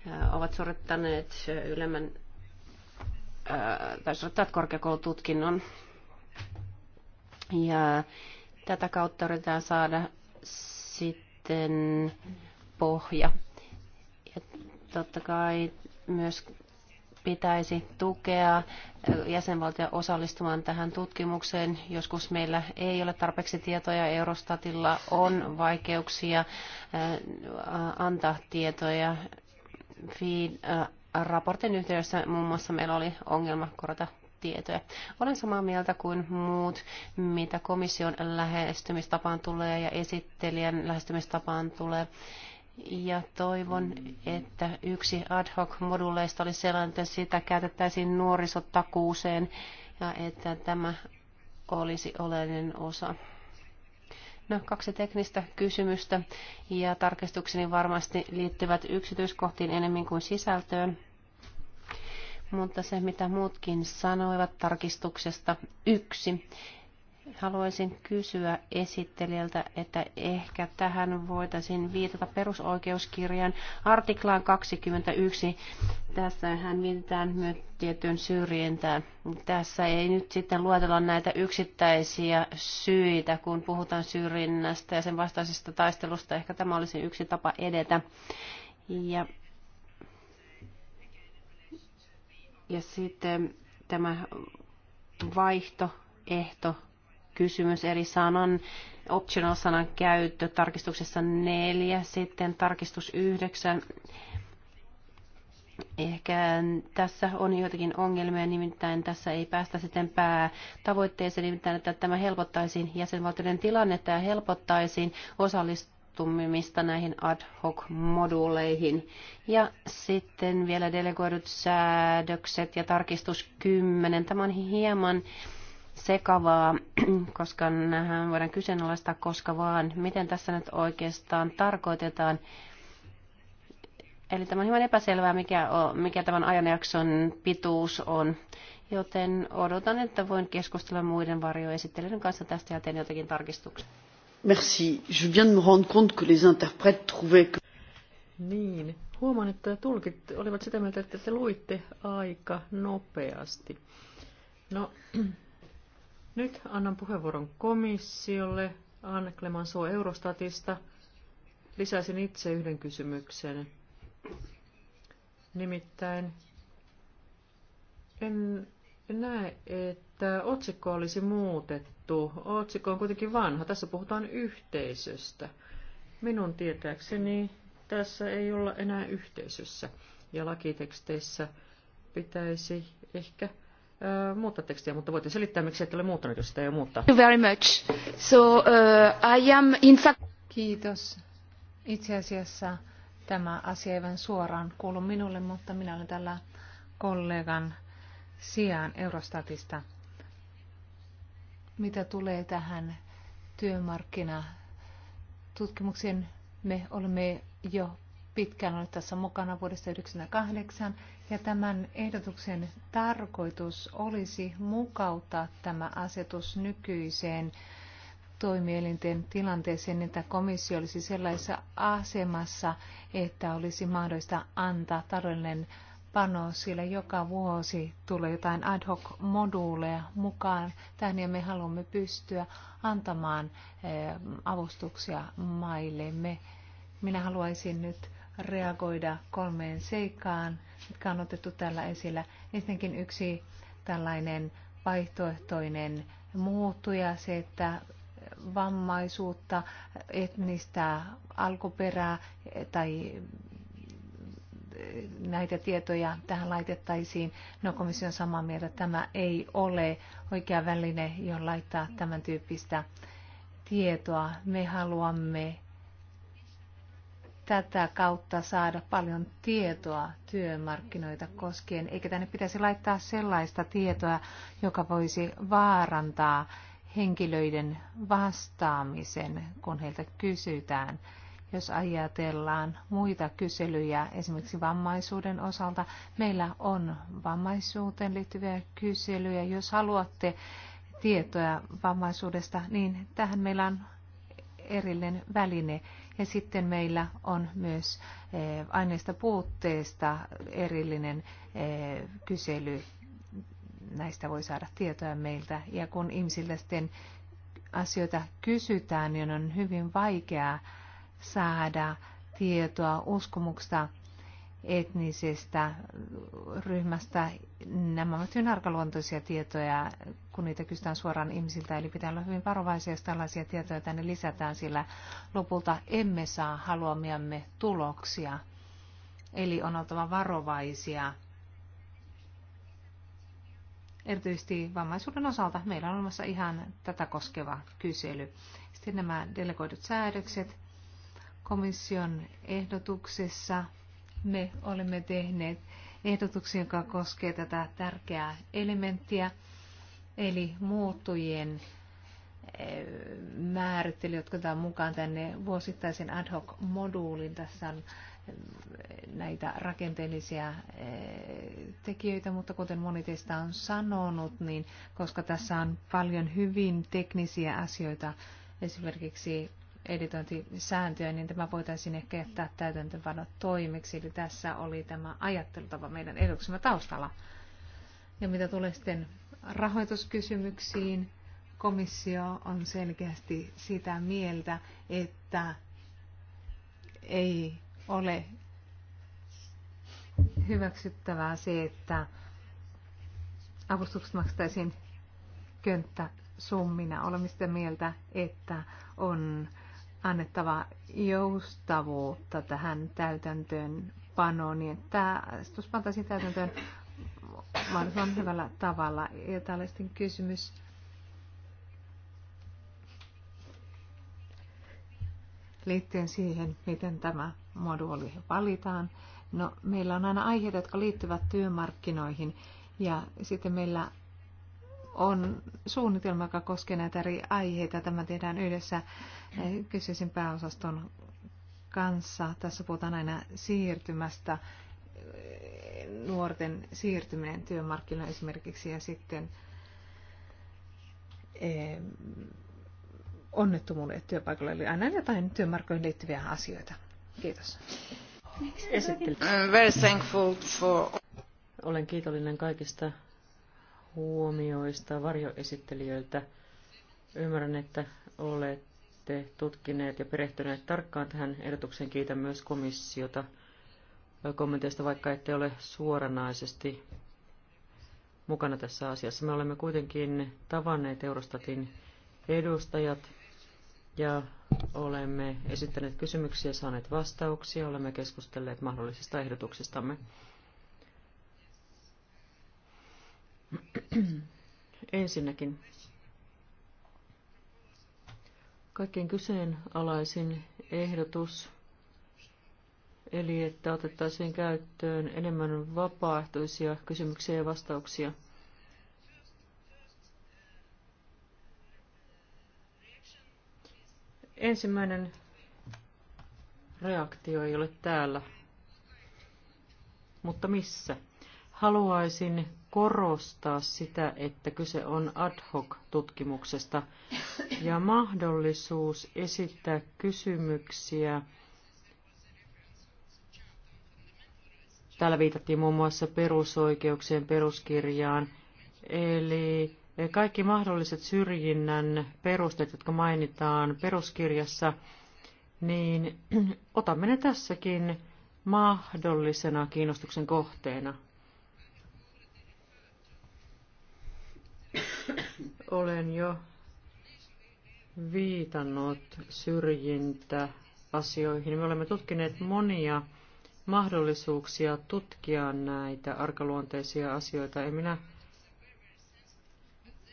äh, ovat suorittaneet äh, ylemmän äh, tai suorittavat korkeakoulututkinnon. Ja tätä kautta yritetään saada sitten pohja. Ja totta kai myös pitäisi tukea eh, jäsenvaltio osallistumaan tähän tutkimukseen. Joskus meillä ei ole tarpeeksi tietoja, Eurostatilla on vaikeuksia eh, antaa tietoja. Eh, raportin yhteydessä muun muassa meillä oli ongelma korota tietoja. Olen samaa mieltä kuin muut, mitä komission lähestymistapaan tulee ja esittelijän lähestymistapaan tulee ja toivon, että yksi ad hoc moduleista oli sellainen, että sitä käytettäisiin nuorisotakuuseen ja että tämä olisi oleellinen osa. No, kaksi teknistä kysymystä ja tarkistukseni varmasti liittyvät yksityiskohtiin enemmän kuin sisältöön. Mutta se, mitä muutkin sanoivat tarkistuksesta yksi, Haluaisin kysyä esittelijältä, että ehkä tähän voitaisiin viitata perusoikeuskirjan artiklaan 21. hän viitataan myös tiettyyn syrjintään. Tässä ei nyt sitten luetella näitä yksittäisiä syitä, kun puhutaan syrjinnästä ja sen vastaisesta taistelusta. Ehkä tämä olisi yksi tapa edetä. Ja, ja sitten tämä vaihtoehto kysymys, eli sanan optional-sanan käyttö tarkistuksessa neljä, sitten tarkistus yhdeksän. Ehkä tässä on joitakin ongelmia, nimittäin tässä ei päästä sitten päätavoitteeseen, nimittäin että tämä helpottaisi jäsenvaltioiden tilannetta ja helpottaisi osallistumista näihin ad hoc moduuleihin. Ja sitten vielä delegoidut säädökset ja tarkistus 10. Tämä on hieman sekavaa, koska nähän voidaan kyseenalaistaa koska vaan, miten tässä nyt oikeastaan tarkoitetaan. Eli tämä on hieman epäselvää, mikä, on, mikä tämän ajanjakson pituus on, joten odotan, että voin keskustella muiden varjoesittelijöiden kanssa tästä ja teen jotakin tarkistuksia. Merci. Je viens de me rendre compte que les interprètes trouvaient que... Niin, huomaan, että tulkit olivat sitä mieltä, että te luitte aika nopeasti. No, Nyt annan puheenvuoron komissiolle. Anne Clemenceau Eurostatista. Lisäisin itse yhden kysymyksen. Nimittäin en näe, että otsikko olisi muutettu. Otsikko on kuitenkin vanha. Tässä puhutaan yhteisöstä. Minun tietääkseni tässä ei olla enää yhteisössä. Ja lakiteksteissä pitäisi ehkä ö, muuttaa tekstiä, mutta voitte selittää, miksi ette ole muuttanut, jos sitä ei ole muuttaa. Thank you very much. So, uh, I am in fact... Kiitos. Itse asiassa tämä asia ei suoraan kuulu minulle, mutta minä olen tällä kollegan sijaan Eurostatista. Mitä tulee tähän työmarkkinatutkimukseen, me olemme jo pitkään ollut tässä mukana vuodesta 1998, ja tämän ehdotuksen tarkoitus olisi mukauttaa tämä asetus nykyiseen toimielinten tilanteeseen, että komissio olisi sellaisessa asemassa, että olisi mahdollista antaa taloudellinen pano, sillä joka vuosi tulee jotain ad hoc moduuleja mukaan tähän ja me haluamme pystyä antamaan eh, avustuksia maillemme. Minä haluaisin nyt reagoida kolmeen seikkaan, jotka on otettu täällä esillä. Ensinnäkin yksi tällainen vaihtoehtoinen muuttuja, se, että vammaisuutta, etnistä alkuperää tai näitä tietoja tähän laitettaisiin. No komissio on samaa mieltä, että tämä ei ole oikea väline, jolla laittaa tämän tyyppistä tietoa. Me haluamme tätä kautta saada paljon tietoa työmarkkinoita koskien, eikä tänne pitäisi laittaa sellaista tietoa, joka voisi vaarantaa henkilöiden vastaamisen, kun heiltä kysytään. Jos ajatellaan muita kyselyjä, esimerkiksi vammaisuuden osalta, meillä on vammaisuuteen liittyviä kyselyjä. Jos haluatte tietoja vammaisuudesta, niin tähän meillä on erillinen väline, ja sitten meillä on myös eh, aineista puutteesta erillinen eh, kysely. Näistä voi saada tietoa meiltä. Ja kun ihmisiltä sitten asioita kysytään, niin on hyvin vaikeaa saada tietoa uskomuksesta etnisestä ryhmästä. Nämä ovat hyvin arkaluontoisia tietoja, kun niitä kysytään suoraan ihmisiltä, eli pitää olla hyvin varovaisia, jos tällaisia tietoja tänne lisätään, sillä lopulta emme saa haluamiamme tuloksia. Eli on oltava varovaisia. Erityisesti vammaisuuden osalta meillä on olemassa ihan tätä koskeva kysely. Sitten nämä delegoidut säädökset komission ehdotuksessa – me olemme tehneet ehdotuksia, joka koskee tätä tärkeää elementtiä, eli muuttujien eh, määrittely, jotka otetaan mukaan tänne vuosittaisen ad hoc moduulin. Tässä on eh, näitä rakenteellisia eh, tekijöitä, mutta kuten moni teistä on sanonut, niin koska tässä on paljon hyvin teknisiä asioita, esimerkiksi editointisääntöjä, niin tämä voitaisiin ehkä jättää täytäntöpano toimiksi. Eli tässä oli tämä ajattelutapa meidän eduksemme taustalla. Ja mitä tulee sitten rahoituskysymyksiin, komissio on selkeästi sitä mieltä, että ei ole hyväksyttävää se, että avustukset maksettaisiin könttä summina. Olemme sitä mieltä, että on annettava joustavuutta tähän täytäntöön panoon, niin että asetus pantaisiin täytäntöön mahdollisimman hyvällä tavalla. Ja täällä sitten kysymys liittyen siihen, miten tämä moduuli valitaan. No, meillä on aina aiheita, jotka liittyvät työmarkkinoihin ja sitten meillä on suunnitelma, joka koskee näitä eri aiheita. Tämä tehdään yhdessä eh, kyseisen pääosaston kanssa. Tässä puhutaan aina siirtymästä, eh, nuorten siirtyminen työmarkkinoille esimerkiksi ja sitten eh, onnettomuudet työpaikalla, eli aina jotain työmarkkinoihin liittyviä asioita. Kiitos. very thankful for... Olen kiitollinen kaikista huomioista varjoesittelijöiltä. Ymmärrän, että olette tutkineet ja perehtyneet tarkkaan tähän ehdotukseen. Kiitän myös komissiota kommenteista, vaikka ette ole suoranaisesti mukana tässä asiassa. Me olemme kuitenkin tavanneet Eurostatin edustajat ja olemme esittäneet kysymyksiä, saaneet vastauksia, olemme keskustelleet mahdollisista ehdotuksistamme. Ensinnäkin kaikkein kyseenalaisin ehdotus, eli että otettaisiin käyttöön enemmän vapaaehtoisia kysymyksiä ja vastauksia. Ensimmäinen reaktio ei ole täällä, mutta missä? Haluaisin korostaa sitä, että kyse on ad hoc tutkimuksesta ja mahdollisuus esittää kysymyksiä. Täällä viitattiin muun muassa perusoikeuksien peruskirjaan, eli kaikki mahdolliset syrjinnän perusteet, jotka mainitaan peruskirjassa, niin otamme ne tässäkin mahdollisena kiinnostuksen kohteena. olen jo viitannut syrjintäasioihin. Me olemme tutkineet monia mahdollisuuksia tutkia näitä arkaluonteisia asioita. En minä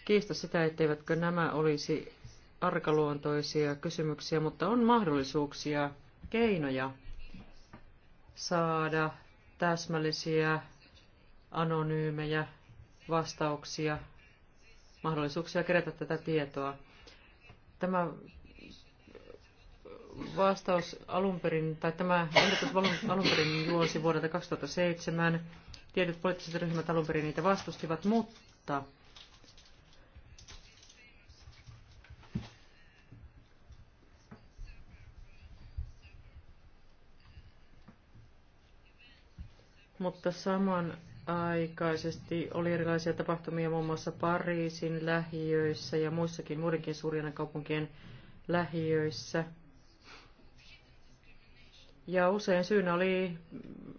kiistä sitä, etteivätkö nämä olisi arkaluontoisia kysymyksiä, mutta on mahdollisuuksia, keinoja saada täsmällisiä, anonyymejä vastauksia mahdollisuuksia kerätä tätä tietoa. Tämä vastaus alun perin, tai tämä ehdotus alun perin juosi vuodelta 2007. Tietyt poliittiset ryhmät alun perin niitä vastustivat, mutta mutta saman aikaisesti oli erilaisia tapahtumia muun muassa Pariisin lähiöissä ja muissakin muidenkin suurien kaupunkien lähiöissä. Ja usein syynä oli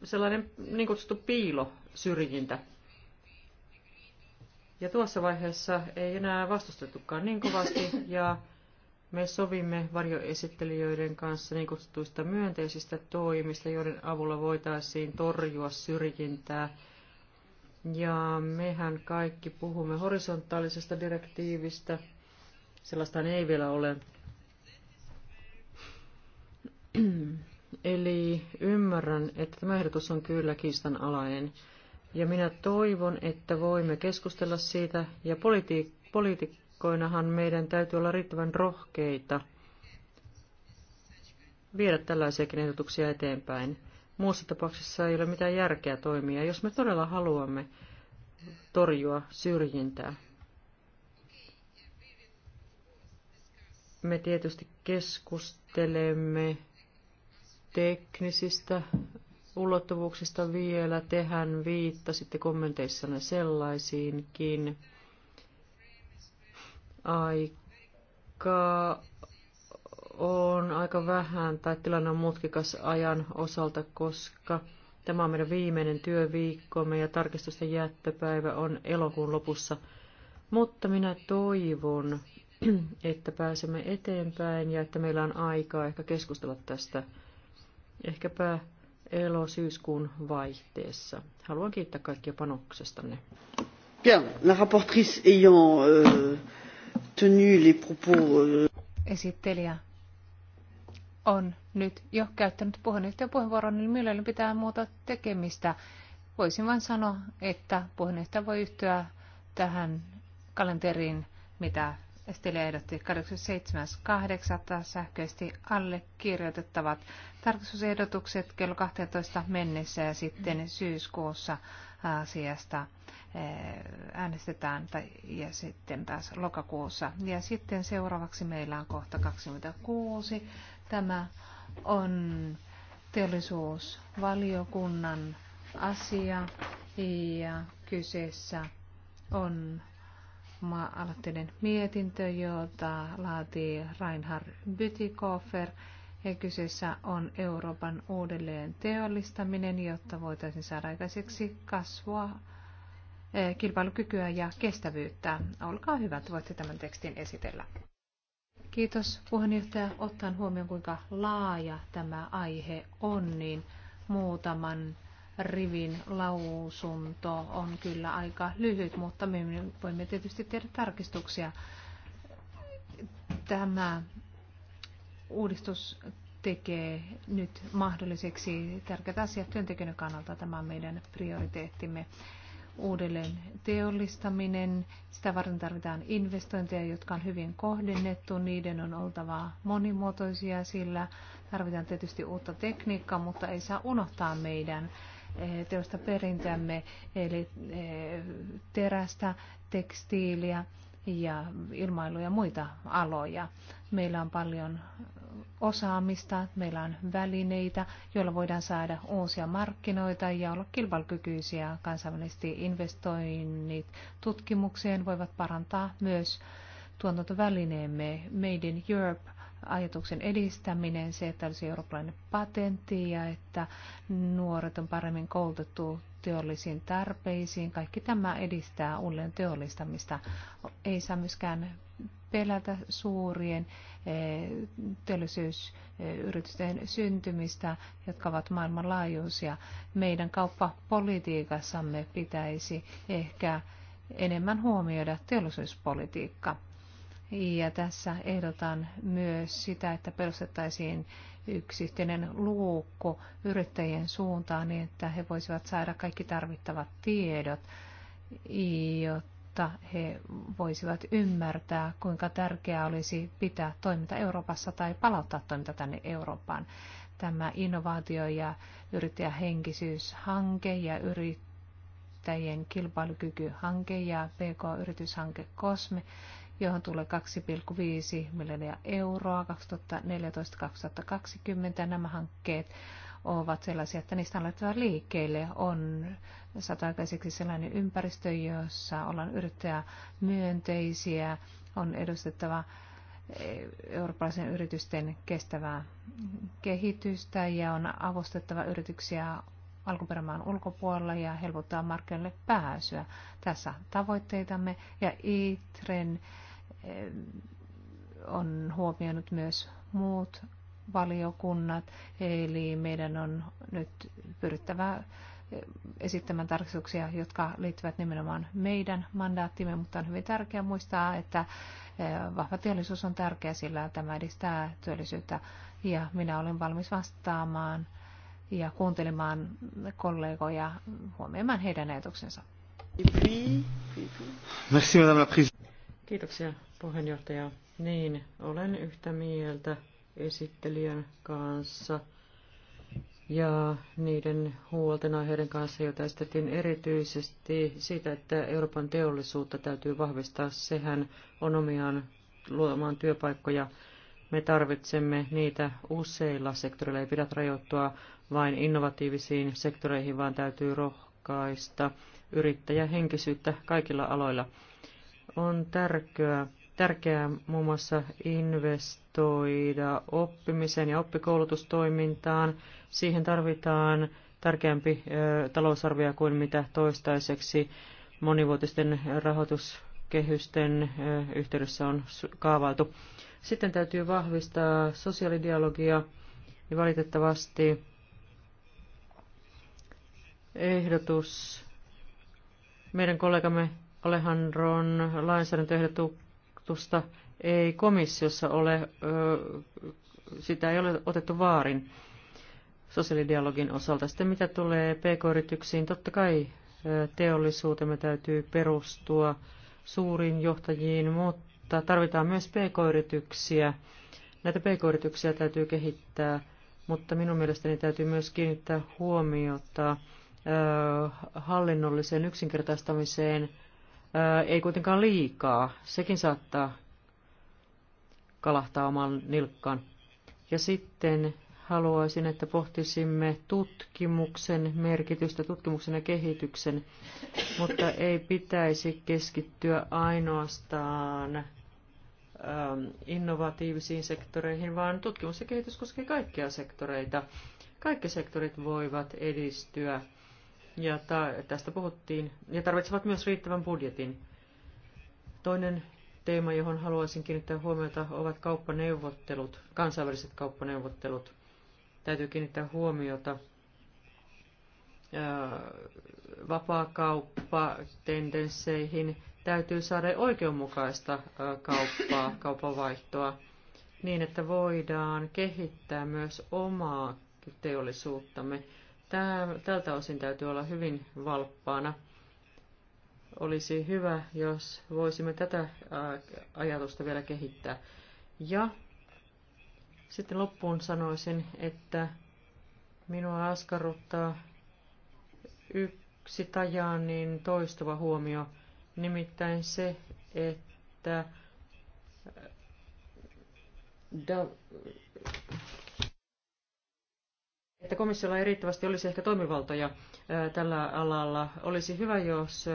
sellainen niin kutsuttu piilosyrjintä. Ja tuossa vaiheessa ei enää vastustettukaan niin kovasti, ja me sovimme varjoesittelijöiden kanssa niin kutsutuista myönteisistä toimista, joiden avulla voitaisiin torjua syrjintää ja mehän kaikki puhumme horisontaalisesta direktiivistä. Sellaista ei vielä ole. Eli ymmärrän, että tämä ehdotus on kyllä kiistanalainen. Ja minä toivon, että voimme keskustella siitä. Ja politi- poliitikkoinahan meidän täytyy olla riittävän rohkeita viedä tällaisiakin ehdotuksia eteenpäin. Muussa tapauksessa ei ole mitään järkeä toimia, jos me todella haluamme torjua syrjintää. Me tietysti keskustelemme teknisistä ulottuvuuksista vielä. Tehän viittasitte kommenteissanne sellaisiinkin. Aika on aika vähän tai tilanne on mutkikas ajan osalta, koska tämä on meidän viimeinen työviikkomme ja tarkistusten jättöpäivä on elokuun lopussa. Mutta minä toivon, että pääsemme eteenpäin ja että meillä on aikaa ehkä keskustella tästä ehkäpä elo-syyskuun vaihteessa. Haluan kiittää kaikkia panoksestanne. Bien, la rapportrice ayant euh, tenu les propos... Euh... Esittelijä on nyt jo käyttänyt puheenjohtajan puheenvuoron, niin mielelläni pitää muuta tekemistä. Voisin vain sanoa, että puheenjohtaja voi yhtyä tähän kalenteriin, mitä Esteli ehdotti 87.8. sähköisesti allekirjoitettavat tarkastusehdotukset kello 12 mennessä ja sitten syyskuussa asiasta eh, äänestetään tai, ja sitten taas lokakuussa. Ja sitten seuraavaksi meillä on kohta 26 Tämä on teollisuusvaliokunnan asia ja kyseessä on maa mietintö, jota laatii Reinhard Bütikofer. Ja kyseessä on Euroopan uudelleen teollistaminen, jotta voitaisiin saada aikaiseksi kasvua, eh, kilpailukykyä ja kestävyyttä. Olkaa hyvät, voitte tämän tekstin esitellä. Kiitos puheenjohtaja. Ottaen huomioon, kuinka laaja tämä aihe on, niin muutaman rivin lausunto on kyllä aika lyhyt, mutta me voimme tietysti tehdä tarkistuksia. Tämä uudistus tekee nyt mahdolliseksi tärkeät asiat työntekijöiden kannalta. Tämä on meidän prioriteettimme uudelleen teollistaminen. Sitä varten tarvitaan investointeja, jotka on hyvin kohdennettu. Niiden on oltava monimuotoisia, sillä tarvitaan tietysti uutta tekniikkaa, mutta ei saa unohtaa meidän eh, teosta perintämme, eli eh, terästä, tekstiiliä ja ilmailuja ja muita aloja. Meillä on paljon osaamista, meillä on välineitä, joilla voidaan saada uusia markkinoita ja olla kilpailukykyisiä kansainvälisesti. Investoinnit tutkimukseen voivat parantaa myös tuotantovälineemme Made in Europe ajatuksen edistäminen, se, että olisi eurooppalainen patentti ja että nuoret on paremmin koulutettu teollisiin tarpeisiin. Kaikki tämä edistää uuden teollistamista. Ei saa myöskään pelätä suurien Eh, teollisuusyritysten syntymistä, jotka ovat maailmanlaajuisia. Meidän kauppapolitiikassamme pitäisi ehkä enemmän huomioida teollisuuspolitiikka. Ja tässä ehdotan myös sitä, että perustettaisiin yksi yhteinen luukku yrittäjien suuntaan niin, että he voisivat saada kaikki tarvittavat tiedot, jotta jotta he voisivat ymmärtää, kuinka tärkeää olisi pitää toiminta Euroopassa tai palauttaa toiminta tänne Eurooppaan. Tämä innovaatio- ja yrittäjähenkisyyshanke ja yrittäjien kilpailukykyhanke ja PK-yrityshanke COSME, johon tulee 2,5 miljardia euroa 2014-2020. Nämä hankkeet ovat sellaisia, että niistä on liikkeelle. On sataikaiseksi sellainen ympäristö, jossa ollaan yrittäjä myönteisiä, on edustettava eh, eurooppalaisen yritysten kestävää kehitystä ja on avustettava yrityksiä alkuperämaan ulkopuolella ja helpottaa markkinoille pääsyä. Tässä tavoitteitamme ja ITREN eh, on huomioinut myös muut valiokunnat, eli meidän on nyt pyrittävä eh, esittämään tarkistuksia, jotka liittyvät nimenomaan meidän mandaattimme, mutta on hyvin tärkeää muistaa, että eh, vahva työllisyys on tärkeä, sillä tämä edistää työllisyyttä ja minä olen valmis vastaamaan ja kuuntelemaan kollegoja, huomioimaan heidän ajatuksensa. madame la Kiitoksia puheenjohtaja. Niin, olen yhtä mieltä esittelijän kanssa ja niiden aiheiden kanssa, joita esitettiin erityisesti siitä, että Euroopan teollisuutta täytyy vahvistaa. Sehän on omiaan luomaan työpaikkoja. Me tarvitsemme niitä useilla sektoreilla. Ei pidä rajoittua vain innovatiivisiin sektoreihin, vaan täytyy rohkaista yrittäjähenkisyyttä kaikilla aloilla. On tärkeää, tärkeää muun muassa investoida oppimiseen ja oppikoulutustoimintaan. Siihen tarvitaan tärkeämpi talousarvio kuin mitä toistaiseksi monivuotisten rahoituskehysten yhteydessä on kaavailtu. Sitten täytyy vahvistaa sosiaalidialogia ja valitettavasti ehdotus meidän kollegamme Alejandron lainsäädäntöehdotus vaikutusta ei komissiossa ole, sitä ei ole otettu vaarin sosiaalidialogin osalta. Sitten mitä tulee pk-yrityksiin, totta kai teollisuutemme täytyy perustua suuriin johtajiin, mutta tarvitaan myös pk-yrityksiä. Näitä pk-yrityksiä täytyy kehittää, mutta minun mielestäni täytyy myös kiinnittää huomiota hallinnolliseen yksinkertaistamiseen – ei kuitenkaan liikaa. Sekin saattaa kalahtaa oman nilkkaan. Ja sitten haluaisin, että pohtisimme tutkimuksen merkitystä, tutkimuksen ja kehityksen, mutta ei pitäisi keskittyä ainoastaan innovatiivisiin sektoreihin, vaan tutkimus ja kehitys koskee kaikkia sektoreita. Kaikki sektorit voivat edistyä ja ta- tästä puhuttiin, ja tarvitsevat myös riittävän budjetin. Toinen teema, johon haluaisin kiinnittää huomiota, ovat kauppaneuvottelut, kansainväliset kauppaneuvottelut. Täytyy kiinnittää huomiota vapaakauppatendensseihin. Täytyy saada oikeanmukaista kauppaa, kaupavaihtoa niin että voidaan kehittää myös omaa teollisuuttamme tältä osin täytyy olla hyvin valppaana. Olisi hyvä, jos voisimme tätä ajatusta vielä kehittää. Ja sitten loppuun sanoisin, että minua askarruttaa yksi tajaanin toistuva huomio, nimittäin se, että da, että komissiolla ei riittävästi olisi ehkä toimivaltoja tällä alalla. Olisi hyvä, jos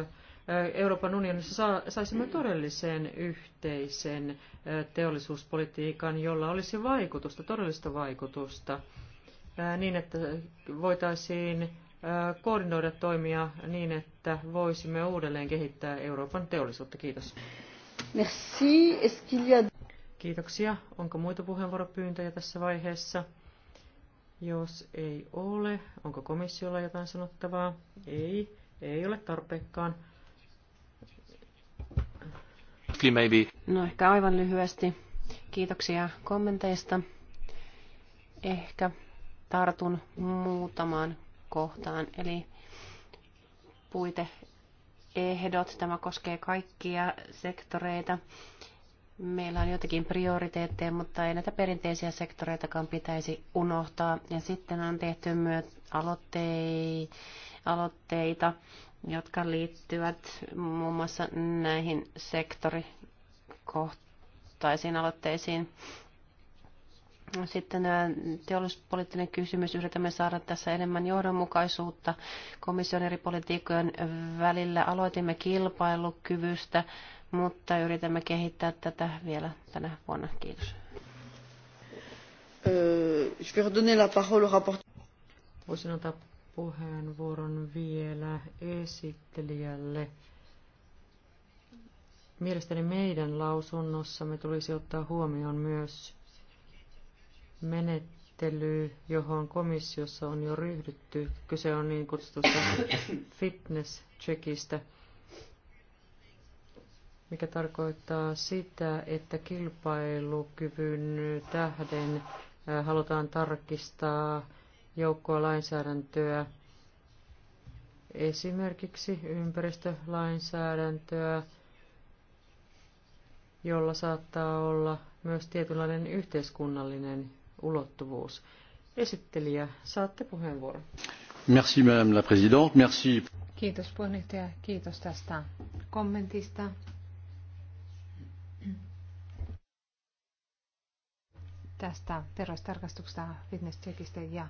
Euroopan unionissa saisimme todellisen yhteisen teollisuuspolitiikan, jolla olisi vaikutusta, todellista vaikutusta, niin että voitaisiin koordinoida toimia niin, että voisimme uudelleen kehittää Euroopan teollisuutta. Kiitos. Merci. Kiitoksia. Onko muita puheenvuoropyyntöjä tässä vaiheessa? Jos ei ole, onko komissiolla jotain sanottavaa? Ei, ei ole tarpeekkaan. Maybe. No ehkä aivan lyhyesti. Kiitoksia kommenteista. Ehkä tartun muutamaan kohtaan. Eli puiteehdot, tämä koskee kaikkia sektoreita. Meillä on jotakin prioriteetteja, mutta ei näitä perinteisiä sektoreitakaan pitäisi unohtaa. Ja sitten on tehty myös aloitteita, jotka liittyvät muun mm. muassa näihin sektorikohtaisiin aloitteisiin. Sitten teollisuuspoliittinen kysymys. Yritämme saada tässä enemmän johdonmukaisuutta komission eri politiikkojen välillä. Aloitimme kilpailukyvystä mutta yritämme kehittää tätä vielä tänä vuonna. Kiitos. Euh, je vais redonner la parole au Voisin antaa puheenvuoron vielä esittelijälle. Mielestäni meidän lausunnossamme tulisi ottaa huomioon myös menettely, johon komissiossa on jo ryhdytty. Kyse on niin kutsutusta fitness checkistä mikä tarkoittaa sitä, että kilpailukyvyn tähden halutaan tarkistaa joukkoa lainsäädäntöä, esimerkiksi ympäristölainsäädäntöä, jolla saattaa olla myös tietynlainen yhteiskunnallinen ulottuvuus. Esittelijä, saatte puheenvuoron. Merci, madame la présidente. Merci. Kiitos puheenjohtaja, kiitos tästä kommentista. tästä terveystarkastuksesta, fitness-checkistä ja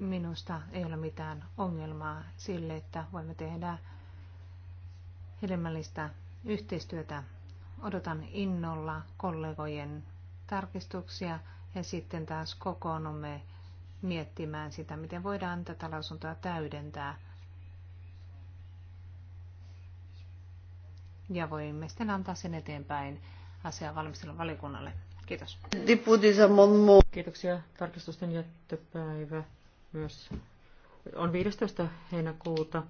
minusta ei ole mitään ongelmaa sille, että voimme tehdä hedelmällistä yhteistyötä. Odotan innolla kollegojen tarkistuksia ja sitten taas kokoonnumme miettimään sitä, miten voidaan tätä lausuntoa täydentää. Ja voimme sitten antaa sen eteenpäin asian valmistelun valikunnalle. Kiitos. Kiitoksia. Tarkistusten jättöpäivä myös on 15. heinäkuuta.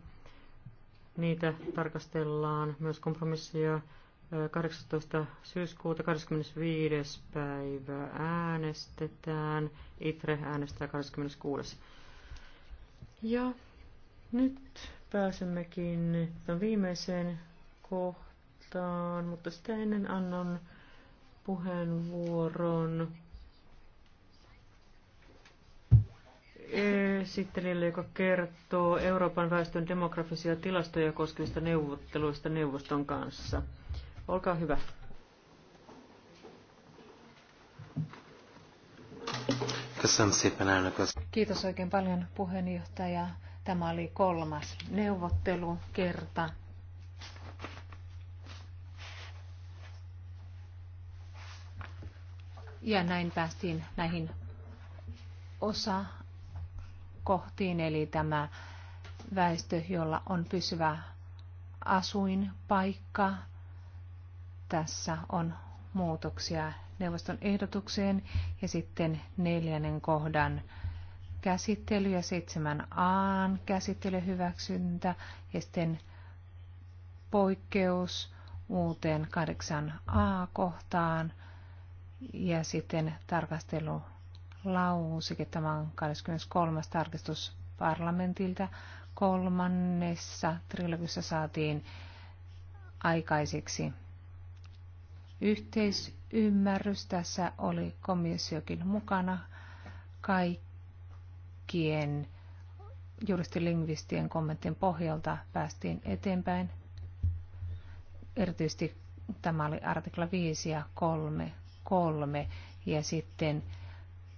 Niitä tarkastellaan myös kompromissia 18. syyskuuta 25. päivä äänestetään. ITRE äänestää 26. Ja nyt pääsemmekin viimeiseen kohtaan, mutta sitä ennen annan puheenvuoron esittelijälle, joka kertoo Euroopan väestön demografisia tilastoja koskevista neuvotteluista neuvoston kanssa. Olkaa hyvä. Kiitos oikein paljon puheenjohtaja. Tämä oli kolmas neuvottelukerta Ja näin päästiin näihin osa kohtiin, eli tämä väestö, jolla on pysyvä asuinpaikka. Tässä on muutoksia neuvoston ehdotukseen ja sitten neljännen kohdan käsittely ja seitsemän a käsittely hyväksyntä ja sitten poikkeus uuteen 8a kohtaan ja sitten tarkastelu lausike, tämä on 23. tarkistus parlamentilta. Kolmannessa trilogissa saatiin aikaiseksi yhteisymmärrys. Tässä oli komissiokin mukana kaikkien juristilingvistien kommenttien pohjalta päästiin eteenpäin. Erityisesti tämä oli artikla 5 ja 3 kolme ja sitten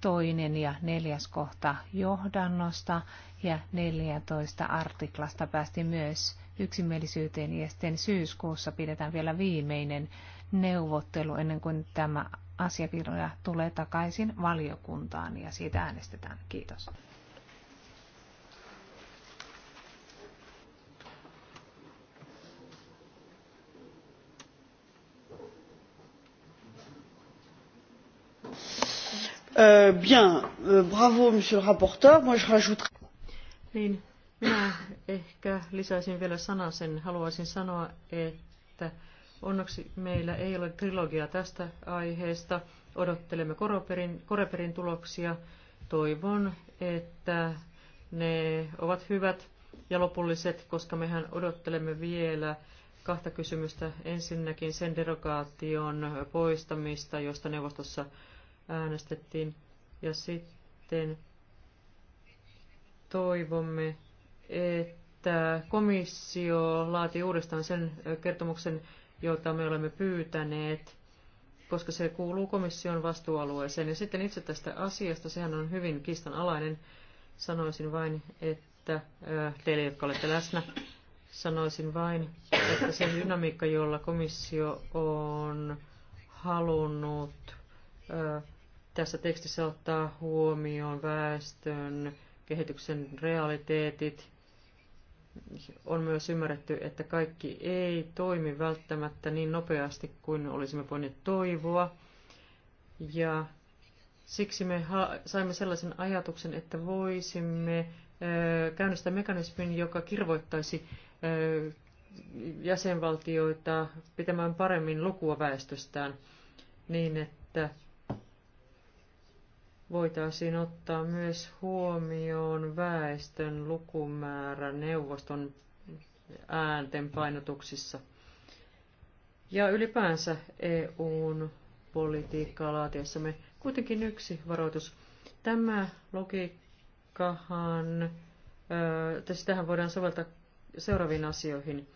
toinen ja neljäs kohta johdannosta ja 14 artiklasta päästi myös yksimielisyyteen ja sitten syyskuussa pidetään vielä viimeinen neuvottelu ennen kuin tämä asiakirja tulee takaisin valiokuntaan ja siitä äänestetään. Kiitos. Euh, bien euh, bravo monsieur le rapporteur moi je niin, minä ehkä lisäisin vielä sen Haluaisin sanoa, että onneksi meillä ei ole trilogia tästä aiheesta. Odottelemme Koreperin, Koreperin tuloksia. Toivon, että ne ovat hyvät ja lopulliset, koska mehän odottelemme vielä kahta kysymystä. Ensinnäkin sen derogaation poistamista, josta neuvostossa äänestettiin. Ja sitten toivomme, että komissio laati uudestaan sen kertomuksen, jota me olemme pyytäneet, koska se kuuluu komission vastuualueeseen. Ja sitten itse tästä asiasta, sehän on hyvin kiistanalainen, sanoisin vain, että teille, jotka olette läsnä, sanoisin vain, että se dynamiikka, jolla komissio on halunnut tässä tekstissä ottaa huomioon väestön kehityksen realiteetit. On myös ymmärretty, että kaikki ei toimi välttämättä niin nopeasti kuin olisimme voineet toivoa. Ja siksi me saimme sellaisen ajatuksen, että voisimme käynnistää mekanismin, joka kirvoittaisi jäsenvaltioita pitämään paremmin lukua väestöstään niin, että voitaisiin ottaa myös huomioon väestön lukumäärä neuvoston äänten painotuksissa. Ja ylipäänsä EUn politiikkaa laatiessamme kuitenkin yksi varoitus. Tämä logiikkahan, siis tähän voidaan soveltaa seuraaviin asioihin.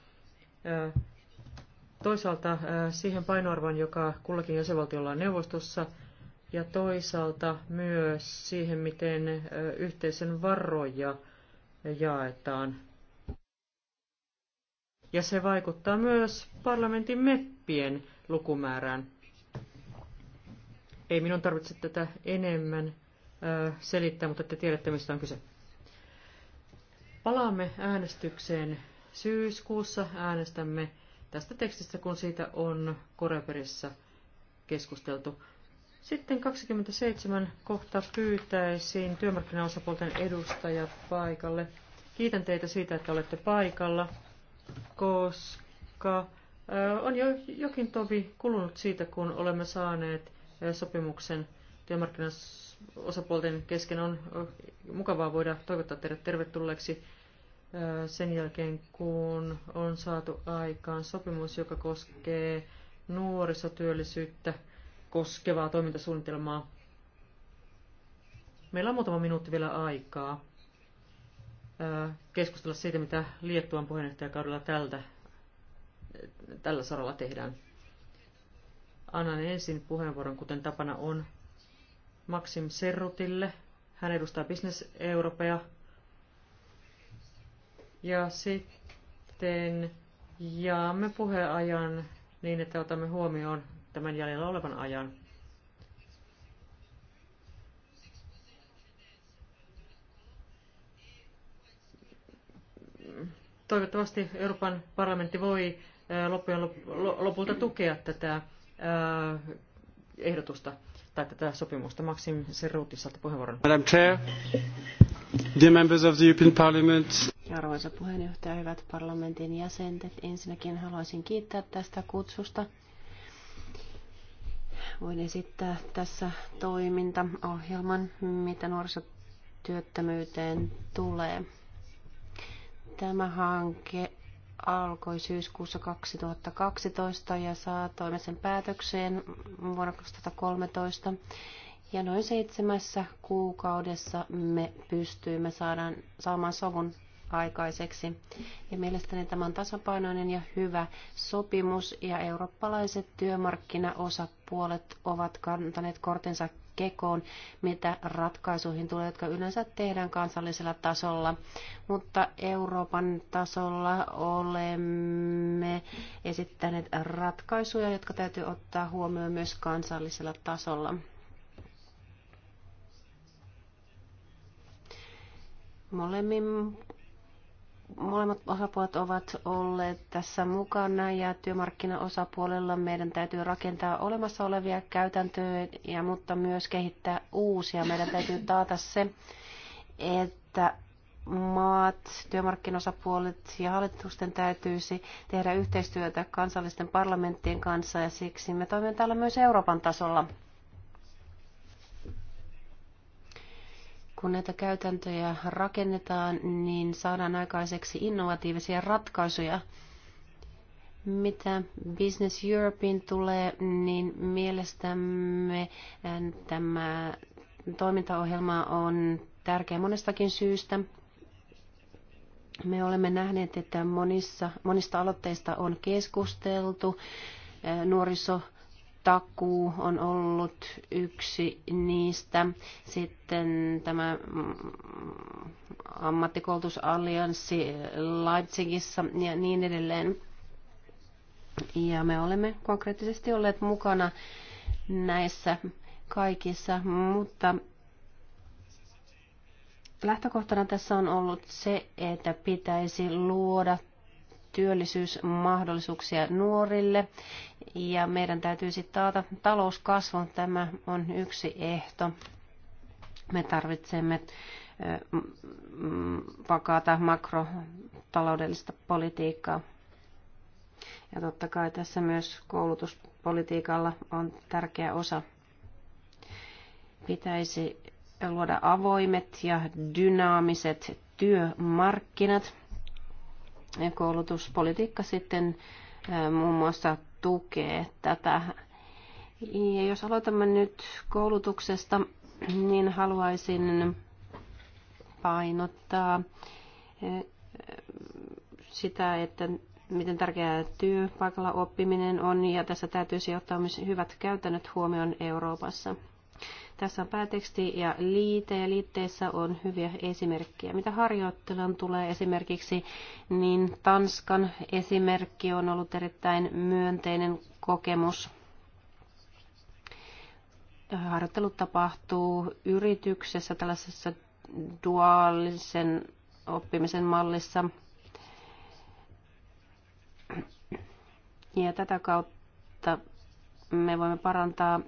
Toisaalta siihen painoarvoon, joka kullakin jäsenvaltiolla on neuvostossa, ja toisaalta myös siihen, miten yhteisen varoja jaetaan. Ja se vaikuttaa myös parlamentin meppien lukumäärään. Ei minun tarvitse tätä enemmän selittää, mutta te tiedätte, mistä on kyse. Palaamme äänestykseen syyskuussa. Äänestämme tästä tekstistä, kun siitä on Koreperissä keskusteltu. Sitten 27 kohta pyytäisin työmarkkinaosapuolten edustajat paikalle. Kiitän teitä siitä, että olette paikalla, koska on jo jokin tovi kulunut siitä, kun olemme saaneet sopimuksen työmarkkinaosapuolten kesken. On mukavaa voida toivottaa teidät tervetulleeksi sen jälkeen, kun on saatu aikaan sopimus, joka koskee nuorisotyöllisyyttä – koskevaa toimintasuunnitelmaa. Meillä on muutama minuutti vielä aikaa keskustella siitä, mitä Liettuan puheenjohtajakaudella tältä, tällä saralla tehdään. Annan ensin puheenvuoron, kuten tapana on, Maxim Serrutille. Hän edustaa Business Europea. Ja sitten jaamme puheajan niin, että otamme huomioon tämän jäljellä olevan ajan. Toivottavasti Euroopan parlamentti voi loppujen lopulta tukea tätä ehdotusta tai tätä sopimusta. Maxim Serruti, saatte puheenvuoron. Madam Chair, dear members of the European Parliament. Arvoisa puheenjohtaja, hyvät parlamentin jäsenet, ensinnäkin haluaisin kiittää tästä kutsusta voin esittää tässä toimintaohjelman, mitä nuorisotyöttömyyteen tulee. Tämä hanke alkoi syyskuussa 2012 ja saa toimisen päätökseen vuonna 2013. Ja noin seitsemässä kuukaudessa me pystyimme saadaan, saamaan sovun aikaiseksi. Ja mielestäni tämä on tasapainoinen ja hyvä sopimus ja eurooppalaiset työmarkkinaosapuolet ovat kantaneet kortensa kekoon, mitä ratkaisuihin tulee, jotka yleensä tehdään kansallisella tasolla. Mutta Euroopan tasolla olemme esittäneet ratkaisuja, jotka täytyy ottaa huomioon myös kansallisella tasolla. Molemmin Molemmat osapuolet ovat olleet tässä mukana ja työmarkkinaosapuolella meidän täytyy rakentaa olemassa olevia käytäntöjä, mutta myös kehittää uusia. Meidän täytyy taata se, että maat, työmarkkinosapuolet ja hallitusten täytyisi tehdä yhteistyötä kansallisten parlamenttien kanssa ja siksi me toimimme täällä myös Euroopan tasolla. Kun näitä käytäntöjä rakennetaan, niin saadaan aikaiseksi innovatiivisia ratkaisuja. Mitä Business Europein tulee, niin mielestämme tämä toimintaohjelma on tärkeä monestakin syystä. Me olemme nähneet, että monissa, monista aloitteista on keskusteltu. Nuoriso takuu on ollut yksi niistä. Sitten tämä mm, ammattikoulutusallianssi Leipzigissä ja niin edelleen. Ja me olemme konkreettisesti olleet mukana näissä kaikissa, mutta lähtökohtana tässä on ollut se, että pitäisi luoda työllisyysmahdollisuuksia nuorille ja meidän täytyy sitten taata talouskasvu. Tämä on yksi ehto. Me tarvitsemme vakaata makrotaloudellista politiikkaa. Ja totta kai tässä myös koulutuspolitiikalla on tärkeä osa. Pitäisi luoda avoimet ja dynaamiset työmarkkinat koulutuspolitiikka sitten muun muassa tukee tätä. Ja jos aloitamme nyt koulutuksesta, niin haluaisin painottaa sitä, että miten tärkeää työpaikalla oppiminen on, ja tässä täytyisi ottaa myös hyvät käytännöt huomioon Euroopassa. Tässä on pääteksti ja liite, ja liitteissä on hyviä esimerkkejä. Mitä harjoittelun tulee esimerkiksi, niin Tanskan esimerkki on ollut erittäin myönteinen kokemus. Harjoittelu tapahtuu yrityksessä tällaisessa duaalisen oppimisen mallissa. Ja tätä kautta me voimme parantaa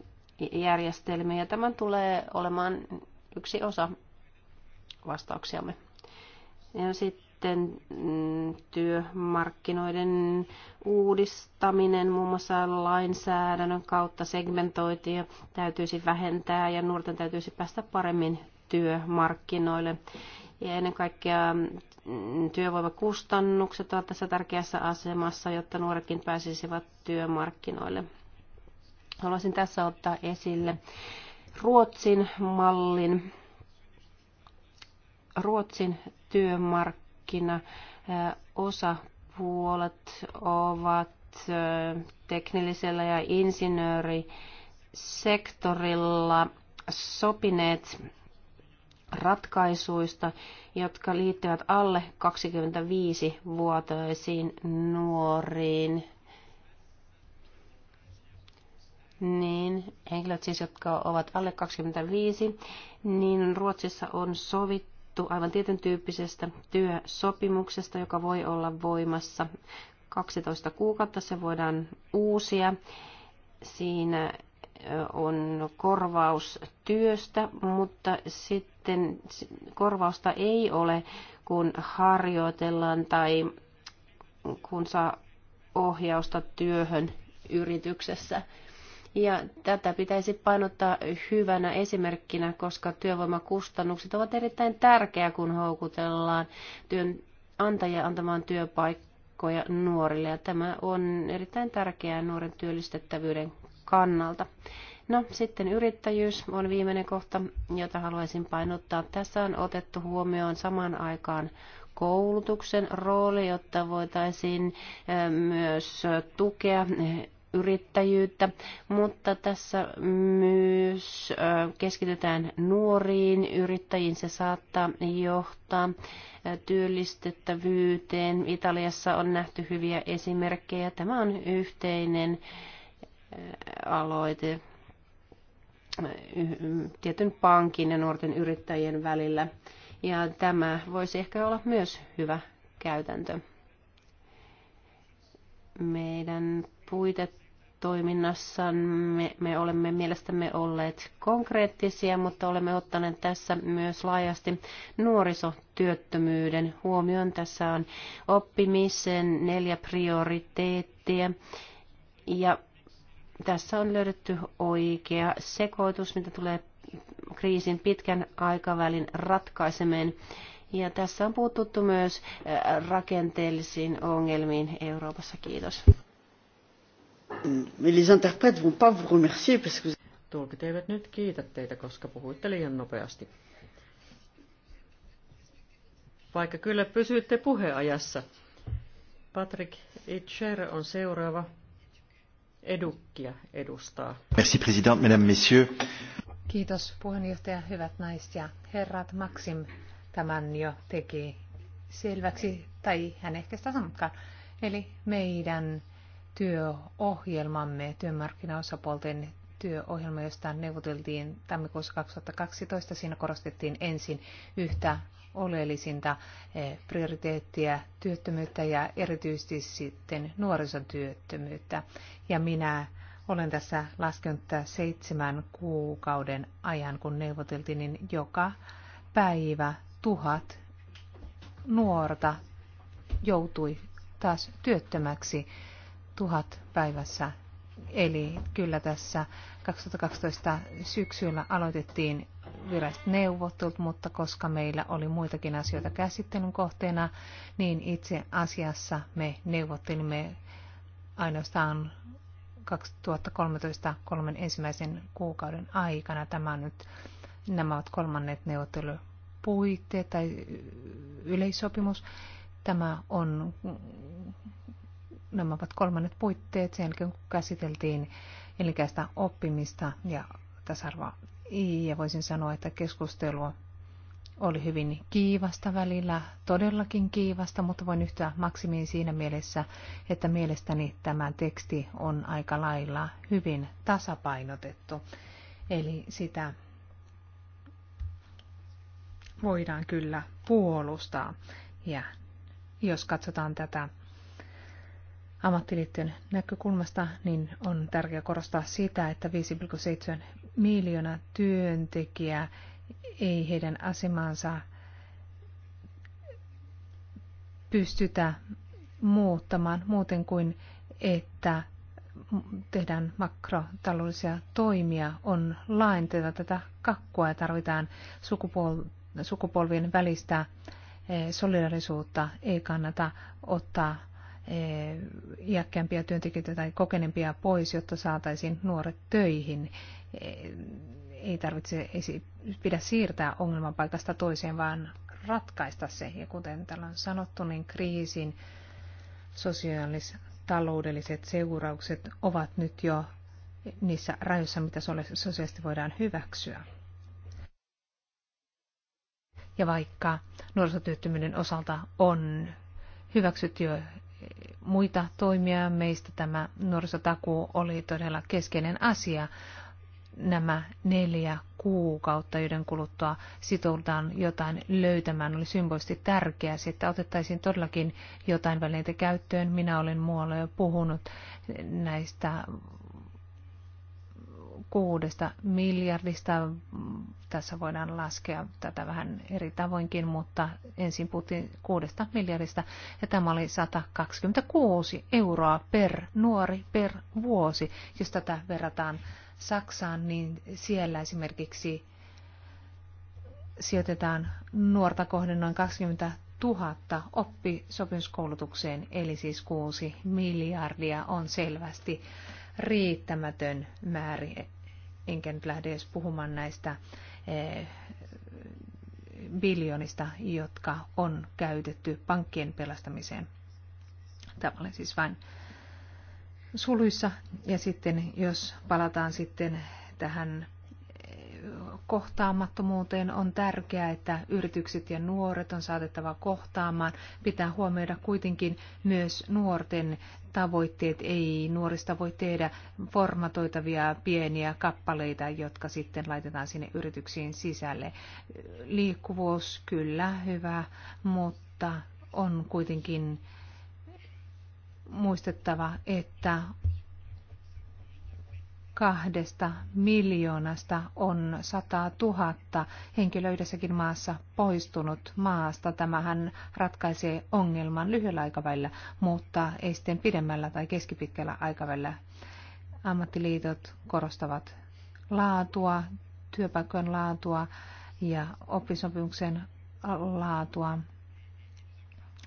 järjestelmiä. Tämän tulee olemaan yksi osa vastauksiamme. Ja sitten mm, työmarkkinoiden uudistaminen muun muassa lainsäädännön kautta segmentointia täytyisi vähentää ja nuorten täytyisi päästä paremmin työmarkkinoille. Ja ennen kaikkea mm, työvoimakustannukset ovat tässä tärkeässä asemassa, jotta nuoretkin pääsisivät työmarkkinoille. Haluaisin tässä ottaa esille Ruotsin mallin. Ruotsin työmarkkina osapuolet ovat teknillisellä ja insinöörisektorilla sopineet ratkaisuista, jotka liittyvät alle 25-vuotiaisiin nuoriin niin henkilöt siis, jotka ovat alle 25, niin Ruotsissa on sovittu aivan tietyn tyyppisestä työsopimuksesta, joka voi olla voimassa 12 kuukautta. Se voidaan uusia. Siinä on korvaus työstä, mutta sitten korvausta ei ole, kun harjoitellaan tai kun saa ohjausta työhön yrityksessä. Ja tätä pitäisi painottaa hyvänä esimerkkinä, koska työvoimakustannukset ovat erittäin tärkeä, kun houkutellaan työnantajia antamaan työpaikkoja nuorille. Ja tämä on erittäin tärkeää nuoren työllistettävyyden kannalta. No sitten yrittäjyys on viimeinen kohta, jota haluaisin painottaa. Tässä on otettu huomioon samaan aikaan koulutuksen rooli, jotta voitaisiin eh, myös tukea yrittäjyyttä, mutta tässä myös keskitetään nuoriin yrittäjiin. Se saattaa johtaa työllistettävyyteen. Italiassa on nähty hyviä esimerkkejä. Tämä on yhteinen aloite tietyn pankin ja nuorten yrittäjien välillä. Ja tämä voisi ehkä olla myös hyvä käytäntö. Meidän puitet toiminnassamme me olemme mielestämme olleet konkreettisia, mutta olemme ottaneet tässä myös laajasti nuorisotyöttömyyden huomioon. Tässä on oppimisen neljä prioriteettia ja tässä on löydetty oikea sekoitus, mitä tulee kriisin pitkän aikavälin ratkaisemeen. Ja tässä on puututtu myös rakenteellisiin ongelmiin Euroopassa. Kiitos. Mais les interprètes vont pas vous remercier parce que... Tulkit eivät nyt kiitä teitä, koska puhuitte liian nopeasti. Vaikka kyllä pysyitte puheajassa. Patrick Itcher on seuraava. Edukkia edustaa. Merci, président, mesdames, messieurs. Kiitos puheenjohtaja, hyvät naiset ja herrat. Maxim tämän jo teki selväksi, tai hän ehkä sitä sanotkaan. Eli meidän työohjelmamme, työmarkkinaosapuolten työohjelma, josta neuvoteltiin tammikuussa 2012. Siinä korostettiin ensin yhtä oleellisinta eh, prioriteettia työttömyyttä ja erityisesti sitten nuorisotyöttömyyttä. Ja minä olen tässä laskenut seitsemän kuukauden ajan, kun neuvoteltiin, niin joka päivä tuhat nuorta joutui taas työttömäksi tuhat päivässä. Eli kyllä tässä 2012 syksyllä aloitettiin viralliset neuvottelut, mutta koska meillä oli muitakin asioita käsittelyn kohteena, niin itse asiassa me neuvottelimme ainoastaan 2013 kolmen ensimmäisen kuukauden aikana. Tämä nyt, nämä ovat kolmannet neuvottelupuitteet tai yleissopimus. Tämä on nämä ovat kolmannet puitteet sen jälkeen, kun käsiteltiin elikäistä oppimista ja tasa-arvoa. Ja voisin sanoa, että keskustelu oli hyvin kiivasta välillä, todellakin kiivasta, mutta voin yhtyä maksimiin siinä mielessä, että mielestäni tämä teksti on aika lailla hyvin tasapainotettu. Eli sitä voidaan kyllä puolustaa. Ja jos katsotaan tätä ammattiliittojen näkökulmasta, niin on tärkeää korostaa sitä, että 5,7 miljoonaa työntekijää ei heidän asemansa pystytä muuttamaan muuten kuin, että tehdään makrotaloudellisia toimia, on laajenteita tätä kakkua ja tarvitaan sukupol- sukupolvien välistä eh, solidarisuutta. Ei kannata ottaa Eh, iäkkäämpiä työntekijöitä tai kokenempia pois, jotta saataisiin nuoret töihin. Eh, ei tarvitse pidä siirtää ongelman paikasta toiseen, vaan ratkaista se. Ja kuten täällä on sanottu, niin kriisin sosiaalis-taloudelliset seuraukset ovat nyt jo niissä rajoissa, mitä sosiaalisesti voidaan hyväksyä. Ja vaikka nuorisotyöttömyyden osalta on hyväksytty jo muita toimia. Meistä tämä nuorisotakuu oli todella keskeinen asia. Nämä neljä kuukautta, joiden kuluttua sitoudutaan jotain löytämään, oli symbolisesti tärkeää, että otettaisiin todellakin jotain välineitä käyttöön. Minä olen muualla jo puhunut näistä kuudesta miljardista. Tässä voidaan laskea tätä vähän eri tavoinkin, mutta ensin puhuttiin kuudesta miljardista ja tämä oli 126 euroa per nuori per vuosi. Jos tätä verrataan Saksaan, niin siellä esimerkiksi sijoitetaan nuorta kohden noin 20 000 oppisopimuskoulutukseen, eli siis 6 miljardia on selvästi riittämätön määrä, enkä nyt lähde edes puhumaan näistä eh, biljonista, jotka on käytetty pankkien pelastamiseen. Tämä oli siis vain suluissa. Ja sitten jos palataan sitten tähän kohtaamattomuuteen on tärkeää, että yritykset ja nuoret on saatettava kohtaamaan. Pitää huomioida kuitenkin myös nuorten tavoitteet. Ei nuorista voi tehdä formatoitavia pieniä kappaleita, jotka sitten laitetaan sinne yrityksiin sisälle. Liikkuvuus kyllä hyvä, mutta on kuitenkin muistettava, että kahdesta miljoonasta on 100 000 henkilöidessäkin maassa poistunut maasta. Tämähän ratkaisee ongelman lyhyellä aikavälillä, mutta ei sitten pidemmällä tai keskipitkällä aikavälillä. Ammattiliitot korostavat laatua, työpaikkojen laatua ja oppisopimuksen laatua,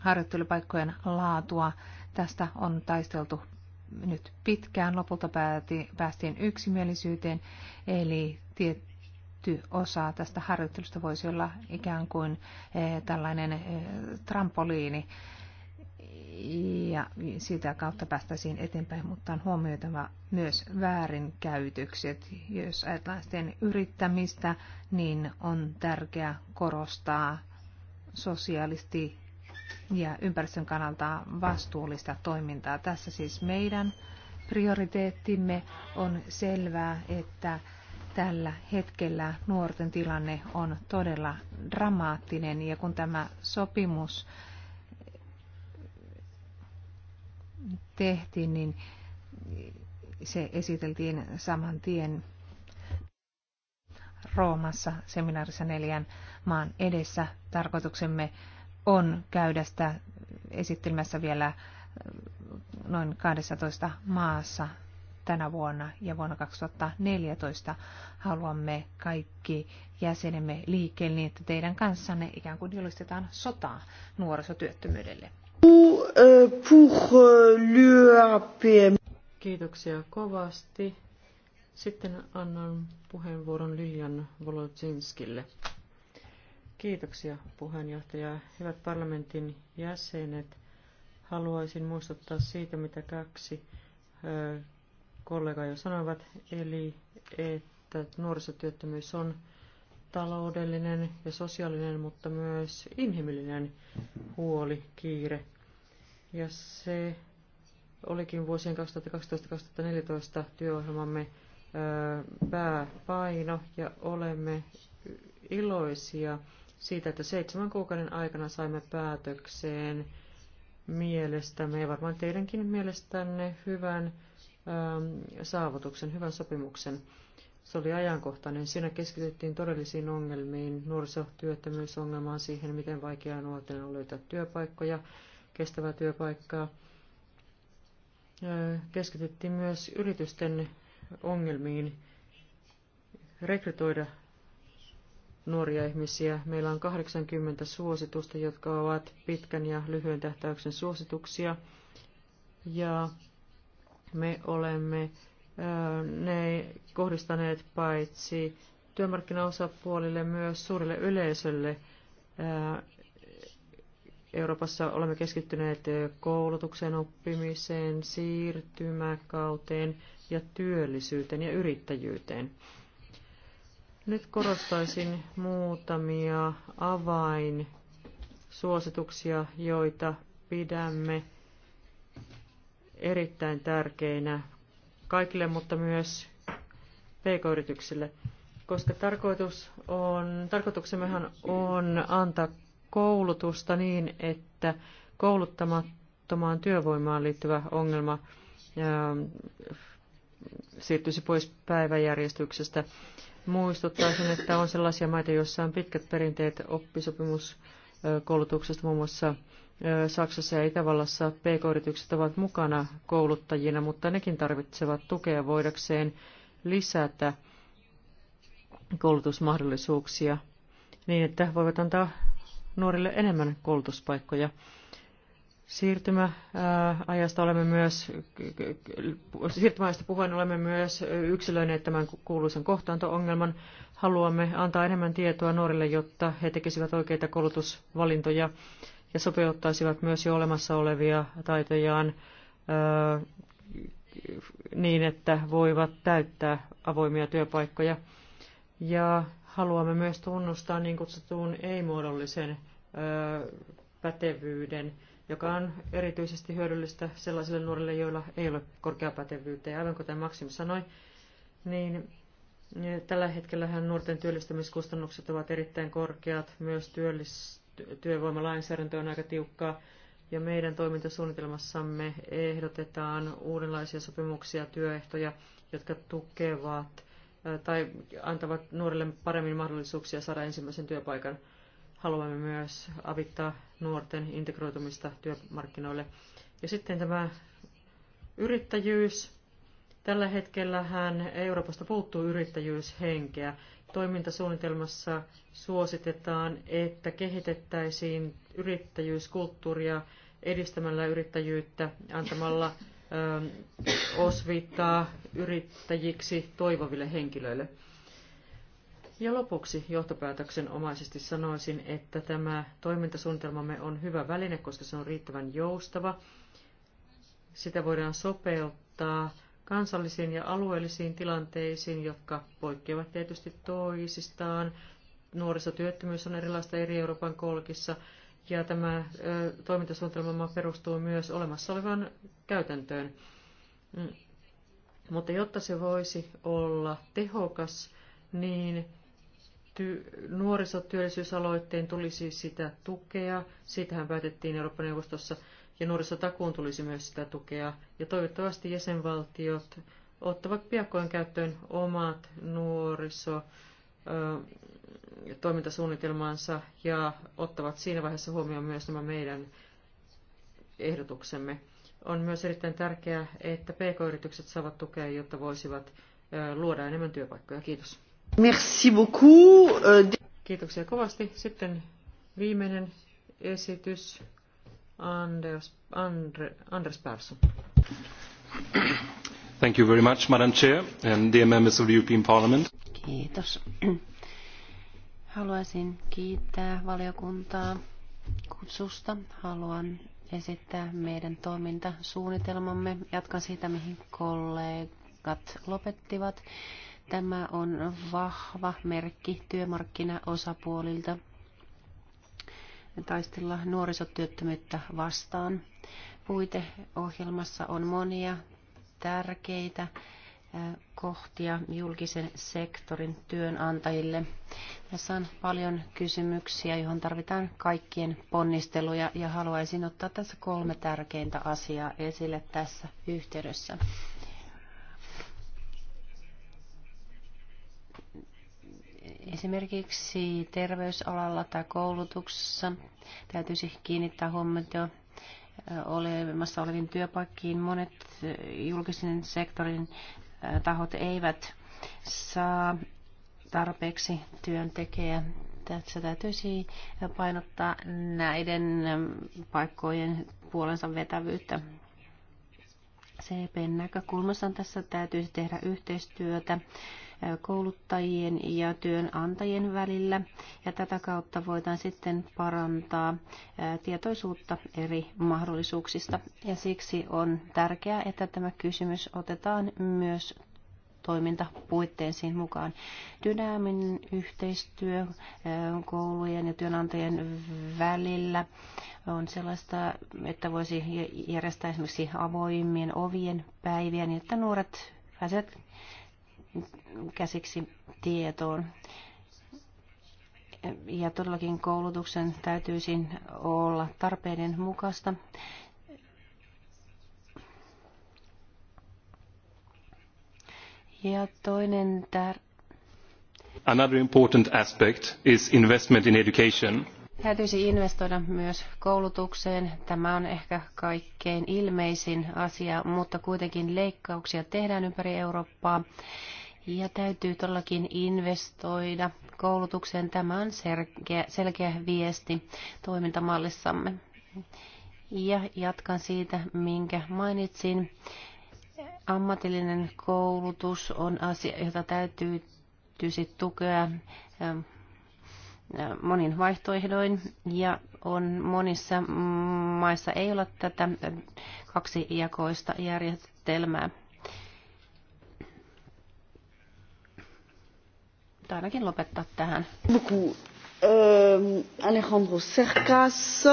harjoittelupaikkojen laatua. Tästä on taisteltu nyt pitkään. Lopulta pääti, päästiin yksimielisyyteen, eli tietty osa tästä harjoittelusta voisi olla ikään kuin eh, tällainen eh, trampoliini, ja sitä kautta päästäisiin eteenpäin, mutta on huomioitava myös väärinkäytökset. Jos ajatellaan sitten yrittämistä, niin on tärkeää korostaa sosiaalisti ja ympäristön kannalta vastuullista toimintaa. Tässä siis meidän prioriteettimme on selvää, että tällä hetkellä nuorten tilanne on todella dramaattinen ja kun tämä sopimus tehtiin, niin se esiteltiin saman tien Roomassa seminaarissa neljän maan edessä. Tarkoituksemme on käydä sitä esittelmässä vielä äh, noin 12 maassa tänä vuonna ja vuonna 2014 haluamme kaikki jäsenemme liikkeelle niin, että teidän kanssanne ikään kuin julistetaan sotaa nuorisotyöttömyydelle. Kiitoksia kovasti. Sitten annan puheenvuoron Liljan Volodzinskille. Kiitoksia puheenjohtaja. Hyvät parlamentin jäsenet, haluaisin muistuttaa siitä, mitä kaksi kollegaa jo sanoivat, eli että nuorisotyöttömyys on taloudellinen ja sosiaalinen, mutta myös inhimillinen huoli, kiire. Ja se olikin vuosien 2012-2014 työohjelmamme pääpaino ja olemme iloisia siitä, että seitsemän kuukauden aikana saimme päätökseen mielestämme ja varmaan teidänkin mielestänne hyvän ähm, saavutuksen, hyvän sopimuksen. Se oli ajankohtainen. Siinä keskityttiin todellisiin ongelmiin, nuorisotyöttömyysongelmaan, siihen, miten vaikeaa nuorten on löytää työpaikkoja, kestävää työpaikkaa. Äh, keskityttiin myös yritysten ongelmiin rekrytoida nuoria ihmisiä. Meillä on 80 suositusta, jotka ovat pitkän ja lyhyen tähtäyksen suosituksia. Ja me olemme ne kohdistaneet paitsi työmarkkinaosapuolille myös suurelle yleisölle. Euroopassa olemme keskittyneet koulutukseen oppimiseen, siirtymäkauteen ja työllisyyteen ja yrittäjyyteen. Nyt korostaisin muutamia avainsuosituksia, joita pidämme erittäin tärkeinä kaikille, mutta myös pk-yrityksille, koska tarkoitus on, tarkoituksemmehan on antaa koulutusta niin, että kouluttamattomaan työvoimaan liittyvä ongelma ää, ähm, siirtyisi pois päiväjärjestyksestä. Muistuttaisin, että on sellaisia maita, joissa on pitkät perinteet oppisopimuskoulutuksesta, muun muassa Saksassa ja Itävallassa pk-yritykset ovat mukana kouluttajina, mutta nekin tarvitsevat tukea voidakseen lisätä koulutusmahdollisuuksia niin, että voivat antaa nuorille enemmän koulutuspaikkoja. Siirtymäajasta olemme myös, siirtymäajasta puhuen olemme myös yksilöineet tämän kuuluisen kohtaanto-ongelman. Haluamme antaa enemmän tietoa nuorille, jotta he tekisivät oikeita koulutusvalintoja ja sopeuttaisivat myös jo olemassa olevia taitojaan niin, että voivat täyttää avoimia työpaikkoja. Ja haluamme myös tunnustaa niin kutsutun ei-muodollisen pätevyyden joka on erityisesti hyödyllistä sellaisille nuorille, joilla ei ole korkeapätevyyttä. Ja aivan kuten Maksim sanoi, niin tällä hetkellä nuorten työllistämiskustannukset ovat erittäin korkeat, myös työllis- työvoimalainsäädäntö on aika tiukkaa, ja meidän toimintasuunnitelmassamme ehdotetaan uudenlaisia sopimuksia, työehtoja, jotka tukevat tai antavat nuorille paremmin mahdollisuuksia saada ensimmäisen työpaikan – Haluamme myös avittaa nuorten integroitumista työmarkkinoille. Ja sitten tämä yrittäjyys. Tällä hän Euroopasta puuttuu yrittäjyyshenkeä. Toimintasuunnitelmassa suositetaan, että kehitettäisiin yrittäjyyskulttuuria edistämällä yrittäjyyttä, antamalla ö, osviittaa yrittäjiksi toivoville henkilöille. Ja lopuksi johtopäätöksen omaisesti sanoisin, että tämä toimintasuunnitelmamme on hyvä väline, koska se on riittävän joustava. Sitä voidaan sopeuttaa kansallisiin ja alueellisiin tilanteisiin, jotka poikkeavat tietysti toisistaan. Nuorisotyöttömyys on erilaista eri Euroopan kolkissa, ja tämä toimintasuunnitelma perustuu myös olemassa olevaan käytäntöön. Mm. Mutta jotta se voisi olla tehokas, niin ty- nuorisotyöllisyysaloitteen tulisi sitä tukea. Siitähän päätettiin Euroopan neuvostossa ja nuorisotakuun tulisi myös sitä tukea. Ja toivottavasti jäsenvaltiot ottavat piakkoin käyttöön omat nuoriso toimintasuunnitelmansa ja ottavat siinä vaiheessa huomioon myös nämä meidän ehdotuksemme. On myös erittäin tärkeää, että pk-yritykset saavat tukea, jotta voisivat luoda enemmän työpaikkoja. Kiitos. Merci beaucoup. Euh, Kiitoksia kovasti. Sitten viimeinen esitys. Anders, Andre, Anders Persson. Thank you very much, Madam Chair, and dear members of the European Parliament. Kiitos. Haluaisin kiittää valiokuntaa kutsusta. Haluan esittää meidän toimintasuunnitelmamme. Jatkan siitä, mihin kollegat lopettivat. Tämä on vahva merkki työmarkkinaosapuolilta taistella nuorisotyöttömyyttä vastaan. Puiteohjelmassa on monia tärkeitä kohtia julkisen sektorin työnantajille. Tässä on paljon kysymyksiä, johon tarvitaan kaikkien ponnisteluja ja haluaisin ottaa tässä kolme tärkeintä asiaa esille tässä yhteydessä. Esimerkiksi terveysalalla tai koulutuksessa täytyisi kiinnittää huomiota olemassa oleviin työpaikkiin. Monet julkisen sektorin tahot eivät saa tarpeeksi työntekijää. Tässä täytyisi painottaa näiden paikkojen puolensa vetävyyttä. cp näkökulmassa tässä täytyisi tehdä yhteistyötä kouluttajien ja työnantajien välillä. Ja tätä kautta voidaan sitten parantaa tietoisuutta eri mahdollisuuksista. Ja siksi on tärkeää, että tämä kysymys otetaan myös toimintapuitteisiin mukaan. Dynaaminen yhteistyö koulujen ja työnantajien välillä on sellaista, että voisi järjestää esimerkiksi avoimien ovien päiviä niin, että nuoret pääsevät käsiksi tietoon. Ja todellakin koulutuksen täytyisi olla tarpeiden mukaista. Ja toinen tär- Another important aspect is investment in education. Täytyisi investoida myös koulutukseen. Tämä on ehkä kaikkein ilmeisin asia, mutta kuitenkin leikkauksia tehdään ympäri Eurooppaa. Ja täytyy todellakin investoida koulutukseen. Tämä on selkeä, selkeä viesti toimintamallissamme. Ja jatkan siitä, minkä mainitsin. Ammatillinen koulutus on asia, jota täytyy tukea ähm, äh, monin vaihtoehdoin ja on monissa maissa ei ole tätä äh, kaksijakoista järjestelmää. ainakin lopettaa tähän. Euh, Alejandro Serkas.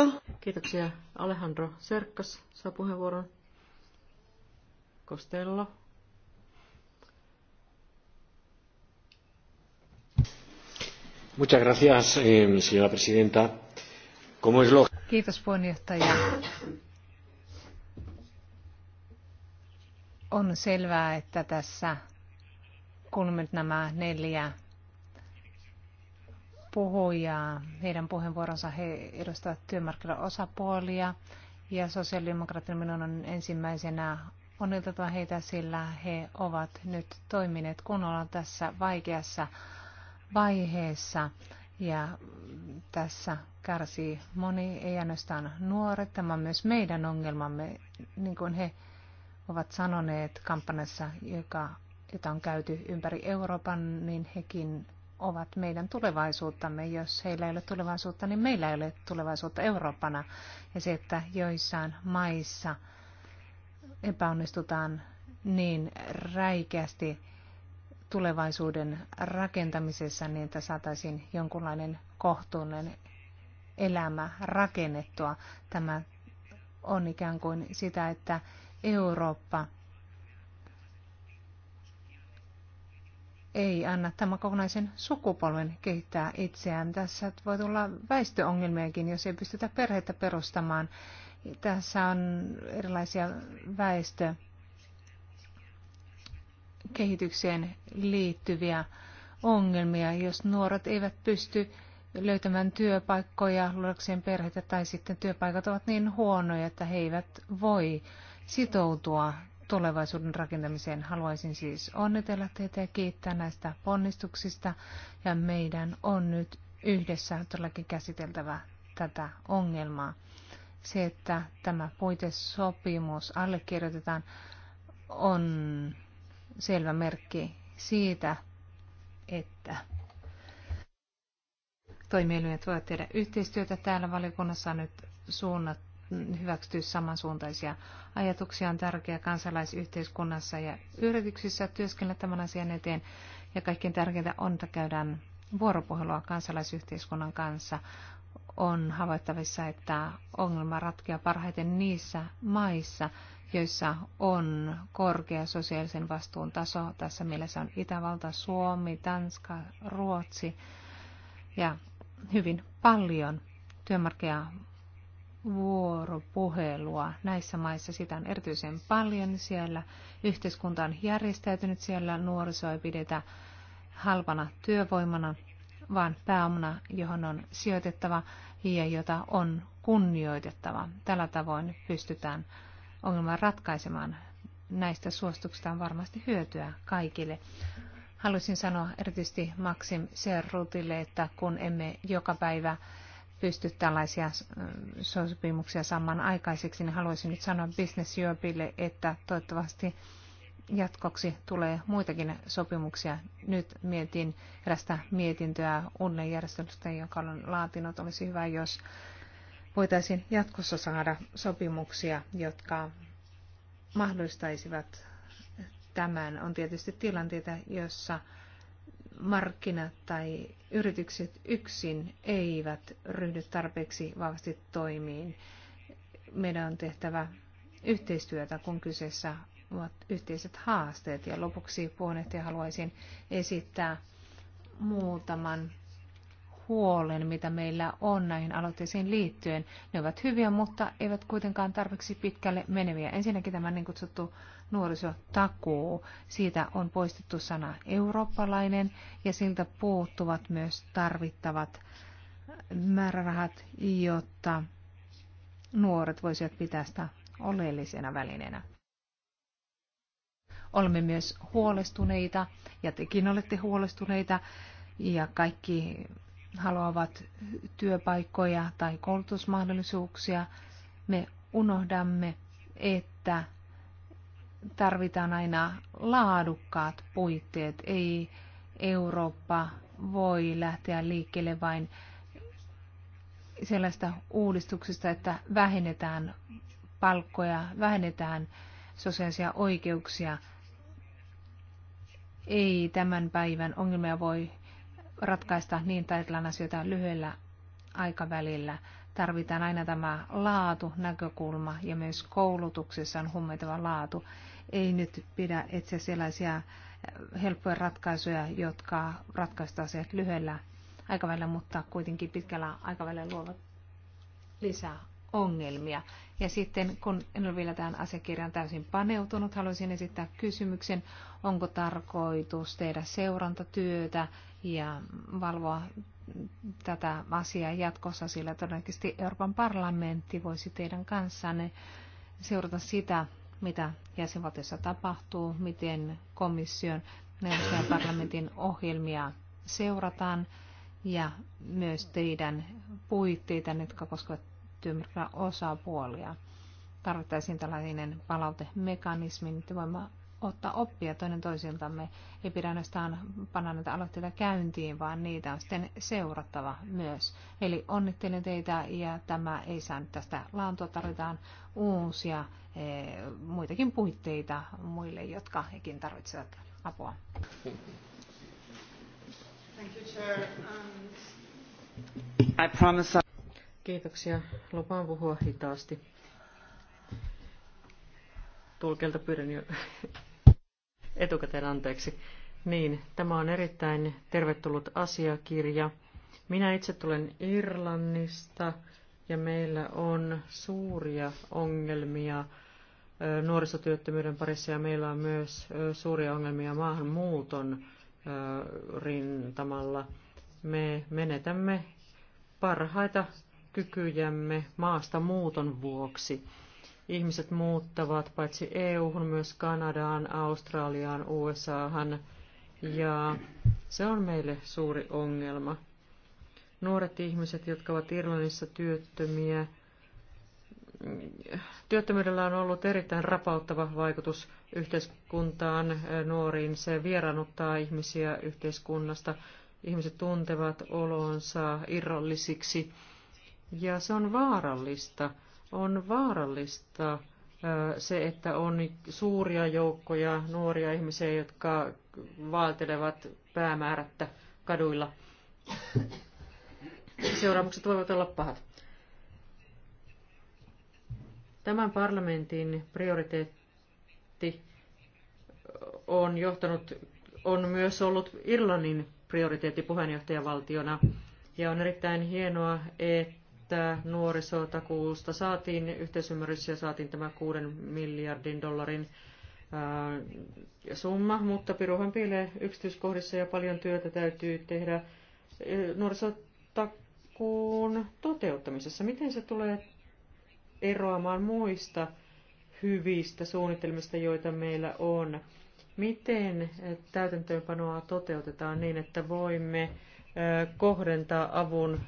Kiitoksia. Alejandro Serkas saa puheenvuoron. Kostello. Muchas gracias, eh, señora presidenta. Como es lo... Kiitos puheenjohtaja. On selvää, että tässä kun nämä neljä puhujaa. Heidän puheenvuoronsa he edustavat työmarkkinaosapuolia ja sosiaalidemokraatin minun on ensimmäisenä onniteltava heitä, sillä he ovat nyt toimineet kunnolla tässä vaikeassa vaiheessa. Ja tässä kärsii moni, ei ainoastaan nuoret, tämä on myös meidän ongelmamme, niin kuin he ovat sanoneet kampanjassa, joka, jota on käyty ympäri Euroopan, niin hekin ovat meidän tulevaisuuttamme. Jos heillä ei ole tulevaisuutta, niin meillä ei ole tulevaisuutta Euroopana. Ja se, että joissain maissa epäonnistutaan niin räikeästi tulevaisuuden rakentamisessa, niin että saataisiin jonkunlainen kohtuullinen elämä rakennettua. Tämä on ikään kuin sitä, että Eurooppa ei anna tämän kokonaisen sukupolven kehittää itseään. Tässä voi tulla väestöongelmiakin, jos ei pystytä perhettä perustamaan. Tässä on erilaisia väestökehitykseen liittyviä ongelmia, jos nuoret eivät pysty löytämään työpaikkoja, luodakseen perhettä tai sitten työpaikat ovat niin huonoja, että he eivät voi sitoutua tulevaisuuden rakentamiseen. Haluaisin siis onnitella teitä ja kiittää näistä ponnistuksista ja meidän on nyt yhdessä todellakin käsiteltävä tätä ongelmaa. Se, että tämä puitesopimus allekirjoitetaan, on selvä merkki siitä, että toimielimet voivat tehdä yhteistyötä. Täällä valiokunnassa on nyt suunnattu hyväksytty samansuuntaisia ajatuksia. On tärkeää kansalaisyhteiskunnassa ja yrityksissä työskennellä tämän asian eteen. Ja kaikkein tärkeintä on, että käydään vuoropuhelua kansalaisyhteiskunnan kanssa. On havaittavissa, että ongelma ratkeaa parhaiten niissä maissa, joissa on korkea sosiaalisen vastuun taso. Tässä mielessä on Itävalta, Suomi, Tanska, Ruotsi ja hyvin paljon työmarkkina vuoropuhelua näissä maissa. Sitä on erityisen paljon siellä. Yhteiskunta on järjestäytynyt siellä. Nuorisoa ei pidetä halpana työvoimana, vaan pääomana, johon on sijoitettava ja jota on kunnioitettava. Tällä tavoin pystytään ongelman ratkaisemaan. Näistä suosituksista on varmasti hyötyä kaikille. Haluaisin sanoa erityisesti Maxim Serrutille, että kun emme joka päivä pysty tällaisia äh, sopimuksia saamaan aikaiseksi, niin haluaisin nyt sanoa Business Europeille, että toivottavasti jatkoksi tulee muitakin sopimuksia. Nyt mietin erästä mietintöä järjestelystä, jonka olen laatinut. Olisi hyvä, jos voitaisiin jatkossa saada sopimuksia, jotka mahdollistaisivat tämän. On tietysti tilanteita, jossa markkinat tai yritykset yksin eivät ryhdy tarpeeksi vahvasti toimiin. Meidän on tehtävä yhteistyötä, kun kyseessä ovat yhteiset haasteet. Ja lopuksi puheenjohtaja haluaisin esittää muutaman huolen, mitä meillä on näihin aloitteisiin liittyen. Ne ovat hyviä, mutta eivät kuitenkaan tarpeeksi pitkälle meneviä. Ensinnäkin tämä niin kutsuttu nuorisotakuu. Siitä on poistettu sana eurooppalainen ja siltä puuttuvat myös tarvittavat määrärahat, jotta nuoret voisivat pitää sitä oleellisena välineenä. Olemme myös huolestuneita, ja tekin olette huolestuneita, ja kaikki haluavat työpaikkoja tai koulutusmahdollisuuksia, me unohdamme, että tarvitaan aina laadukkaat puitteet. Ei Eurooppa voi lähteä liikkeelle vain sellaista uudistuksista, että vähennetään palkkoja, vähennetään sosiaalisia oikeuksia. Ei tämän päivän ongelmia voi ratkaista niin tai asioita lyhyellä aikavälillä. Tarvitaan aina tämä laatu, näkökulma ja myös koulutuksessa on hummetava laatu. Ei nyt pidä etsiä sellaisia äh, helppoja ratkaisuja, jotka ratkaistaan asiat lyhyellä aikavälillä, mutta kuitenkin pitkällä aikavälillä luovat lisää ongelmia. Ja sitten, kun en ole vielä tähän asiakirjaan täysin paneutunut, haluaisin esittää kysymyksen, onko tarkoitus tehdä seurantatyötä ja valvoa tätä asiaa jatkossa, sillä todennäköisesti Euroopan parlamentti voisi teidän kanssanne seurata sitä, mitä jäsenvaltiossa tapahtuu, miten komission neuvoston ja parlamentin ohjelmia seurataan ja myös teidän puitteita, jotka koskevat työmarkkinaosapuolia. Tarvittaisiin tällainen palautemekanismi, niin että voimme ottaa oppia toinen toisiltamme. Ei pidä ainoastaan panna näitä aloitteita käyntiin, vaan niitä on sitten seurattava myös. Eli onnittelen teitä ja tämä ei saa nyt tästä laantua. Tarvitaan uusia e, muitakin puitteita muille, jotka hekin tarvitsevat apua. Thank you, Chair. Um... I Kiitoksia. Lupaan puhua hitaasti. Tulkelta pyydän jo etukäteen anteeksi. Niin, tämä on erittäin tervetullut asiakirja. Minä itse tulen Irlannista ja meillä on suuria ongelmia nuorisotyöttömyyden parissa ja meillä on myös suuria ongelmia maahanmuuton rintamalla. Me menetämme parhaita kykyjämme maasta muuton vuoksi ihmiset muuttavat paitsi EU-hun myös Kanadaan, Australiaan, USAhan ja se on meille suuri ongelma. Nuoret ihmiset, jotka ovat Irlannissa työttömiä, työttömyydellä on ollut erittäin rapauttava vaikutus yhteiskuntaan, nuoriin. Se vieraannuttaa ihmisiä yhteiskunnasta. Ihmiset tuntevat olonsa irrallisiksi ja se on vaarallista on vaarallista se, että on suuria joukkoja nuoria ihmisiä, jotka vaeltelevat päämäärättä kaduilla. Seuraamukset voivat olla pahat. Tämän parlamentin prioriteetti on johtanut, on myös ollut Irlannin prioriteetti puheenjohtajavaltiona. Ja on erittäin hienoa, että että nuorisotakuusta saatiin yhteisymmärrys ja saatiin tämä kuuden miljardin dollarin äh, summa, mutta piruhan piilee yksityiskohdissa ja paljon työtä täytyy tehdä äh, nuorisotakuun toteuttamisessa. Miten se tulee eroamaan muista hyvistä suunnitelmista, joita meillä on? Miten täytäntöönpanoa toteutetaan niin, että voimme äh, kohdentaa avun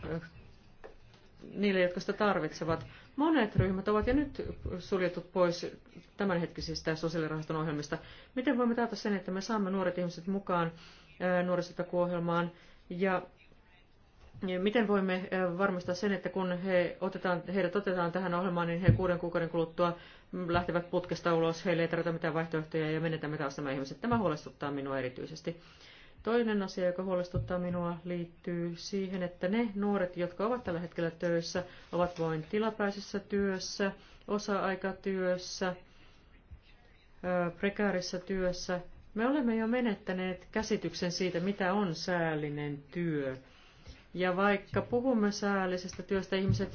niille, jotka sitä tarvitsevat. Monet ryhmät ovat jo nyt suljettu pois tämänhetkisistä sosiaalirahaston ohjelmista. Miten voimme taata sen, että me saamme nuoret ihmiset mukaan nuorisotakuohjelmaan ja Miten voimme varmistaa sen, että kun he otetaan, heidät otetaan tähän ohjelmaan, niin he kuuden kuukauden kuluttua lähtevät putkesta ulos, heille ei tarvita mitään vaihtoehtoja ja menetämme taas nämä ihmiset. Tämä huolestuttaa minua erityisesti. Toinen asia, joka huolestuttaa minua, liittyy siihen, että ne nuoret, jotka ovat tällä hetkellä töissä, ovat vain tilapäisessä työssä, osa-aikatyössä, prekäärissä työssä. Me olemme jo menettäneet käsityksen siitä, mitä on säällinen työ. Ja vaikka puhumme säällisestä työstä, ihmiset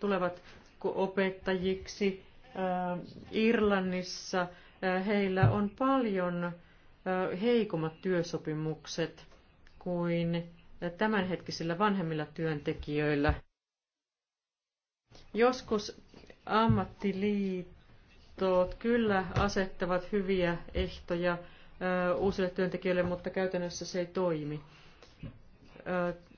tulevat opettajiksi Irlannissa, heillä on paljon heikommat työsopimukset kuin tämänhetkisillä vanhemmilla työntekijöillä. Joskus ammattiliitot kyllä asettavat hyviä ehtoja uusille työntekijöille, mutta käytännössä se ei toimi.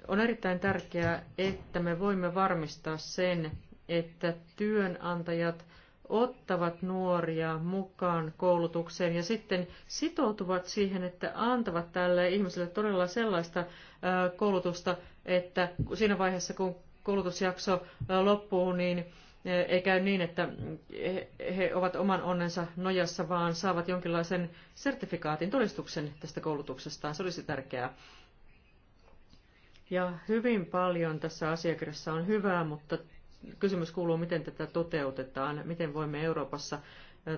On erittäin tärkeää, että me voimme varmistaa sen, että työnantajat ottavat nuoria mukaan koulutukseen ja sitten sitoutuvat siihen, että antavat tälle ihmiselle todella sellaista koulutusta, että siinä vaiheessa kun koulutusjakso loppuu, niin ei käy niin, että he ovat oman onnensa nojassa, vaan saavat jonkinlaisen sertifikaatin, todistuksen tästä koulutuksestaan. Se olisi tärkeää. Ja hyvin paljon tässä asiakirjassa on hyvää, mutta kysymys kuuluu, miten tätä toteutetaan, miten voimme Euroopassa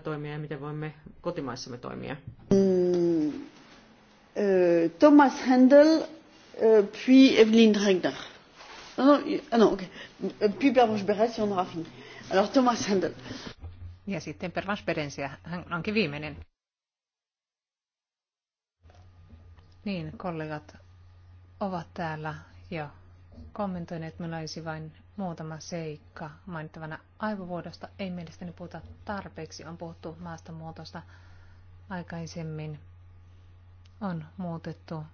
toimia ja miten voimme kotimaissamme toimia. Mm, Thomas Handel, puis Evelyn Regner. ah non, okay. Euh, puis Pervenche si on aura fini. Alors Thomas Handel. Ja sitten Pervenche Beres, ja hän onkin viimeinen. Niin, kollegat ovat täällä jo että minulla olisi vain muutama seikka mainittavana aivovuodosta. Ei mielestäni puhuta tarpeeksi, on puhuttu maastamuutosta aikaisemmin. On muutettu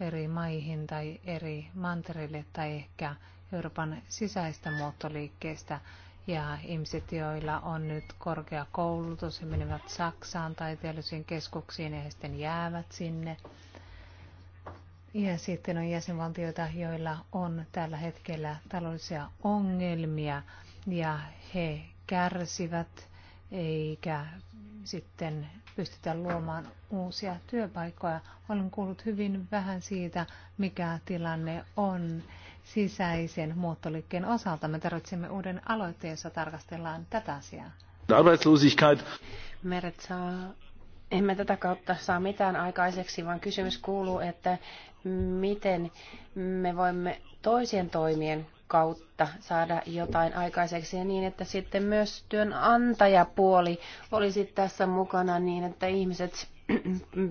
eri maihin tai eri mantereille tai ehkä Euroopan sisäistä muuttoliikkeestä. Ja ihmiset, joilla on nyt korkea koulutus, he menevät Saksaan tai teollisiin keskuksiin ja he sitten jäävät sinne. Ja sitten on jäsenvaltioita, joilla on tällä hetkellä taloudellisia ongelmia ja he kärsivät eikä sitten pystytä luomaan uusia työpaikkoja. Olen kuullut hyvin vähän siitä, mikä tilanne on sisäisen muuttoliikkeen osalta. Me tarvitsemme uuden aloitteen, jossa tarkastellaan tätä asiaa. Arbeitslosigkeit. Meret saa emme tätä kautta saa mitään aikaiseksi, vaan kysymys kuuluu, että miten me voimme toisien toimien kautta saada jotain aikaiseksi ja niin, että sitten myös työnantajapuoli olisi tässä mukana niin, että ihmiset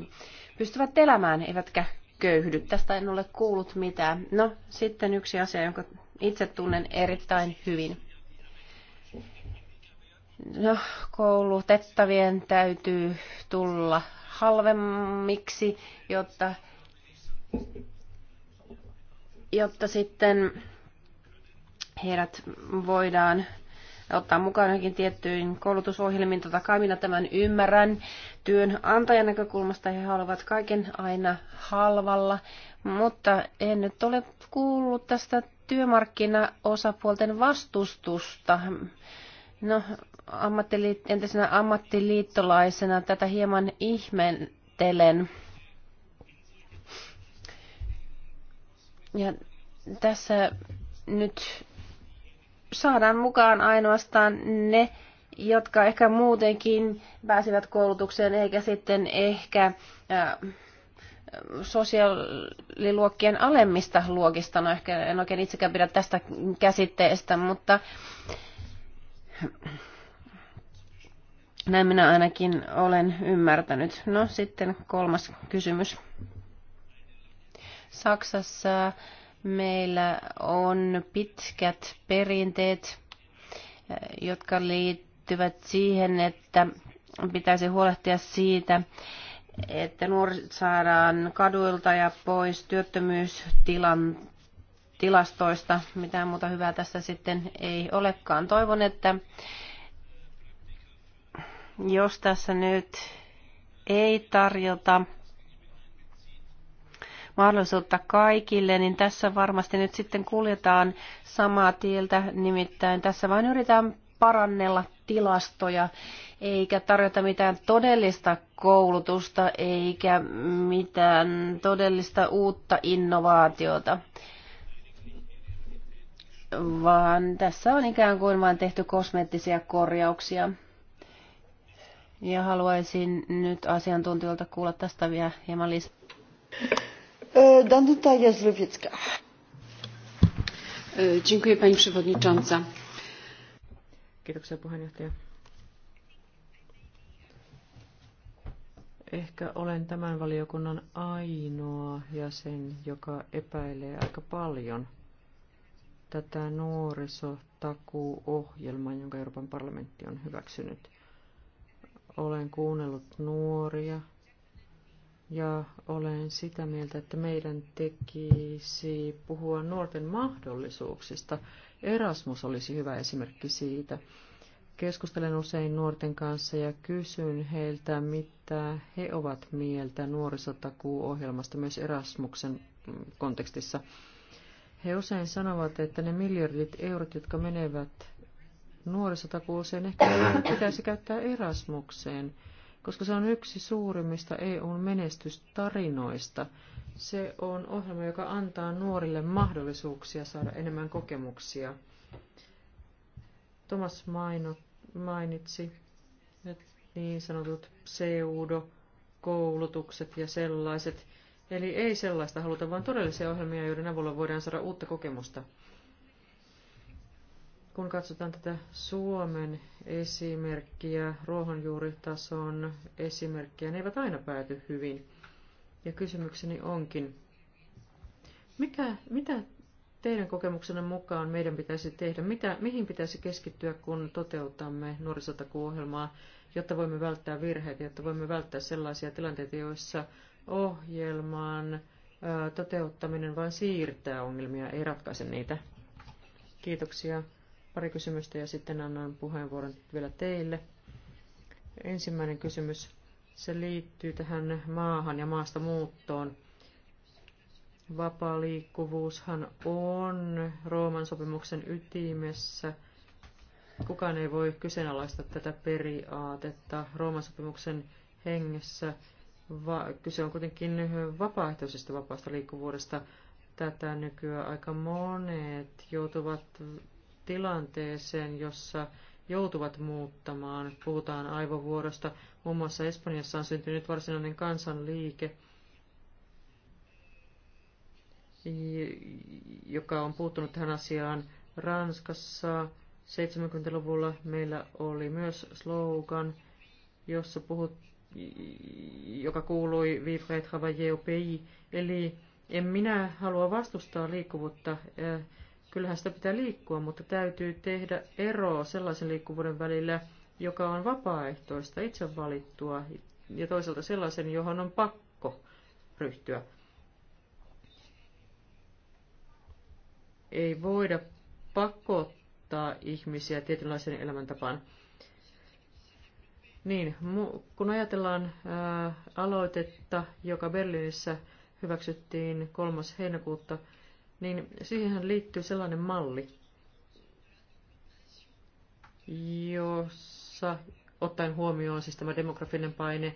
pystyvät elämään eivätkä köyhdy. Tästä en ole kuullut mitään. No, sitten yksi asia, jonka itse tunnen erittäin hyvin. No, koulutettavien täytyy tulla halvemmiksi, jotta jotta sitten heidät voidaan ottaa mukaan johonkin tiettyihin koulutusohjelmiin. Totta kai minä tämän ymmärrän. Työnantajan näkökulmasta he haluavat kaiken aina halvalla, mutta en nyt ole kuullut tästä työmarkkinaosapuolten vastustusta. No, ammattiliit- entisenä ammattiliittolaisena tätä hieman ihmentelen. Ja tässä nyt saadaan mukaan ainoastaan ne, jotka ehkä muutenkin pääsivät koulutukseen, eikä sitten ehkä sosiaaliluokkien alemmista luokista. No ehkä en oikein itsekään pidä tästä käsitteestä, mutta näin minä ainakin olen ymmärtänyt. No sitten kolmas kysymys. Saksassa meillä on pitkät perinteet, eh, jotka liittyvät siihen, että pitäisi huolehtia siitä, että nuoret saadaan kaduilta ja pois työttömyystilastoista. Mitään muuta hyvää tässä sitten ei olekaan. Toivon, että jos tässä nyt ei tarjota mahdollisuutta kaikille, niin tässä varmasti nyt sitten kuljetaan samaa tieltä, nimittäin tässä vain yritetään parannella tilastoja, eikä tarjota mitään todellista koulutusta, eikä mitään todellista uutta innovaatiota vaan tässä on ikään kuin vain tehty kosmeettisia korjauksia. Ja haluaisin nyt asiantuntijoilta kuulla tästä vielä hieman lisää. E, Danuta e, pani przewodnicząca. Kiitoksia puheenjohtaja. Ehkä olen tämän valiokunnan ainoa jäsen, joka epäilee aika paljon tätä nuorisotakuuohjelmaa, jonka Euroopan parlamentti on hyväksynyt. Olen kuunnellut nuoria, ja olen sitä mieltä, että meidän tekisi puhua nuorten mahdollisuuksista. Erasmus olisi hyvä esimerkki siitä. Keskustelen usein nuorten kanssa ja kysyn heiltä, mitä he ovat mieltä nuorisotakuuohjelmasta myös Erasmuksen kontekstissa. He usein sanovat, että ne miljardit eurot, jotka menevät nuorisotakuuseen, ehkä pitäisi käyttää Erasmukseen koska se on yksi suurimmista EUn menestystarinoista. Se on ohjelma, joka antaa nuorille mahdollisuuksia saada enemmän kokemuksia. Thomas Maino, mainitsi niin sanotut pseudo-koulutukset ja sellaiset. Eli ei sellaista haluta, vaan todellisia ohjelmia, joiden avulla voidaan saada uutta kokemusta kun katsotaan tätä Suomen esimerkkiä, ruohonjuuritason esimerkkiä, ne eivät aina pääty hyvin. Ja kysymykseni onkin, mikä, mitä teidän kokemuksenne mukaan meidän pitäisi tehdä? Mitä, mihin pitäisi keskittyä, kun toteutamme nuorisotakuohjelmaa, jotta voimme välttää virheitä, jotta voimme välttää sellaisia tilanteita, joissa ohjelman toteuttaminen vain siirtää ongelmia, ei ratkaise niitä? Kiitoksia. Pari kysymystä ja sitten annan puheenvuoron vielä teille. Ensimmäinen kysymys. Se liittyy tähän maahan ja maasta muuttoon. Vapaa liikkuvuushan on Rooman sopimuksen ytimessä. Kukaan ei voi kyseenalaista tätä periaatetta Rooman sopimuksen hengessä. Va- kyse on kuitenkin vapaaehtoisesta vapaasta liikkuvuudesta. Tätä nykyään aika monet joutuvat tilanteeseen, jossa joutuvat muuttamaan. Puhutaan aivovuodosta. Muun muassa Espanjassa on syntynyt varsinainen kansanliike, joka on puuttunut tähän asiaan Ranskassa. 70-luvulla meillä oli myös slogan, jossa puhut, joka kuului Vivre et eli en minä halua vastustaa liikkuvuutta eh, Kyllähän sitä pitää liikkua, mutta täytyy tehdä ero sellaisen liikkuvuuden välillä, joka on vapaaehtoista, itse valittua, ja toisaalta sellaisen, johon on pakko ryhtyä. Ei voida pakottaa ihmisiä tietynlaiseen elämäntapaan. Niin, kun ajatellaan ää, aloitetta, joka Berliinissä hyväksyttiin 3. heinäkuuta, niin siihen liittyy sellainen malli, jossa ottaen huomioon siis tämä demografinen paine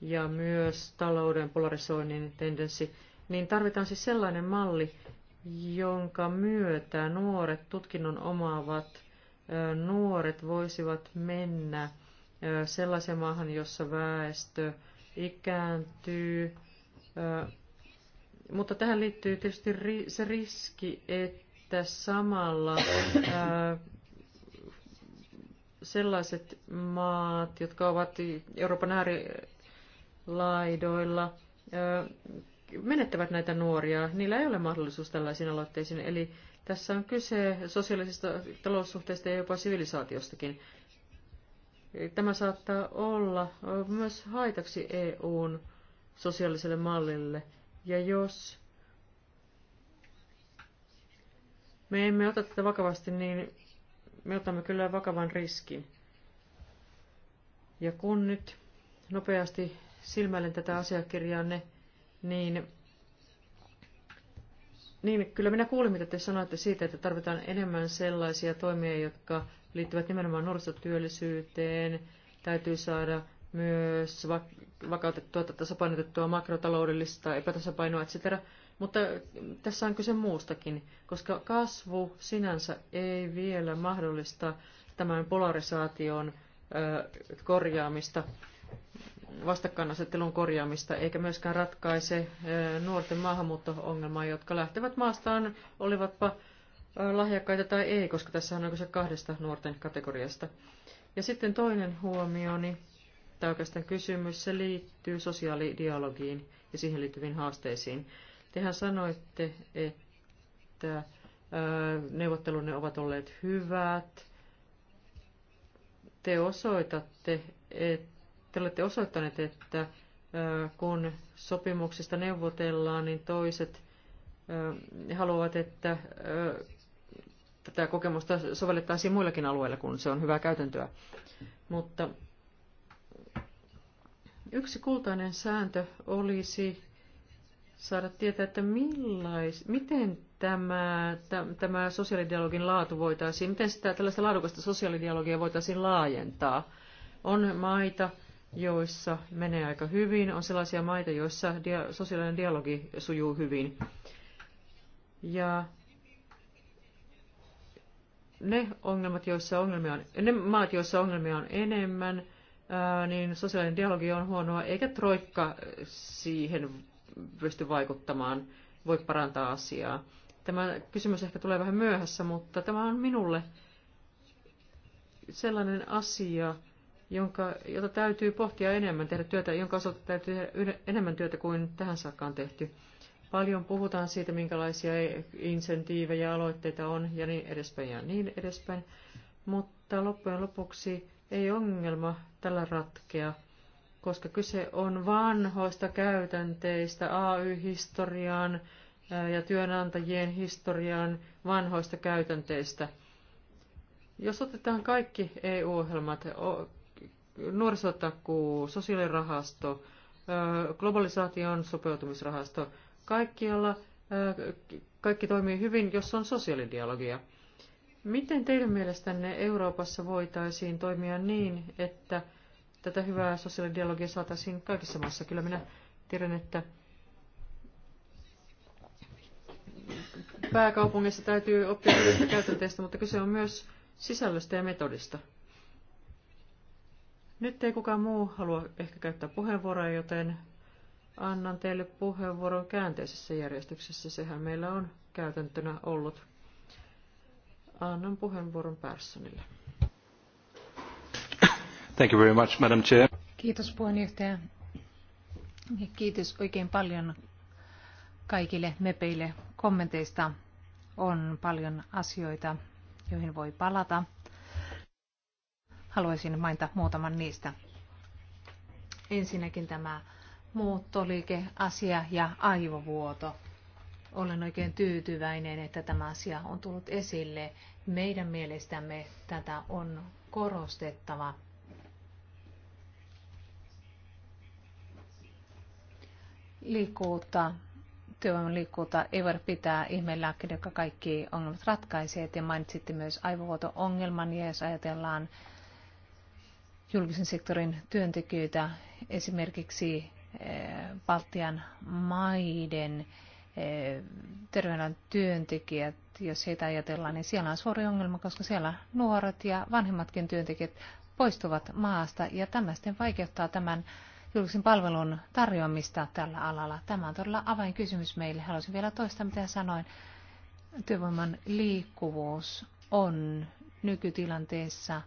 ja myös talouden polarisoinnin tendenssi, niin tarvitaan siis sellainen malli, jonka myötä nuoret tutkinnon omaavat nuoret voisivat mennä sellaiseen maahan, jossa väestö ikääntyy, mutta tähän liittyy tietysti se riski, että samalla ää, äh, sellaiset maat, jotka ovat Euroopan äärilaidoilla, ää, äh, menettävät näitä nuoria. Niillä ei ole mahdollisuus tällaisiin aloitteisiin. Eli tässä on kyse sosiaalisista taloussuhteista ja jopa sivilisaatiostakin. Tämä saattaa olla äh, myös haitaksi EUn sosiaaliselle mallille – ja jos me emme ota tätä vakavasti, niin me otamme kyllä vakavan riskin. Ja kun nyt nopeasti silmäilen tätä asiakirjaanne, niin, niin kyllä minä kuulin, mitä te sanoitte siitä, että tarvitaan enemmän sellaisia toimia, jotka liittyvät nimenomaan nuorisotyöllisyyteen, täytyy saada myös vakautettua tai tasapainotettua makrotaloudellista epätasapainoa, etc. Mutta tässä on kyse muustakin, koska kasvu sinänsä ei vielä mahdollista tämän polarisaation korjaamista, vastakkainasettelun korjaamista, eikä myöskään ratkaise nuorten maahanmuutto-ongelmaa, jotka lähtevät maastaan, olivatpa lahjakkaita tai ei, koska tässä on kyse kahdesta nuorten kategoriasta. Ja sitten toinen huomioni. Niin tai oikeastaan kysymys, se liittyy sosiaalidialogiin ja siihen liittyviin haasteisiin. Tehän sanoitte, että neuvottelunne ovat olleet hyvät. Te osoitatte, että te olette osoittaneet, että kun sopimuksista neuvotellaan, niin toiset haluavat, että tätä kokemusta sovellettaisiin muillakin alueilla, kun se on hyvää käytäntöä. Mutta Yksi kultainen sääntö olisi saada tietää, että millais, miten tämä, tämä sosiaalidialogin laatu voitaisiin, miten sitä, tällaista laadukasta sosiaalidialogia voitaisiin laajentaa. On maita, joissa menee aika hyvin, on sellaisia maita, joissa dia, sosiaalinen dialogi sujuu hyvin. Ja ne ongelmat, joissa ongelmia on, ne maat, joissa ongelmia on enemmän, niin sosiaalinen dialogi on huonoa, eikä troikka siihen pysty vaikuttamaan, voi parantaa asiaa. Tämä kysymys ehkä tulee vähän myöhässä, mutta tämä on minulle sellainen asia, jonka, jota täytyy pohtia enemmän, tehdä työtä, jonka osalta täytyy tehdä enemmän työtä kuin tähän saakka on tehty. Paljon puhutaan siitä, minkälaisia insentiivejä aloitteita on ja niin edespäin ja niin edespäin, mutta loppujen lopuksi ei ongelma tällä ratkea, koska kyse on vanhoista käytänteistä AY-historiaan ja työnantajien historiaan vanhoista käytänteistä. Jos otetaan kaikki EU-ohjelmat, nuorisotakuu, sosiaalirahasto, globalisaation sopeutumisrahasto, kaikkialla kaikki toimii hyvin, jos on sosiaalidialogia – Miten teidän mielestänne Euroopassa voitaisiin toimia niin, että tätä hyvää sosiaalidialogia saataisiin kaikissa maissa? Kyllä minä tiedän, että pääkaupungissa täytyy oppia hyvistä käytänteistä, mutta kyse on myös sisällöstä ja metodista. Nyt ei kukaan muu halua ehkä käyttää puheenvuoroa, joten annan teille puheenvuoron käänteisessä järjestyksessä. Sehän meillä on käytäntönä ollut. Annan puheenvuoron Perssonille. Thank you very much, Madam Chair. Kiitos puheenjohtaja. Ja kiitos oikein paljon kaikille mepeille kommenteista. On paljon asioita, joihin voi palata. Haluaisin mainita muutaman niistä. Ensinnäkin tämä muuttoliikeasia ja aivovuoto. Olen oikein tyytyväinen, että tämä asia on tullut esille. Meidän mielestämme tätä on korostettava. Liikkuutta, työvoiman liikkuutta ei voida pitää ihmeelääkkeen, joka kaikki ongelmat ratkaisee. Te mainitsitte myös aivovuoto-ongelman ja jos ajatellaan julkisen sektorin työntekijöitä, esimerkiksi eh, Baltian maiden terveydenhuollon työntekijät, jos heitä ajatellaan, niin siellä on suuri ongelma, koska siellä nuoret ja vanhemmatkin työntekijät poistuvat maasta ja tämä sitten vaikeuttaa tämän julkisen palvelun tarjoamista tällä alalla. Tämä on todella avainkysymys meille. Haluaisin vielä toista, mitä sanoin. Työvoiman liikkuvuus on nykytilanteessa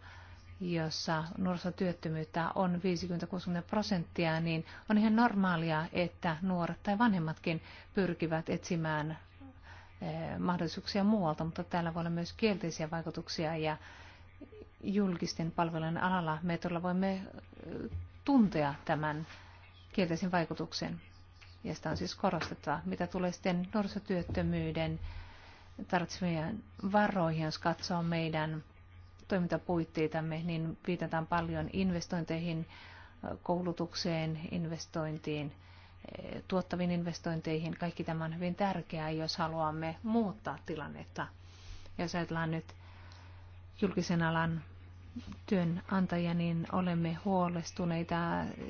jossa nuorisotyöttömyyttä on 50-60 prosenttia, niin on ihan normaalia, että nuoret tai vanhemmatkin pyrkivät etsimään eh, mahdollisuuksia muualta, mutta täällä voi olla myös kielteisiä vaikutuksia ja julkisten palvelujen alalla me todella voimme eh, tuntea tämän kielteisen vaikutuksen. Ja sitä on siis korostettava, mitä tulee sitten nuorisotyöttömyyden tarvitsemien varoihin, jos katsoo meidän toimintapuitteitamme, niin viitataan paljon investointeihin, koulutukseen, investointiin, tuottaviin investointeihin. Kaikki tämä on hyvin tärkeää, jos haluamme muuttaa tilannetta. Jos ajatellaan nyt julkisen alan työnantajia, niin olemme huolestuneita,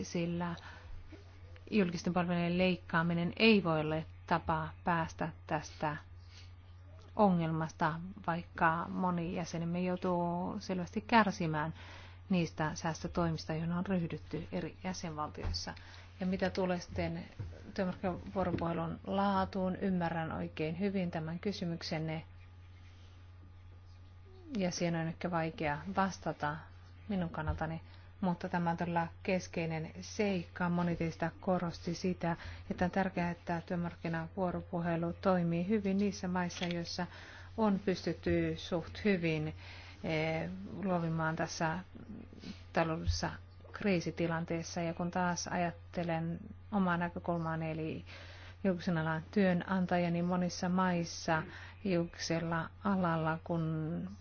sillä julkisten palvelujen leikkaaminen ei voi olla tapa päästä tästä ongelmasta, vaikka moni jäsenemme joutuu selvästi kärsimään niistä säästötoimista, joihin on ryhdytty eri jäsenvaltioissa. Ja mitä tulee sitten työmarkkinavuoropuhelun laatuun, ymmärrän oikein hyvin tämän kysymyksenne. Ja siihen on ehkä vaikea vastata minun kannaltani mutta tämä on todella keskeinen seikka. Moni teistä korosti sitä, että on tärkeää, että työmarkkinavuoropuhelu toimii hyvin niissä maissa, joissa on pystytty suht hyvin eh, luovimaan tässä taloudessa kriisitilanteessa. Ja kun taas ajattelen omaa näkökulmaani, eli julkisen alan työnantaja, niin monissa maissa julkisella alalla, kun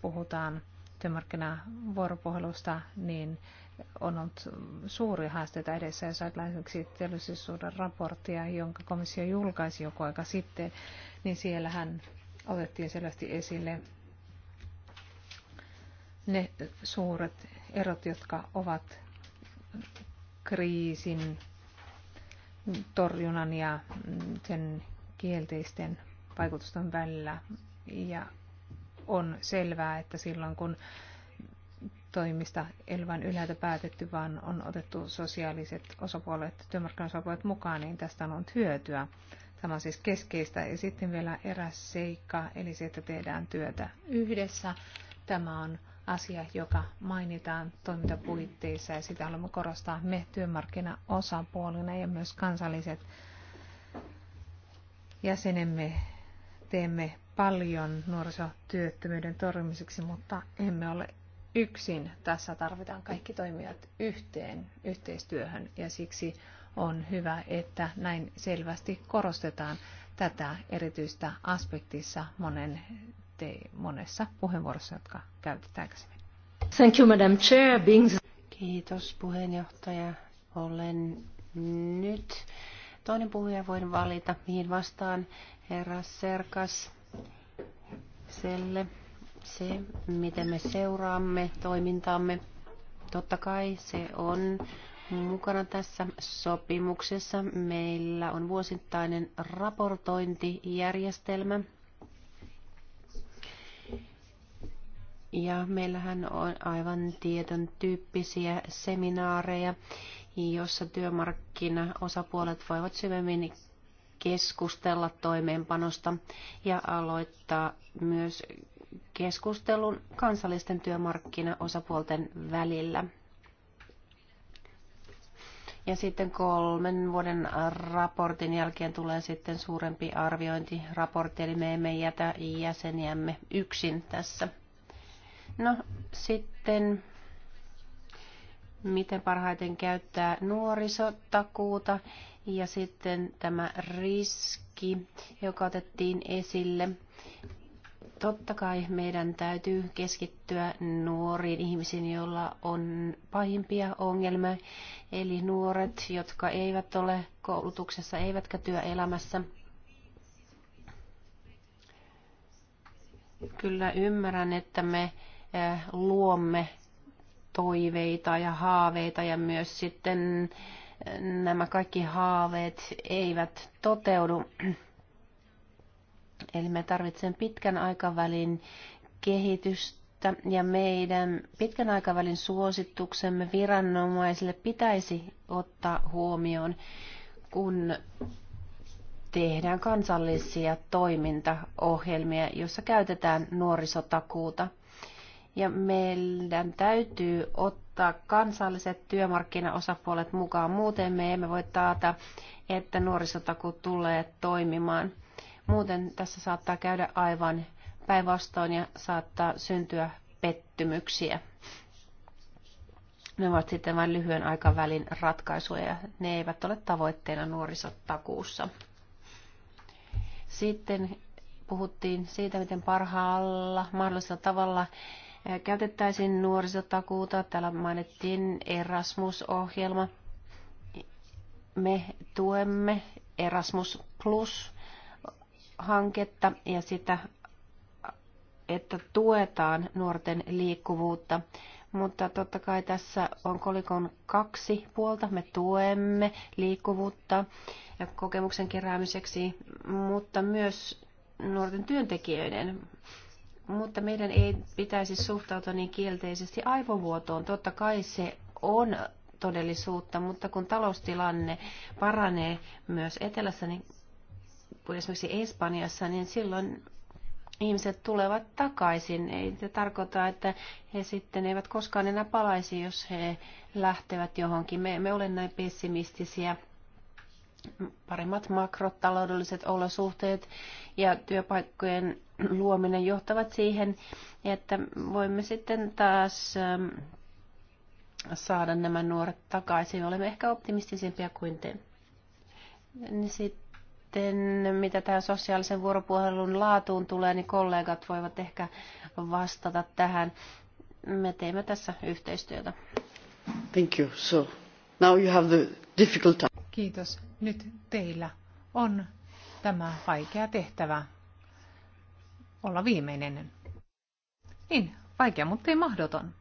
puhutaan työmarkkinavuoropuhelusta, niin on ollut suuria haasteita edessä, ja ajatellaan esimerkiksi teollisuuden raporttia, jonka komissio julkaisi joku aika sitten, niin siellähän otettiin selvästi esille ne suuret erot, jotka ovat kriisin torjunnan ja sen kielteisten vaikutusten välillä. Ja on selvää, että silloin kun toimista ei ole vain ylhäältä päätetty, vaan on otettu sosiaaliset osapuolet, työmarkkinaosapuolet mukaan, niin tästä on ollut hyötyä. Tämä on siis keskeistä. Ja sitten vielä eräs seikka, eli se, että tehdään työtä yhdessä. Tämä on asia, joka mainitaan toimintapuitteissa ja sitä haluamme korostaa me työmarkkinaosapuolina ja myös kansalliset jäsenemme teemme paljon nuorisotyöttömyyden torjumiseksi, mutta emme ole yksin. Tässä tarvitaan kaikki toimijat yhteen yhteistyöhön ja siksi on hyvä, että näin selvästi korostetaan tätä erityistä aspektissa monen te, monessa puheenvuorossa, jotka käytetään käsin. Thank you, Madam Chair. Bings. Kiitos puheenjohtaja. Olen nyt toinen puhuja voin valita, mihin vastaan herra Serkas Selle se, miten me seuraamme toimintaamme, totta kai se on mukana tässä sopimuksessa. Meillä on vuosittainen raportointijärjestelmä. Ja meillähän on aivan tietyn tyyppisiä seminaareja, jossa työmarkkinaosapuolet voivat syvemmin keskustella toimeenpanosta ja aloittaa myös keskustelun kansallisten työmarkkinaosapuolten välillä. Ja sitten kolmen vuoden raportin jälkeen tulee sitten suurempi arviointiraportti, eli me emme jätä jäseniämme yksin tässä. No sitten, miten parhaiten käyttää nuorisotakuuta ja sitten tämä riski, joka otettiin esille – Totta kai meidän täytyy keskittyä nuoriin ihmisiin, joilla on pahimpia ongelmia, eli nuoret, jotka eivät ole koulutuksessa eivätkä työelämässä. Kyllä ymmärrän, että me eh, luomme toiveita ja haaveita ja myös sitten eh, nämä kaikki haaveet eivät toteudu. Eli me tarvitsemme pitkän aikavälin kehitystä ja meidän pitkän aikavälin suosituksemme viranomaisille pitäisi ottaa huomioon, kun tehdään kansallisia toimintaohjelmia, joissa käytetään nuorisotakuuta. Ja meidän täytyy ottaa kansalliset työmarkkinaosapuolet mukaan, muuten me emme voi taata, että nuorisotaku tulee toimimaan – Muuten tässä saattaa käydä aivan päinvastoin ja saattaa syntyä pettymyksiä. Ne ovat sitten vain lyhyen aikavälin ratkaisuja ja ne eivät ole tavoitteena nuorisotakuussa. Sitten puhuttiin siitä, miten parhaalla mahdollisella tavalla käytettäisiin nuorisotakuuta. Täällä mainittiin Erasmus-ohjelma. Me tuemme Erasmus Plus hanketta ja sitä, että tuetaan nuorten liikkuvuutta. Mutta totta kai tässä on kolikon kaksi puolta. Me tuemme liikkuvuutta ja kokemuksen keräämiseksi, mutta myös nuorten työntekijöiden mutta meidän ei pitäisi suhtautua niin kielteisesti aivovuotoon. Totta kai se on todellisuutta, mutta kun taloustilanne paranee myös etelässä, niin kuin esimerkiksi Espanjassa, niin silloin ihmiset tulevat takaisin. Ei se tarkoita, että he sitten eivät koskaan enää palaisi, jos he lähtevät johonkin. Me emme ole näin pessimistisiä. Paremmat makrotaloudelliset olosuhteet ja työpaikkojen luominen johtavat siihen, että voimme sitten taas ähm, saada nämä nuoret takaisin. Olemme ehkä optimistisempia kuin te. Niin sitten sitten mitä tähän sosiaalisen vuoropuhelun laatuun tulee, niin kollegat voivat ehkä vastata tähän. Me teemme tässä yhteistyötä. Thank you. So now you have the difficult time. Kiitos. Nyt teillä on tämä vaikea tehtävä olla viimeinen. Niin, vaikea, mutta ei mahdoton.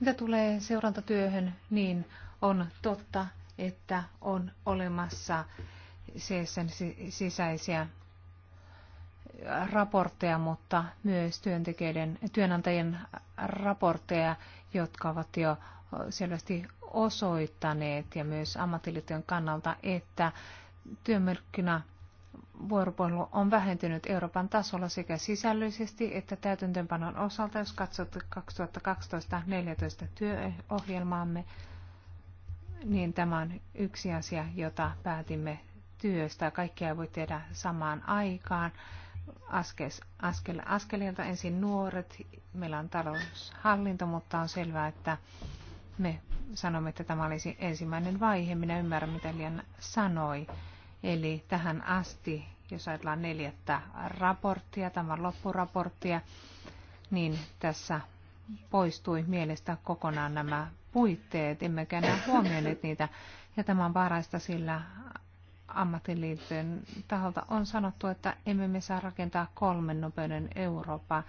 Mitä tulee seurantatyöhön, niin on totta, että on olemassa CSN sisäisiä raportteja, mutta myös työntekijöiden, työnantajien raportteja, jotka ovat jo selvästi osoittaneet ja myös ammattiliittojen kannalta, että työmarkkina vuoropuhelu on vähentynyt Euroopan tasolla sekä sisällöllisesti että täytäntöönpanon osalta, jos katsot 2012-2014 työohjelmaamme, niin tämä on yksi asia, jota päätimme työstä Kaikkea voi tehdä samaan aikaan. Askel, askel, askeleelta ensin nuoret. Meillä on taloushallinto, mutta on selvää, että me sanomme, että tämä olisi ensimmäinen vaihe. Minä ymmärrän, mitä Lian sanoi. Eli tähän asti, jos ajatellaan neljättä raporttia, tämän loppuraporttia, niin tässä poistui mielestä kokonaan nämä puitteet, emmekä enää huomioineet niitä. Ja tämä on vaarallista, sillä ammattiliittojen taholta on sanottu, että emme me saa rakentaa kolmen nopeuden Eurooppaa,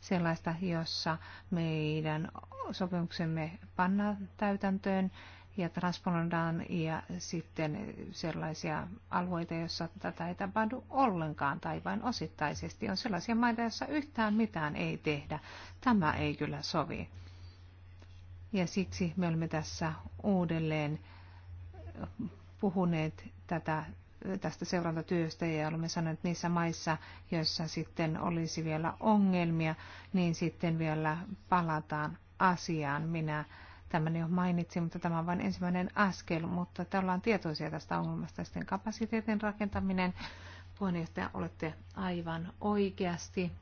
sellaista, jossa meidän sopimuksemme pannaan täytäntöön ja transponoidaan ja sitten sellaisia alueita, joissa tätä ei tapahdu ollenkaan tai vain osittaisesti. On sellaisia maita, joissa yhtään mitään ei tehdä. Tämä ei kyllä sovi. Ja siksi me olemme tässä uudelleen puhuneet tätä, tästä seurantatyöstä ja olemme sanoneet, että niissä maissa, joissa sitten olisi vielä ongelmia, niin sitten vielä palataan asiaan. Minä tämän jo mainitsin, mutta tämä on vain ensimmäinen askel, mutta te ollaan tietoisia tästä ongelmasta. Sitten kapasiteetin rakentaminen, puheenjohtaja, olette aivan oikeasti.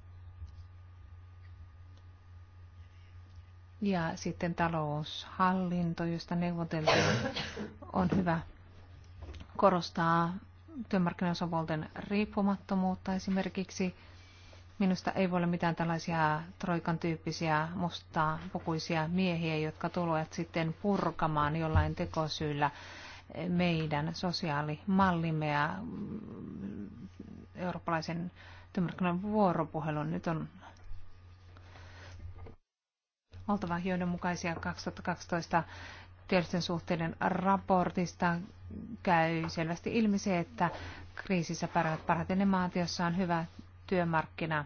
Ja sitten taloushallinto, josta neuvoteltiin, on hyvä korostaa työmarkkinaosapuolten riippumattomuutta esimerkiksi. Minusta ei voi olla mitään tällaisia troikan tyyppisiä mustaa pukuisia miehiä, jotka tulevat sitten purkamaan jollain tekosyyllä meidän sosiaalimallimme ja eurooppalaisen työmarkkinan vuoropuhelun. Nyt on oltava johdonmukaisia 2012 työllisten suhteiden raportista käy selvästi ilmi se, että kriisissä pärjäävät parhaiten ne maat, joissa on hyvä työmarkkina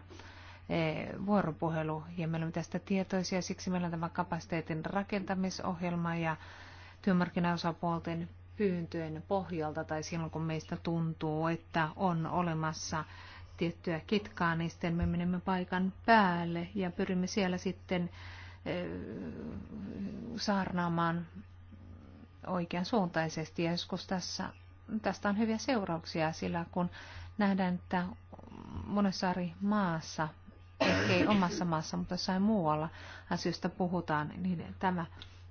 e, vuoropuhelu ja meillä on tästä tietoisia, siksi meillä on tämä kapasiteetin rakentamisohjelma ja työmarkkinaosapuolten pyyntöjen pohjalta tai silloin kun meistä tuntuu, että on olemassa tiettyä kitkaa, niin sitten me menemme paikan päälle ja pyrimme siellä sitten e, saarnaamaan oikean suuntaisesti. Ja joskus tässä, tästä on hyviä seurauksia, sillä kun nähdään, että monessa eri maassa, ei omassa maassa, mutta jossain muualla asioista puhutaan, niin tämä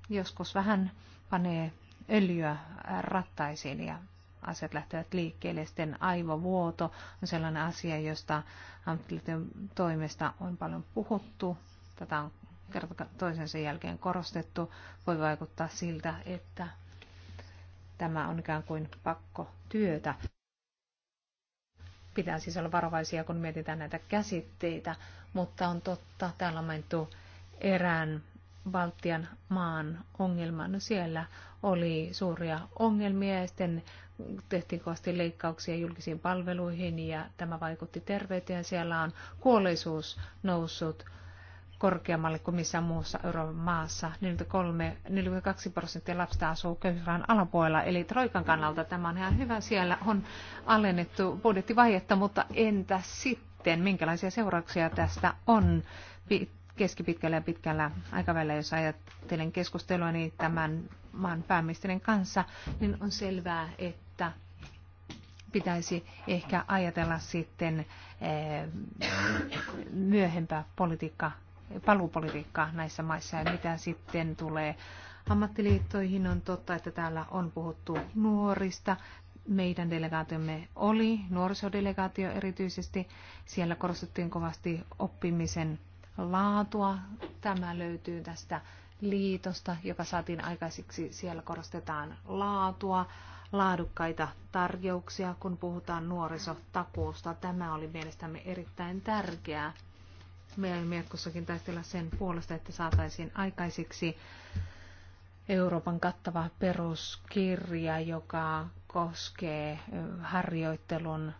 joskus vähän panee öljyä rattaisiin ja asiat lähtevät liikkeelle. Sitten aivovuoto on sellainen asia, josta ammattiliittojen toimesta on paljon puhuttu. Tätä on kerta toisensa jälkeen korostettu. Voi vaikuttaa siltä, että Tämä on ikään kuin työtä. Pitää siis olla varovaisia, kun mietitään näitä käsitteitä, mutta on totta, täällä on mainittu erään Baltian maan ongelman. No siellä oli suuria ongelmia ja sitten tehtiin kovasti leikkauksia julkisiin palveluihin ja tämä vaikutti terveyteen. Siellä on kuolleisuus noussut korkeammalle kuin missään muussa Euroopan maassa. 43, 42 prosenttia lapsista asuu köyhyysrahan alapuolella, eli Troikan kannalta tämä on ihan hyvä. Siellä on alennettu budjettivajetta, mutta entä sitten, minkälaisia seurauksia tästä on keskipitkällä ja pitkällä aikavälillä, jos ajattelen keskustelua niin tämän maan pääministerin kanssa, niin on selvää, että pitäisi ehkä ajatella sitten eh, myöhempää politiikkaa paluupolitiikkaa näissä maissa ja mitä sitten tulee ammattiliittoihin. On totta, että täällä on puhuttu nuorista. Meidän delegaatiomme oli nuorisodelegaatio erityisesti. Siellä korostettiin kovasti oppimisen laatua. Tämä löytyy tästä liitosta, joka saatiin aikaiseksi. Siellä korostetaan laatua, laadukkaita tarjouksia, kun puhutaan nuorisotakuusta. Tämä oli mielestämme erittäin tärkeää. Meillä jatkossakin taistella sen puolesta, että saataisiin aikaiseksi Euroopan kattava peruskirja, joka koskee harjoittelun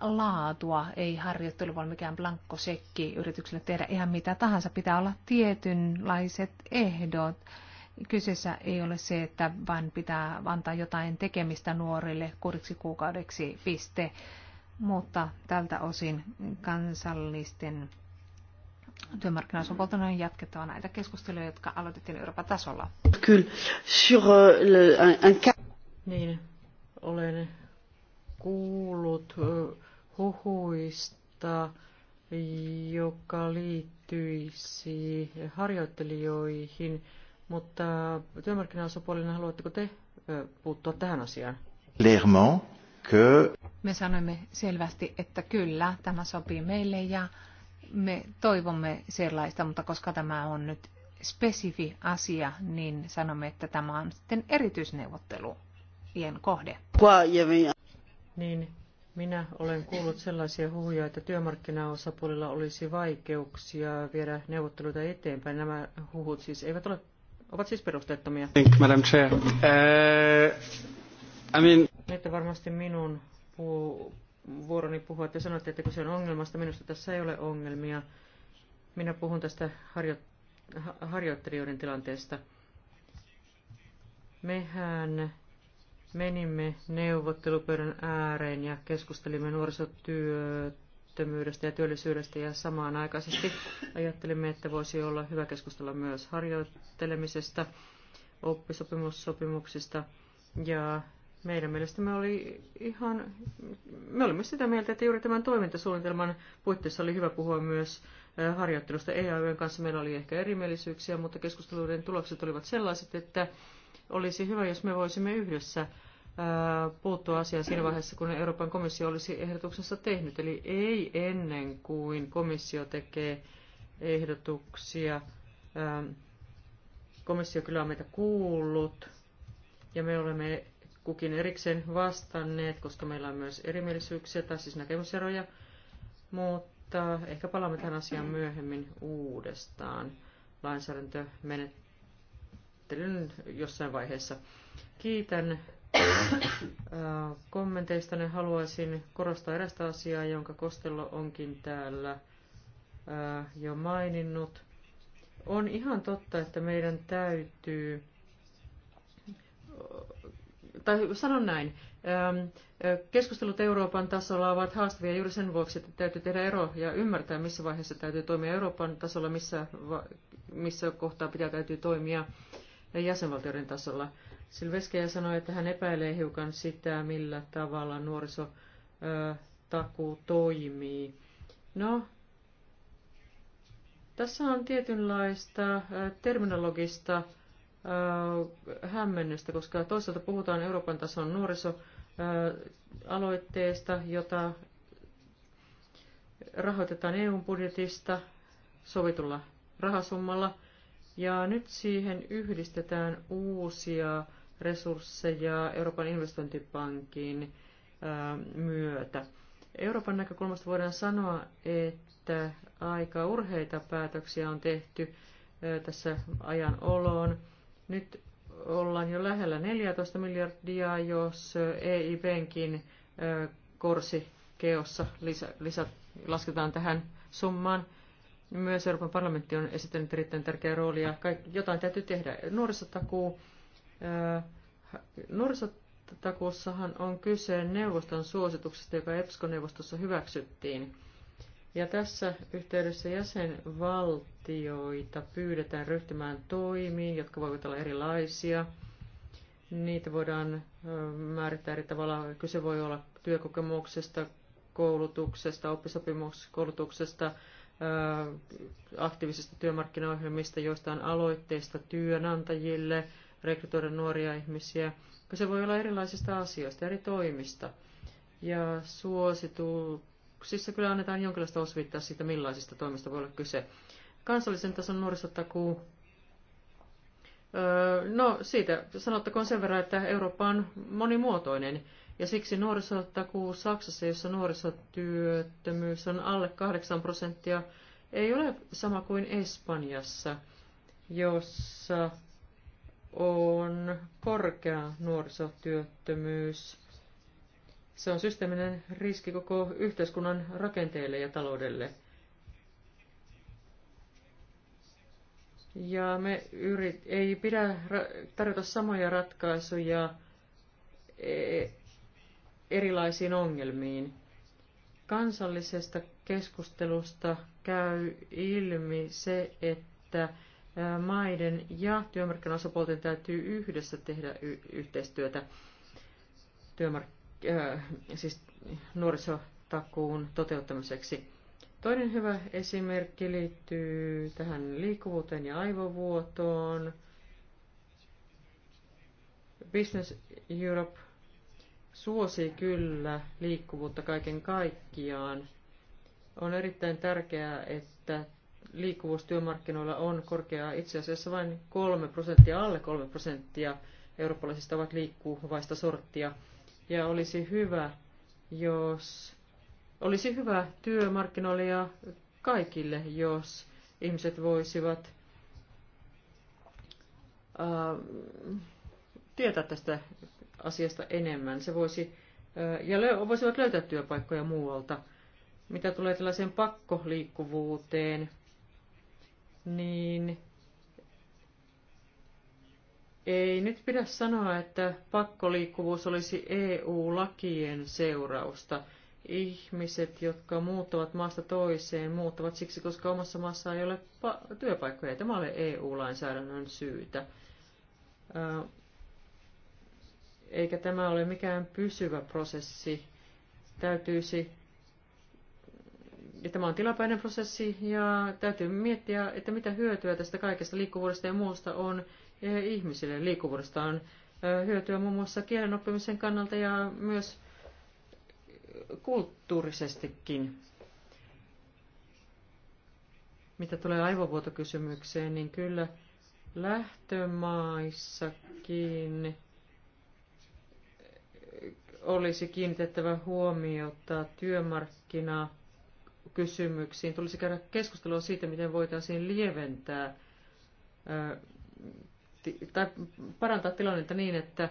laatua. Ei harjoittelu voi mikään blankkosekki yritykselle tehdä ihan mitä tahansa. Pitää olla tietynlaiset ehdot. Kyseessä ei ole se, että vain pitää antaa jotain tekemistä nuorille kuudeksi kuukaudeksi piste mutta tältä osin kansallisten työmarkkinaosapuolten on jatkettava näitä keskusteluja, jotka aloitettiin Euroopan tasolla. Kyllä. Sur, le, un, un... Niin, olen kuullut huhuista, joka liittyisi harjoittelijoihin, mutta työmarkkinaosapuolina haluatteko te puuttua tähän asiaan? Clairement, que... Me sanoimme selvästi, että kyllä, tämä sopii meille ja me toivomme sellaista, mutta koska tämä on nyt spesifi asia, niin sanomme, että tämä on sitten erityisneuvottelujen kohde. Niin, minä olen kuullut sellaisia huhuja, että työmarkkinaosapuolilla olisi vaikeuksia viedä neuvotteluita eteenpäin. Nämä huhut siis eivät ole, ovat siis perusteettomia. Madam Chair. Uh, I mean... Nyt varmasti minun puu, vuoroni puhua. Te sanotte, että se on ongelmasta. Minusta tässä ei ole ongelmia. Minä puhun tästä harjo, harjoittelijoiden tilanteesta. Mehän menimme neuvottelupöydän ääreen ja keskustelimme nuorisotyöttömyydestä ja työllisyydestä ja samaan aikaisesti ajattelimme, että voisi olla hyvä keskustella myös harjoittelemisesta, oppisopimussopimuksista ja meidän mielestämme oli ihan, me olimme sitä mieltä, että juuri tämän toimintasuunnitelman puitteissa oli hyvä puhua myös harjoittelusta EAYn kanssa. Meillä oli ehkä erimielisyyksiä, mutta keskusteluiden tulokset olivat sellaiset, että olisi hyvä, jos me voisimme yhdessä puuttua asiaan siinä vaiheessa, kun Euroopan komissio olisi ehdotuksensa tehnyt. Eli ei ennen kuin komissio tekee ehdotuksia. Komissio kyllä on meitä kuullut ja me olemme kukin erikseen vastanneet, koska meillä on myös erimielisyyksiä tai siis näkemyseroja, mutta ehkä palaamme tähän asiaan myöhemmin uudestaan lainsäädäntömenettelyn jossain vaiheessa. Kiitän äh, kommenteista. Haluaisin korostaa erästä asiaa, jonka Kostello onkin täällä äh, jo maininnut. On ihan totta, että meidän täytyy tai sanon näin, ähm, äh, keskustelut Euroopan tasolla ovat haastavia juuri sen vuoksi, että täytyy tehdä ero ja ymmärtää, missä vaiheessa täytyy toimia Euroopan tasolla, missä, missä kohtaa pitää täytyy toimia jäsenvaltioiden tasolla. Silveskejä sanoi, että hän epäilee hiukan sitä, millä tavalla nuorisotaku äh, toimii. No, tässä on tietynlaista äh, terminologista Äh, hämmennystä, koska toisaalta puhutaan Euroopan tason nuorisoaloitteesta, jota rahoitetaan EU-budjetista sovitulla rahasummalla, ja nyt siihen yhdistetään uusia resursseja Euroopan investointipankin äh, myötä. Euroopan näkökulmasta voidaan sanoa, että aika urheita päätöksiä on tehty äh, tässä ajan oloon. Nyt ollaan jo lähellä 14 miljardia, jos EIBnkin keossa lisä, lisä, lasketaan tähän summaan. Myös Euroopan parlamentti on esittänyt erittäin tärkeää roolia. Kaikki, jotain täytyy tehdä. Nuorisotakuu, nuorisotakuussahan on kyse neuvoston suosituksesta, joka EPSCO-neuvostossa hyväksyttiin – ja tässä yhteydessä jäsenvaltioita pyydetään ryhtymään toimiin, jotka voivat olla erilaisia. Niitä voidaan määrittää eri tavalla. Kyse voi olla työkokemuksesta, koulutuksesta, oppisopimuskoulutuksesta, aktiivisista työmarkkinaohjelmista, joista on aloitteista työnantajille, rekrytoida nuoria ihmisiä. Kyse voi olla erilaisista asioista, eri toimista. Ja suositu, Tarkistuksissa siis kyllä annetaan jonkinlaista osviittaa siitä, millaisista toimista voi olla kyse. Kansallisen tason nuorisotakuu. Öö, no siitä sanottakoon sen verran, että Eurooppa on monimuotoinen. Ja siksi nuorisotakuu Saksassa, jossa nuorisotyöttömyys on alle 8 prosenttia, ei ole sama kuin Espanjassa, jossa on korkea nuorisotyöttömyys se on systeeminen riski koko yhteiskunnan rakenteelle ja taloudelle. Ja me yrit, ei pidä tarjota samoja ratkaisuja e-, erilaisiin ongelmiin. Kansallisesta keskustelusta käy ilmi se, että maiden ja työmarkkinaosapuolten täytyy yhdessä tehdä yhteistyötä työmark- siis nuorisotakuun toteuttamiseksi. Toinen hyvä esimerkki liittyy tähän liikkuvuuteen ja aivovuotoon. Business Europe suosii kyllä liikkuvuutta kaiken kaikkiaan. On erittäin tärkeää, että liikkuvuus työmarkkinoilla on korkeaa. Itse asiassa vain 3 prosenttia, alle 3 prosenttia eurooppalaisista ovat liikkuvaista sorttia ja olisi hyvä, jos olisi hyvä työmarkkinoille ja kaikille, jos ihmiset voisivat ää, äh, tietää tästä asiasta enemmän. Se voisi, ää, äh, ja lö, voisivat löytää työpaikkoja muualta. Mitä tulee tällaiseen pakkoliikkuvuuteen, niin ei nyt pidä sanoa, että pakkoliikkuvuus olisi EU-lakien seurausta. Ihmiset, jotka muuttavat maasta toiseen, muuttavat siksi, koska omassa maassa ei ole työpaikkoja. Tämä ole EU-lainsäädännön syytä. Eikä tämä ole mikään pysyvä prosessi. Täytyisi ja tämä on tilapäinen prosessi ja täytyy miettiä, että mitä hyötyä tästä kaikesta liikkuvuudesta ja muusta on ihmisille. Liikkuvuudesta on hyötyä muun muassa kielen oppimisen kannalta ja myös kulttuurisestikin. Mitä tulee aivovuotokysymykseen, niin kyllä lähtömaissakin olisi kiinnitettävä huomiota työmarkkina kysymyksiin. Tulisi käydä keskustelua siitä, miten voitaisiin lieventää tai parantaa tilannetta niin, että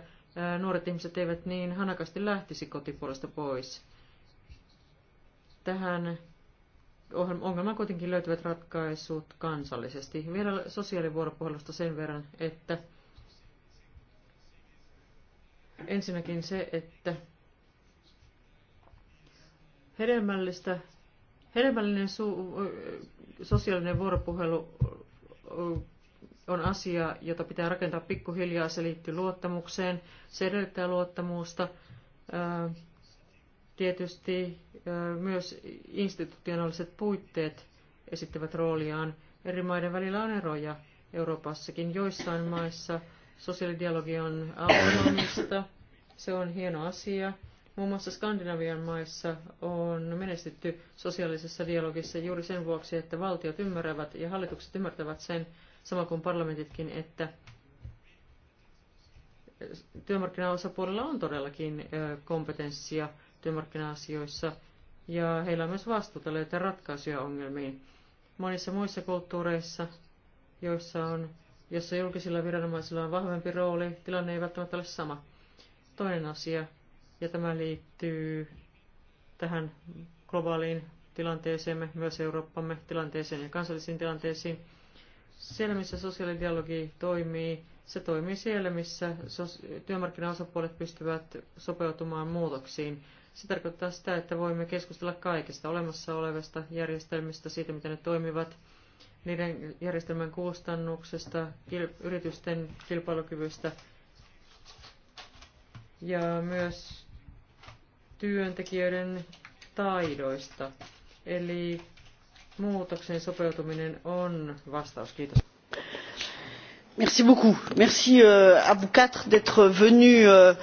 nuoret ihmiset eivät niin hanakasti lähtisi kotipuolesta pois. Tähän ongelmaan kuitenkin löytyvät ratkaisut kansallisesti. Vielä sosiaalivuoropuhelusta sen verran, että ensinnäkin se, että hedelmällistä, hedelmällinen su, sosiaalinen vuoropuhelu on asia, jota pitää rakentaa pikkuhiljaa. Se liittyy luottamukseen. Se edellyttää luottamusta. Tietysti myös institutionaaliset puitteet esittävät rooliaan. Eri maiden välillä on eroja Euroopassakin. Joissain maissa sosiaalidialogi on autonomista. Se on hieno asia. Muun muassa Skandinavian maissa on menestytty sosiaalisessa dialogissa juuri sen vuoksi, että valtiot ymmärtävät ja hallitukset ymmärtävät sen, sama kuin parlamentitkin, että työmarkkinaosapuolella on todellakin kompetenssia työmarkkina-asioissa ja heillä on myös vastuuta löytää ratkaisuja ongelmiin. Monissa muissa kulttuureissa, joissa on, jossa julkisilla viranomaisilla on vahvempi rooli, tilanne ei välttämättä ole sama. Toinen asia, ja tämä liittyy tähän globaaliin tilanteeseemme, myös Eurooppamme tilanteeseen ja kansallisiin tilanteisiin, siellä, missä sosiaalidialogi toimii, se toimii siellä, missä työmarkkinaosapuolet pystyvät sopeutumaan muutoksiin. Se tarkoittaa sitä, että voimme keskustella kaikista olemassa olevista järjestelmistä, siitä miten ne toimivat, niiden järjestelmän kustannuksesta, kil, yritysten kilpailukyvystä ja myös työntekijöiden taidoista. Eli muutokseen sopeutuminen on vastaus. Kiitos. Merci beaucoup. Merci euh, à vous quatre d'être venus. Euh.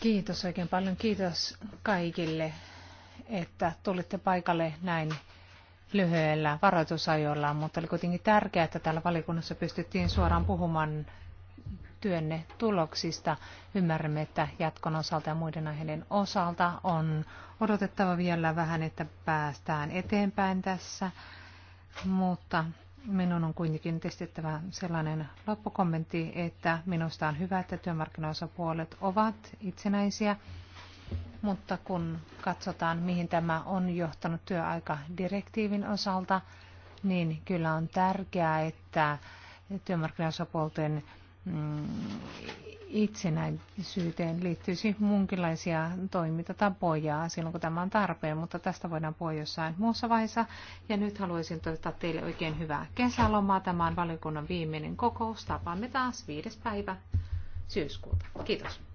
Kiitos oikein paljon. Kiitos kaikille, että tulitte paikalle näin lyhyellä varoitusajolla, mutta oli kuitenkin tärkeää, että täällä valikunnassa pystyttiin suoraan puhumaan työnne tuloksista. Ymmärrämme, että jatkon osalta ja muiden aiheiden osalta on odotettava vielä vähän, että päästään eteenpäin tässä, mutta minun on kuitenkin testittävä sellainen loppukommentti, että minusta on hyvä, että työmarkkinaosapuolet ovat itsenäisiä, mutta kun katsotaan, mihin tämä on johtanut työaikadirektiivin osalta, niin kyllä on tärkeää, että työmarkkinaosapuolten Mm, itsenäisyyteen liittyisi munkinlaisia toimintatapoja silloin, kun tämä on tarpeen, mutta tästä voidaan puhua jossain muussa vaiheessa. Ja nyt haluaisin toivottaa teille oikein hyvää kesälomaa. Tämä on valiokunnan viimeinen kokous. Tapaamme taas viides päivä syyskuuta. Kiitos.